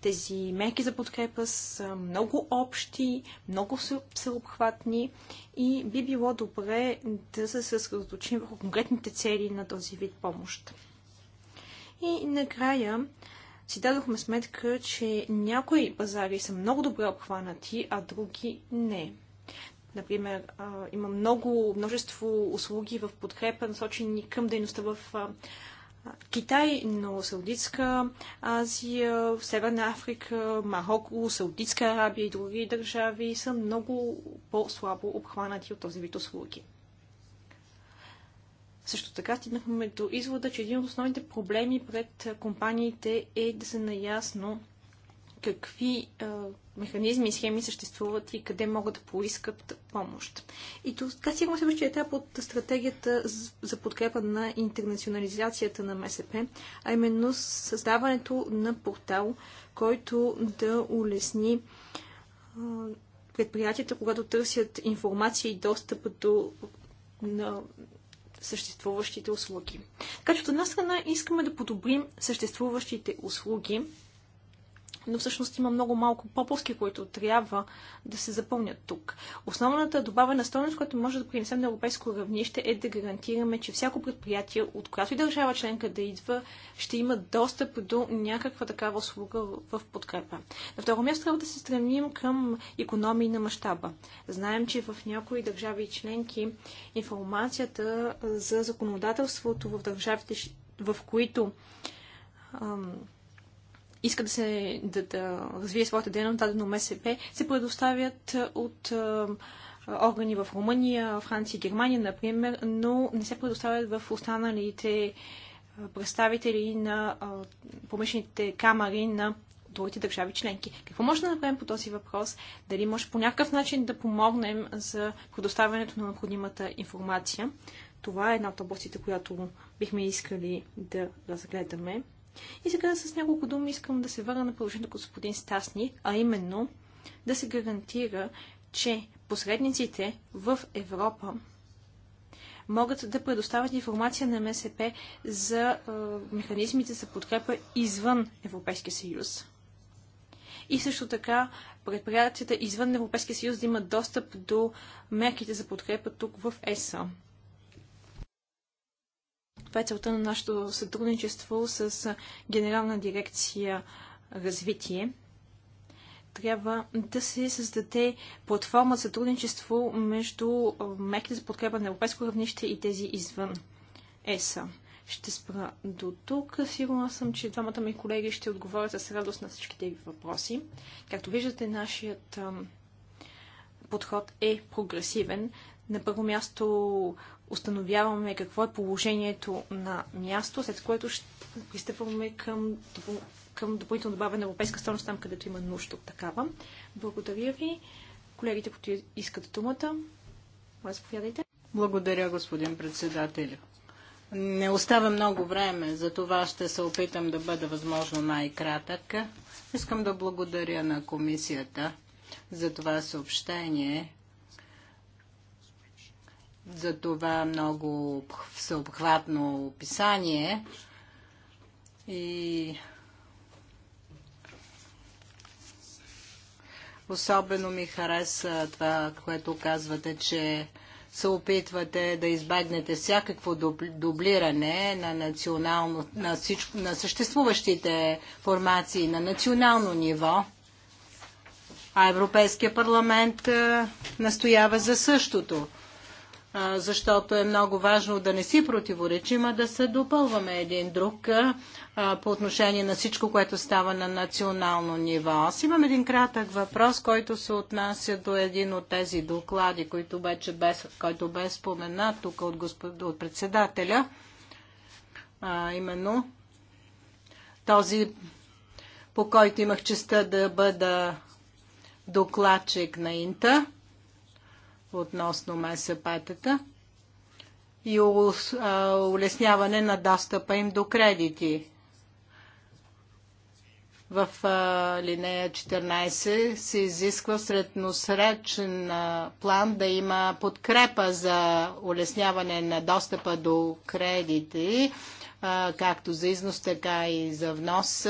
Тези мерки за подкрепа са много общи, много всеобхватни и би било добре да се съсредоточим върху конкретните цели на този вид помощ. И накрая си дадохме сметка, че някои пазари са много добре обхванати, а други не. Например, има много, множество услуги в подкрепа, насочени към дейността в Китай, но Саудитска Азия, Северна Африка, Марокко, Саудитска Арабия и други държави са много по-слабо обхванати от този вид услуги. Също така стигнахме до извода, че един от основните проблеми пред компаниите е да са наясно какви а, механизми и схеми съществуват и къде могат да поискат помощ. И тук сигурно се ще е етап от стратегията за подкрепа на интернационализацията на МСП, а именно създаването на портал, който да улесни а, предприятията, когато търсят информация и достъп до на съществуващите услуги. Така че от една страна искаме да подобрим съществуващите услуги, но всъщност има много малко пропуски, които трябва да се запълнят тук. Основната добавена стойност, която може да принесем на европейско равнище е да гарантираме, че всяко предприятие, от която и държава членка да идва, ще има достъп до някаква такава услуга в подкрепа. На второ място трябва да се стремим към економии на мащаба. Знаем, че в някои държави и членки информацията за законодателството в държавите, в които ам, иска да, се, да, да развие своята дейност дадено МСП, се предоставят от органи в Румъния, Франция и Германия, например, но не се предоставят в останалите представители на помешните камери на другите държави членки. Какво може да направим по този въпрос? Дали може по някакъв начин да помогнем за предоставянето на необходимата информация? Това е една от областите, която бихме искали да разгледаме. И сега с няколко думи искам да се върна на положението на господин Стасни, а именно да се гарантира, че посредниците в Европа могат да предоставят информация на МСП за е, механизмите за подкрепа извън Европейския съюз. И също така предприятията извън Европейския съюз да имат достъп до мерките за подкрепа тук в ЕСА. Това е целта на нашето сътрудничество с Генерална дирекция развитие. Трябва да се създаде платформа за сътрудничество между мерките за подкрепа на европейско равнище и тези извън ЕСА. Ще спра до тук. Сигурна съм, че двамата ми колеги ще отговорят с радост на всичките ви въпроси. Както виждате, нашият подход е прогресивен. На първо място установяваме какво е положението на място, след което ще пристъпваме към, към допълнително добавяне на европейска стойност там, където има нужда от такава. Благодаря ви. Колегите, които искат думата, моля, заповядайте. Благодаря, господин председател. Не остава много време, за това ще се опитам да бъда възможно най-кратък. Искам да благодаря на комисията за това съобщение, за това много всеобхватно описание и особено ми хареса това, което казвате, че се опитвате да избегнете всякакво дублиране на, национално, на, всичко, на съществуващите формации на национално ниво, а Европейския парламент настоява за същото защото е много важно да не си противоречим, а да се допълваме един друг по отношение на всичко, което става на национално ниво. Аз имам един кратък въпрос, който се отнася до един от тези доклади, който вече бе, който бе споменат тук от, господ... от председателя. А, именно този, по който имах честа да бъда докладчик на Инта относно МСП-тата и улесняване на достъпа им до кредити. В линия 14 се изисква средносречен план да има подкрепа за улесняване на достъпа до кредити, както за износ, така и за внос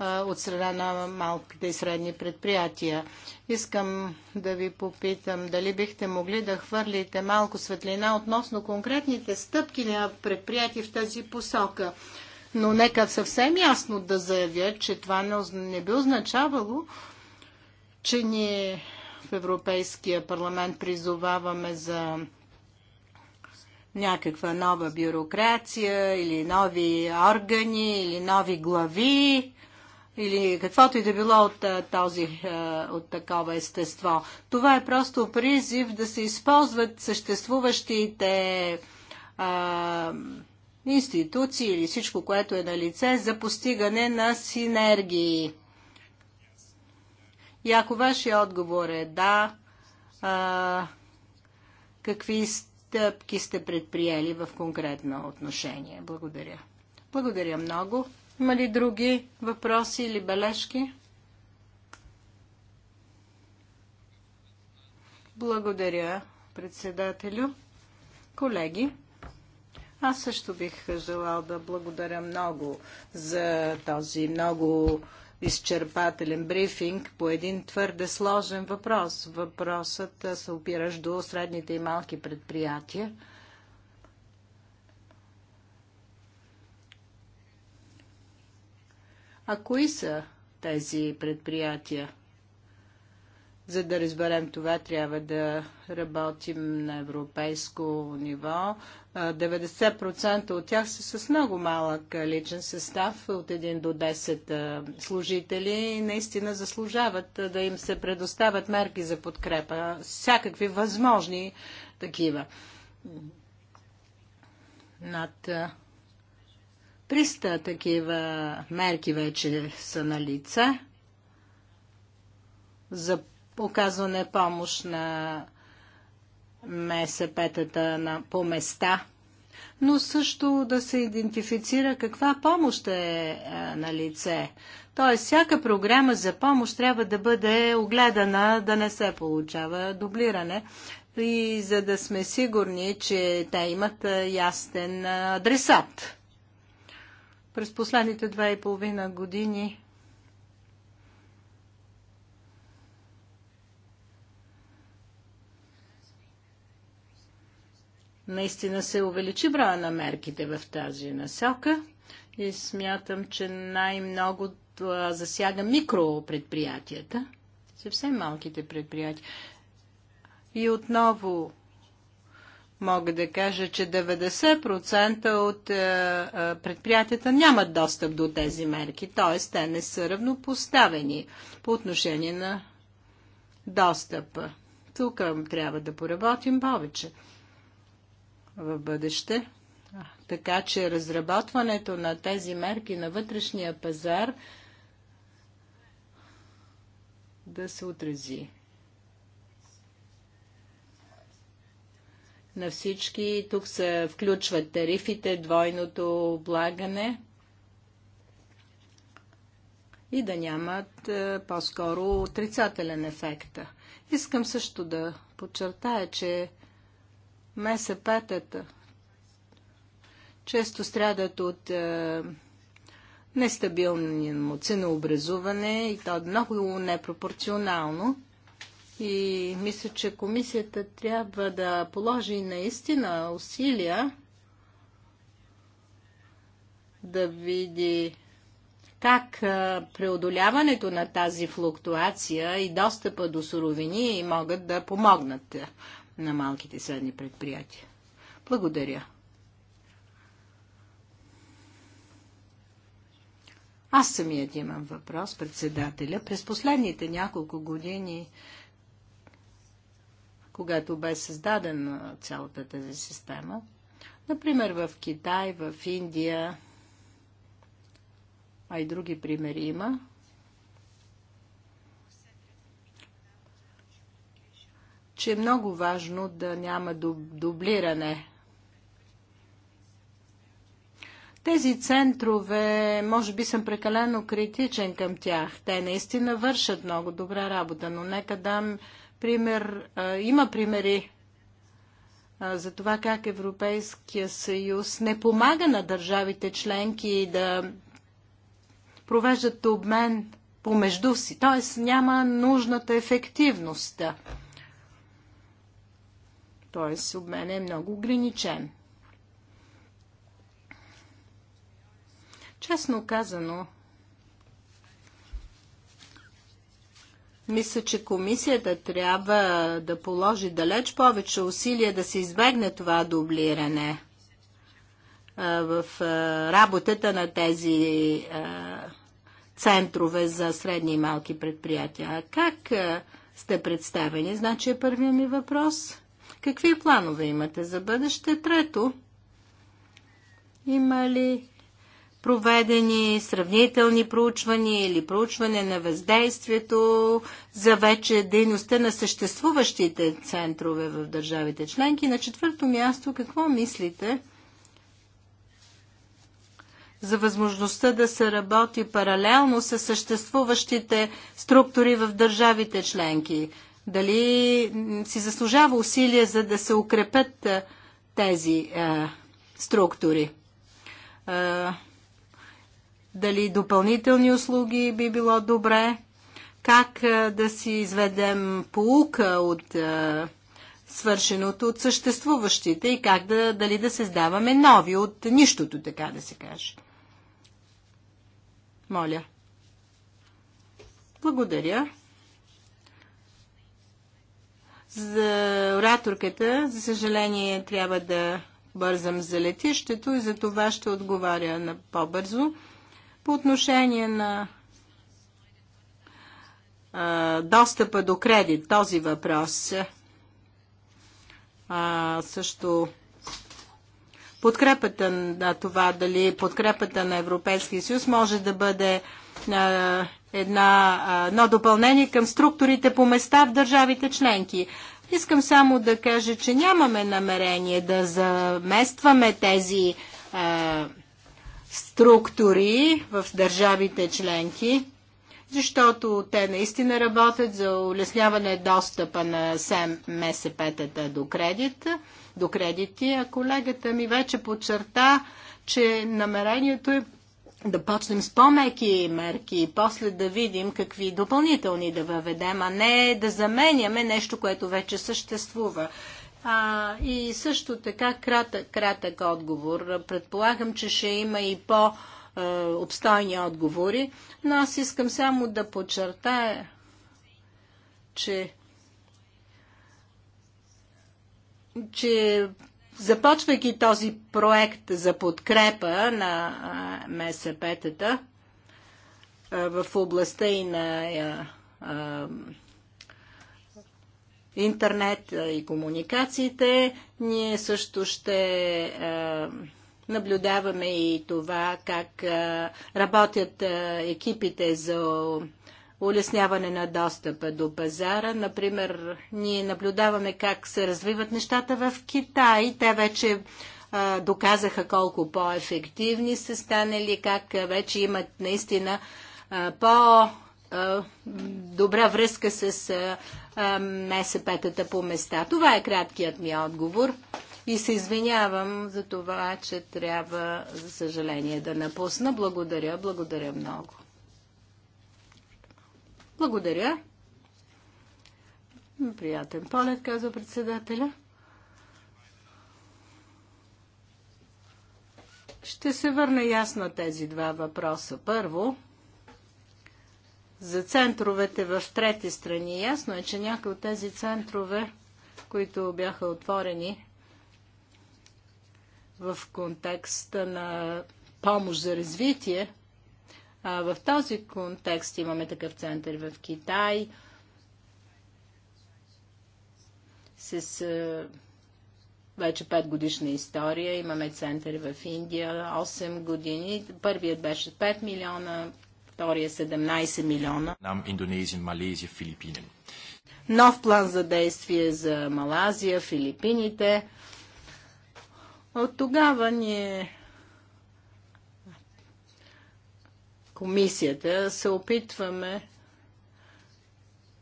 от среда на малките и средни предприятия. Искам да ви попитам дали бихте могли да хвърлите малко светлина относно конкретните стъпки на предприятия в тази посока. Но нека съвсем ясно да заявя, че това не би означавало, че ние в Европейския парламент призоваваме за някаква нова бюрокрация или нови органи или нови глави или каквото и да било от, този, от такова естество. Това е просто призив да се използват съществуващите а, институции или всичко, което е на лице за постигане на синергии. И ако вашия отговор е да, а, какви стъпки сте предприели в конкретно отношение? Благодаря. Благодаря много. Има ли други въпроси или бележки? Благодаря, председателю. Колеги, аз също бих желал да благодаря много за този много изчерпателен брифинг по един твърде сложен въпрос. Въпросът се опираш до средните и малки предприятия. А кои са тези предприятия? За да разберем това, трябва да работим на европейско ниво. 90% от тях са с много малък личен състав, от 1 до 10 служители и наистина заслужават да им се предоставят мерки за подкрепа, всякакви възможни такива. Над 300 такива мерки вече са на лице за оказване помощ на МСП-тата на, по места, но също да се идентифицира каква помощ е, е на лице. Тоест, всяка програма за помощ трябва да бъде огледана, да не се получава дублиране и за да сме сигурни, че те имат е, ясен е, адресат през последните два и половина години наистина се увеличи броя на мерките в тази насока и смятам, че най-много засяга микропредприятията, съвсем малките предприятия. И отново мога да кажа, че 90% от е, е, предприятията нямат достъп до тези мерки, т.е. те не са равнопоставени по отношение на достъпа. Тук трябва да поработим повече в бъдеще. Така че разработването на тези мерки на вътрешния пазар да се отрази на всички. Тук се включват тарифите, двойното облагане и да нямат е, по-скоро отрицателен ефект. Искам също да подчертая, че МСП-тата често страдат от е, нестабилно ценообразуване и то много непропорционално. И мисля, че комисията трябва да положи наистина усилия да види как преодоляването на тази флуктуация и достъпа до суровини могат да помогнат на малките и средни предприятия. Благодаря. Аз самият имам въпрос, председателя. През последните няколко години когато бе създадена цялата тази система. Например, в Китай, в Индия, а и други примери има. че е много важно да няма дублиране. Тези центрове, може би съм прекалено критичен към тях. Те наистина вършат много добра работа, но нека дам пример, има примери за това как Европейския съюз не помага на държавите членки да провеждат обмен помежду си, т.е. няма нужната ефективност. Т.е. обмен е много ограничен. Честно казано, Мисля, че комисията трябва да положи далеч повече усилия да се избегне това дублиране в работата на тези центрове за средни и малки предприятия. А как сте представени? Значи е първият ми въпрос. Какви планове имате за бъдеще? Трето, има ли проведени сравнителни проучвания или проучване на въздействието за вече дейността на съществуващите центрове в държавите членки. На четвърто място, какво мислите за възможността да се работи паралелно с съществуващите структури в държавите членки? Дали си заслужава усилия за да се укрепят тези е, структури? Е, дали допълнителни услуги би било добре, как да си изведем полука от свършеното от съществуващите и как да, дали да създаваме нови от нищото, така да се каже. Моля. Благодаря. За ораторката, за съжаление, трябва да бързам за летището и за това ще отговаря на по-бързо. По отношение на а, достъпа до кредит, този въпрос а, също подкрепата на това, дали подкрепата на Европейския съюз може да бъде а, една, а, едно допълнение към структурите по места в държавите членки. Искам само да кажа, че нямаме намерение да заместваме тези а, структури в държавите членки, защото те наистина работят за улесняване достъпа на СЕМ МСП-тата до кредит. До кредити, а колегата ми вече подчерта, че намерението е да почнем с по-меки мерки и после да видим какви допълнителни да въведем, а не да заменяме нещо, което вече съществува. А, и също така кратък, кратък отговор. Предполагам, че ще има и по- обстойни отговори, но аз искам само да подчертая, че, че започвайки този проект за подкрепа на МСП-тата в областта и на интернет и комуникациите. Ние също ще наблюдаваме и това как работят екипите за улесняване на достъпа до пазара. Например, ние наблюдаваме как се развиват нещата в Китай. Те вече а, доказаха колко по-ефективни са станали, как вече имат наистина по- добра връзка с мсп петата по места. Това е краткият ми отговор и се извинявам за това, че трябва, за съжаление, да напусна. Благодаря, благодаря много. Благодаря. Приятен полет, казва председателя. Ще се върна ясно тези два въпроса. Първо, за центровете в трети страни. Ясно е, че някои от тези центрове, които бяха отворени в контекста на помощ за развитие, а в този контекст имаме такъв център в Китай с вече 5 годишна история. Имаме център в Индия 8 години. Първият беше 5 милиона, втория 17 е милиона. Нам Индонезия, Малезия, Филипини. Нов план за действие за Малазия, Филипините. От тогава ние комисията се опитваме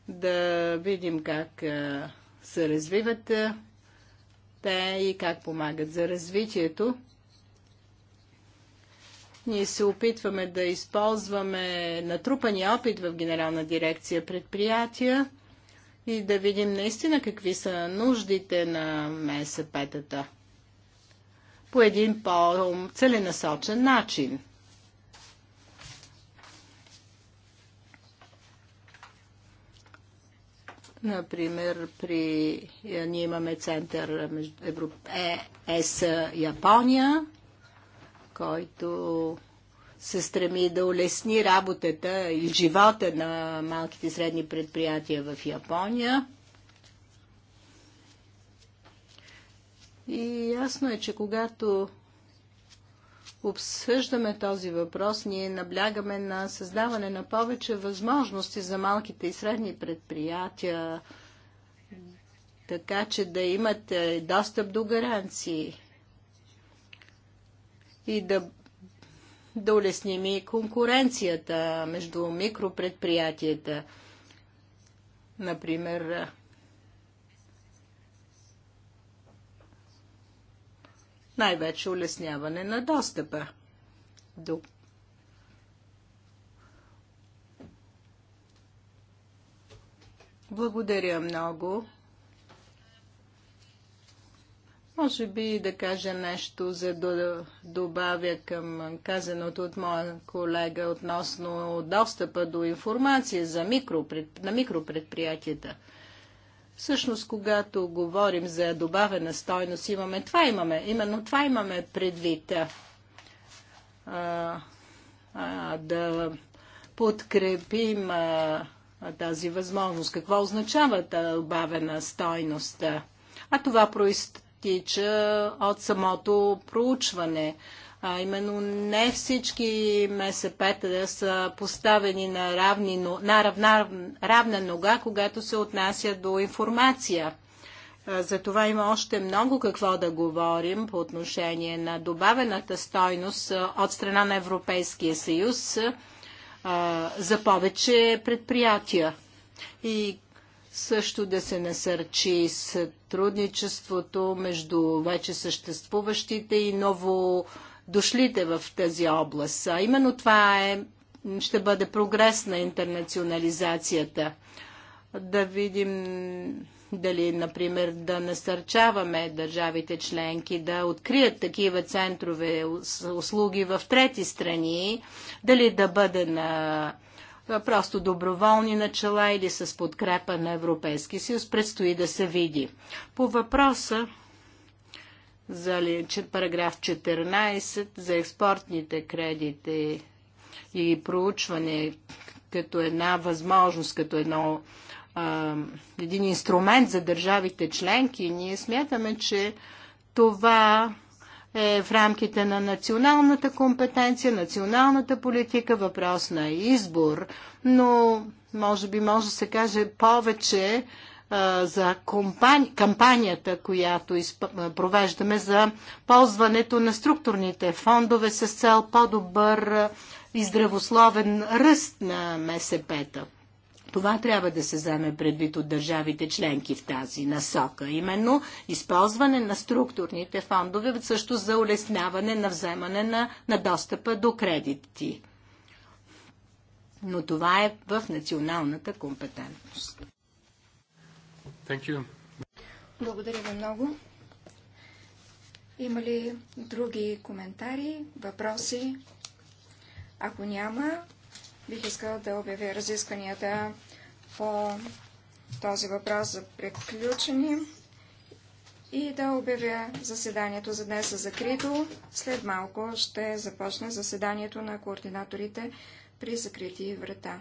да видим как се развиват те и как помагат за развитието. Ние се опитваме да използваме натрупания опит в Генерална дирекция предприятия и да видим наистина какви са нуждите на МСП-тата по един по-целенасочен начин. Например, при, ние имаме център ЕС е, е Япония, който се стреми да улесни работата и живота на малките и средни предприятия в Япония. И ясно е, че когато обсъждаме този въпрос, ние наблягаме на създаване на повече възможности за малките и средни предприятия, така че да имат е, достъп до гаранции и да, да улесним и конкуренцията между микропредприятията. Например, най-вече улесняване на достъпа до Благодаря много. Може би да кажа нещо, за да добавя към казаното от моя колега относно достъпа до информация за микропред... на микропредприятията. Всъщност, когато говорим за добавена стойност, имаме това имаме. Именно това имаме предвид. А, а, да подкрепим а, тази възможност. Какво означава добавена стойност? А това проист тича от самото проучване. А именно не всички МСП-та са поставени на, равни, на равна, равна нога, когато се отнася до информация. За това има още много какво да говорим по отношение на добавената стойност от страна на Европейския съюз за повече предприятия. И също да се насърчи сътрудничеството между вече съществуващите и ново дошлите в тази област. А именно това е, ще бъде прогрес на интернационализацията. Да видим дали, например, да насърчаваме държавите членки да открият такива центрове, услуги в трети страни, дали да бъде на е, просто доброволни начала или с подкрепа на Европейски съюз. Предстои да се види. По въпроса за параграф 14 за експортните кредити и проучване като една възможност, като едно, а, един инструмент за държавите членки, ние смятаме, че това е в рамките на националната компетенция, националната политика, въпрос на избор, но може би може да се каже повече а, за компани... кампанията, която изп... провеждаме за ползването на структурните фондове с цел по-добър и здравословен ръст на МСП-та. Това трябва да се вземе предвид от държавите членки в тази насока. Именно използване на структурните фондове също за улесняване на вземане на, на достъпа до кредити. Но това е в националната компетентност. Thank you. Благодаря ви много. Има ли други коментари, въпроси? Ако няма, Бих искал да обявя разискванията по този въпрос за приключени и да обявя заседанието за днес за закрито. След малко ще започне заседанието на координаторите при закрити врата.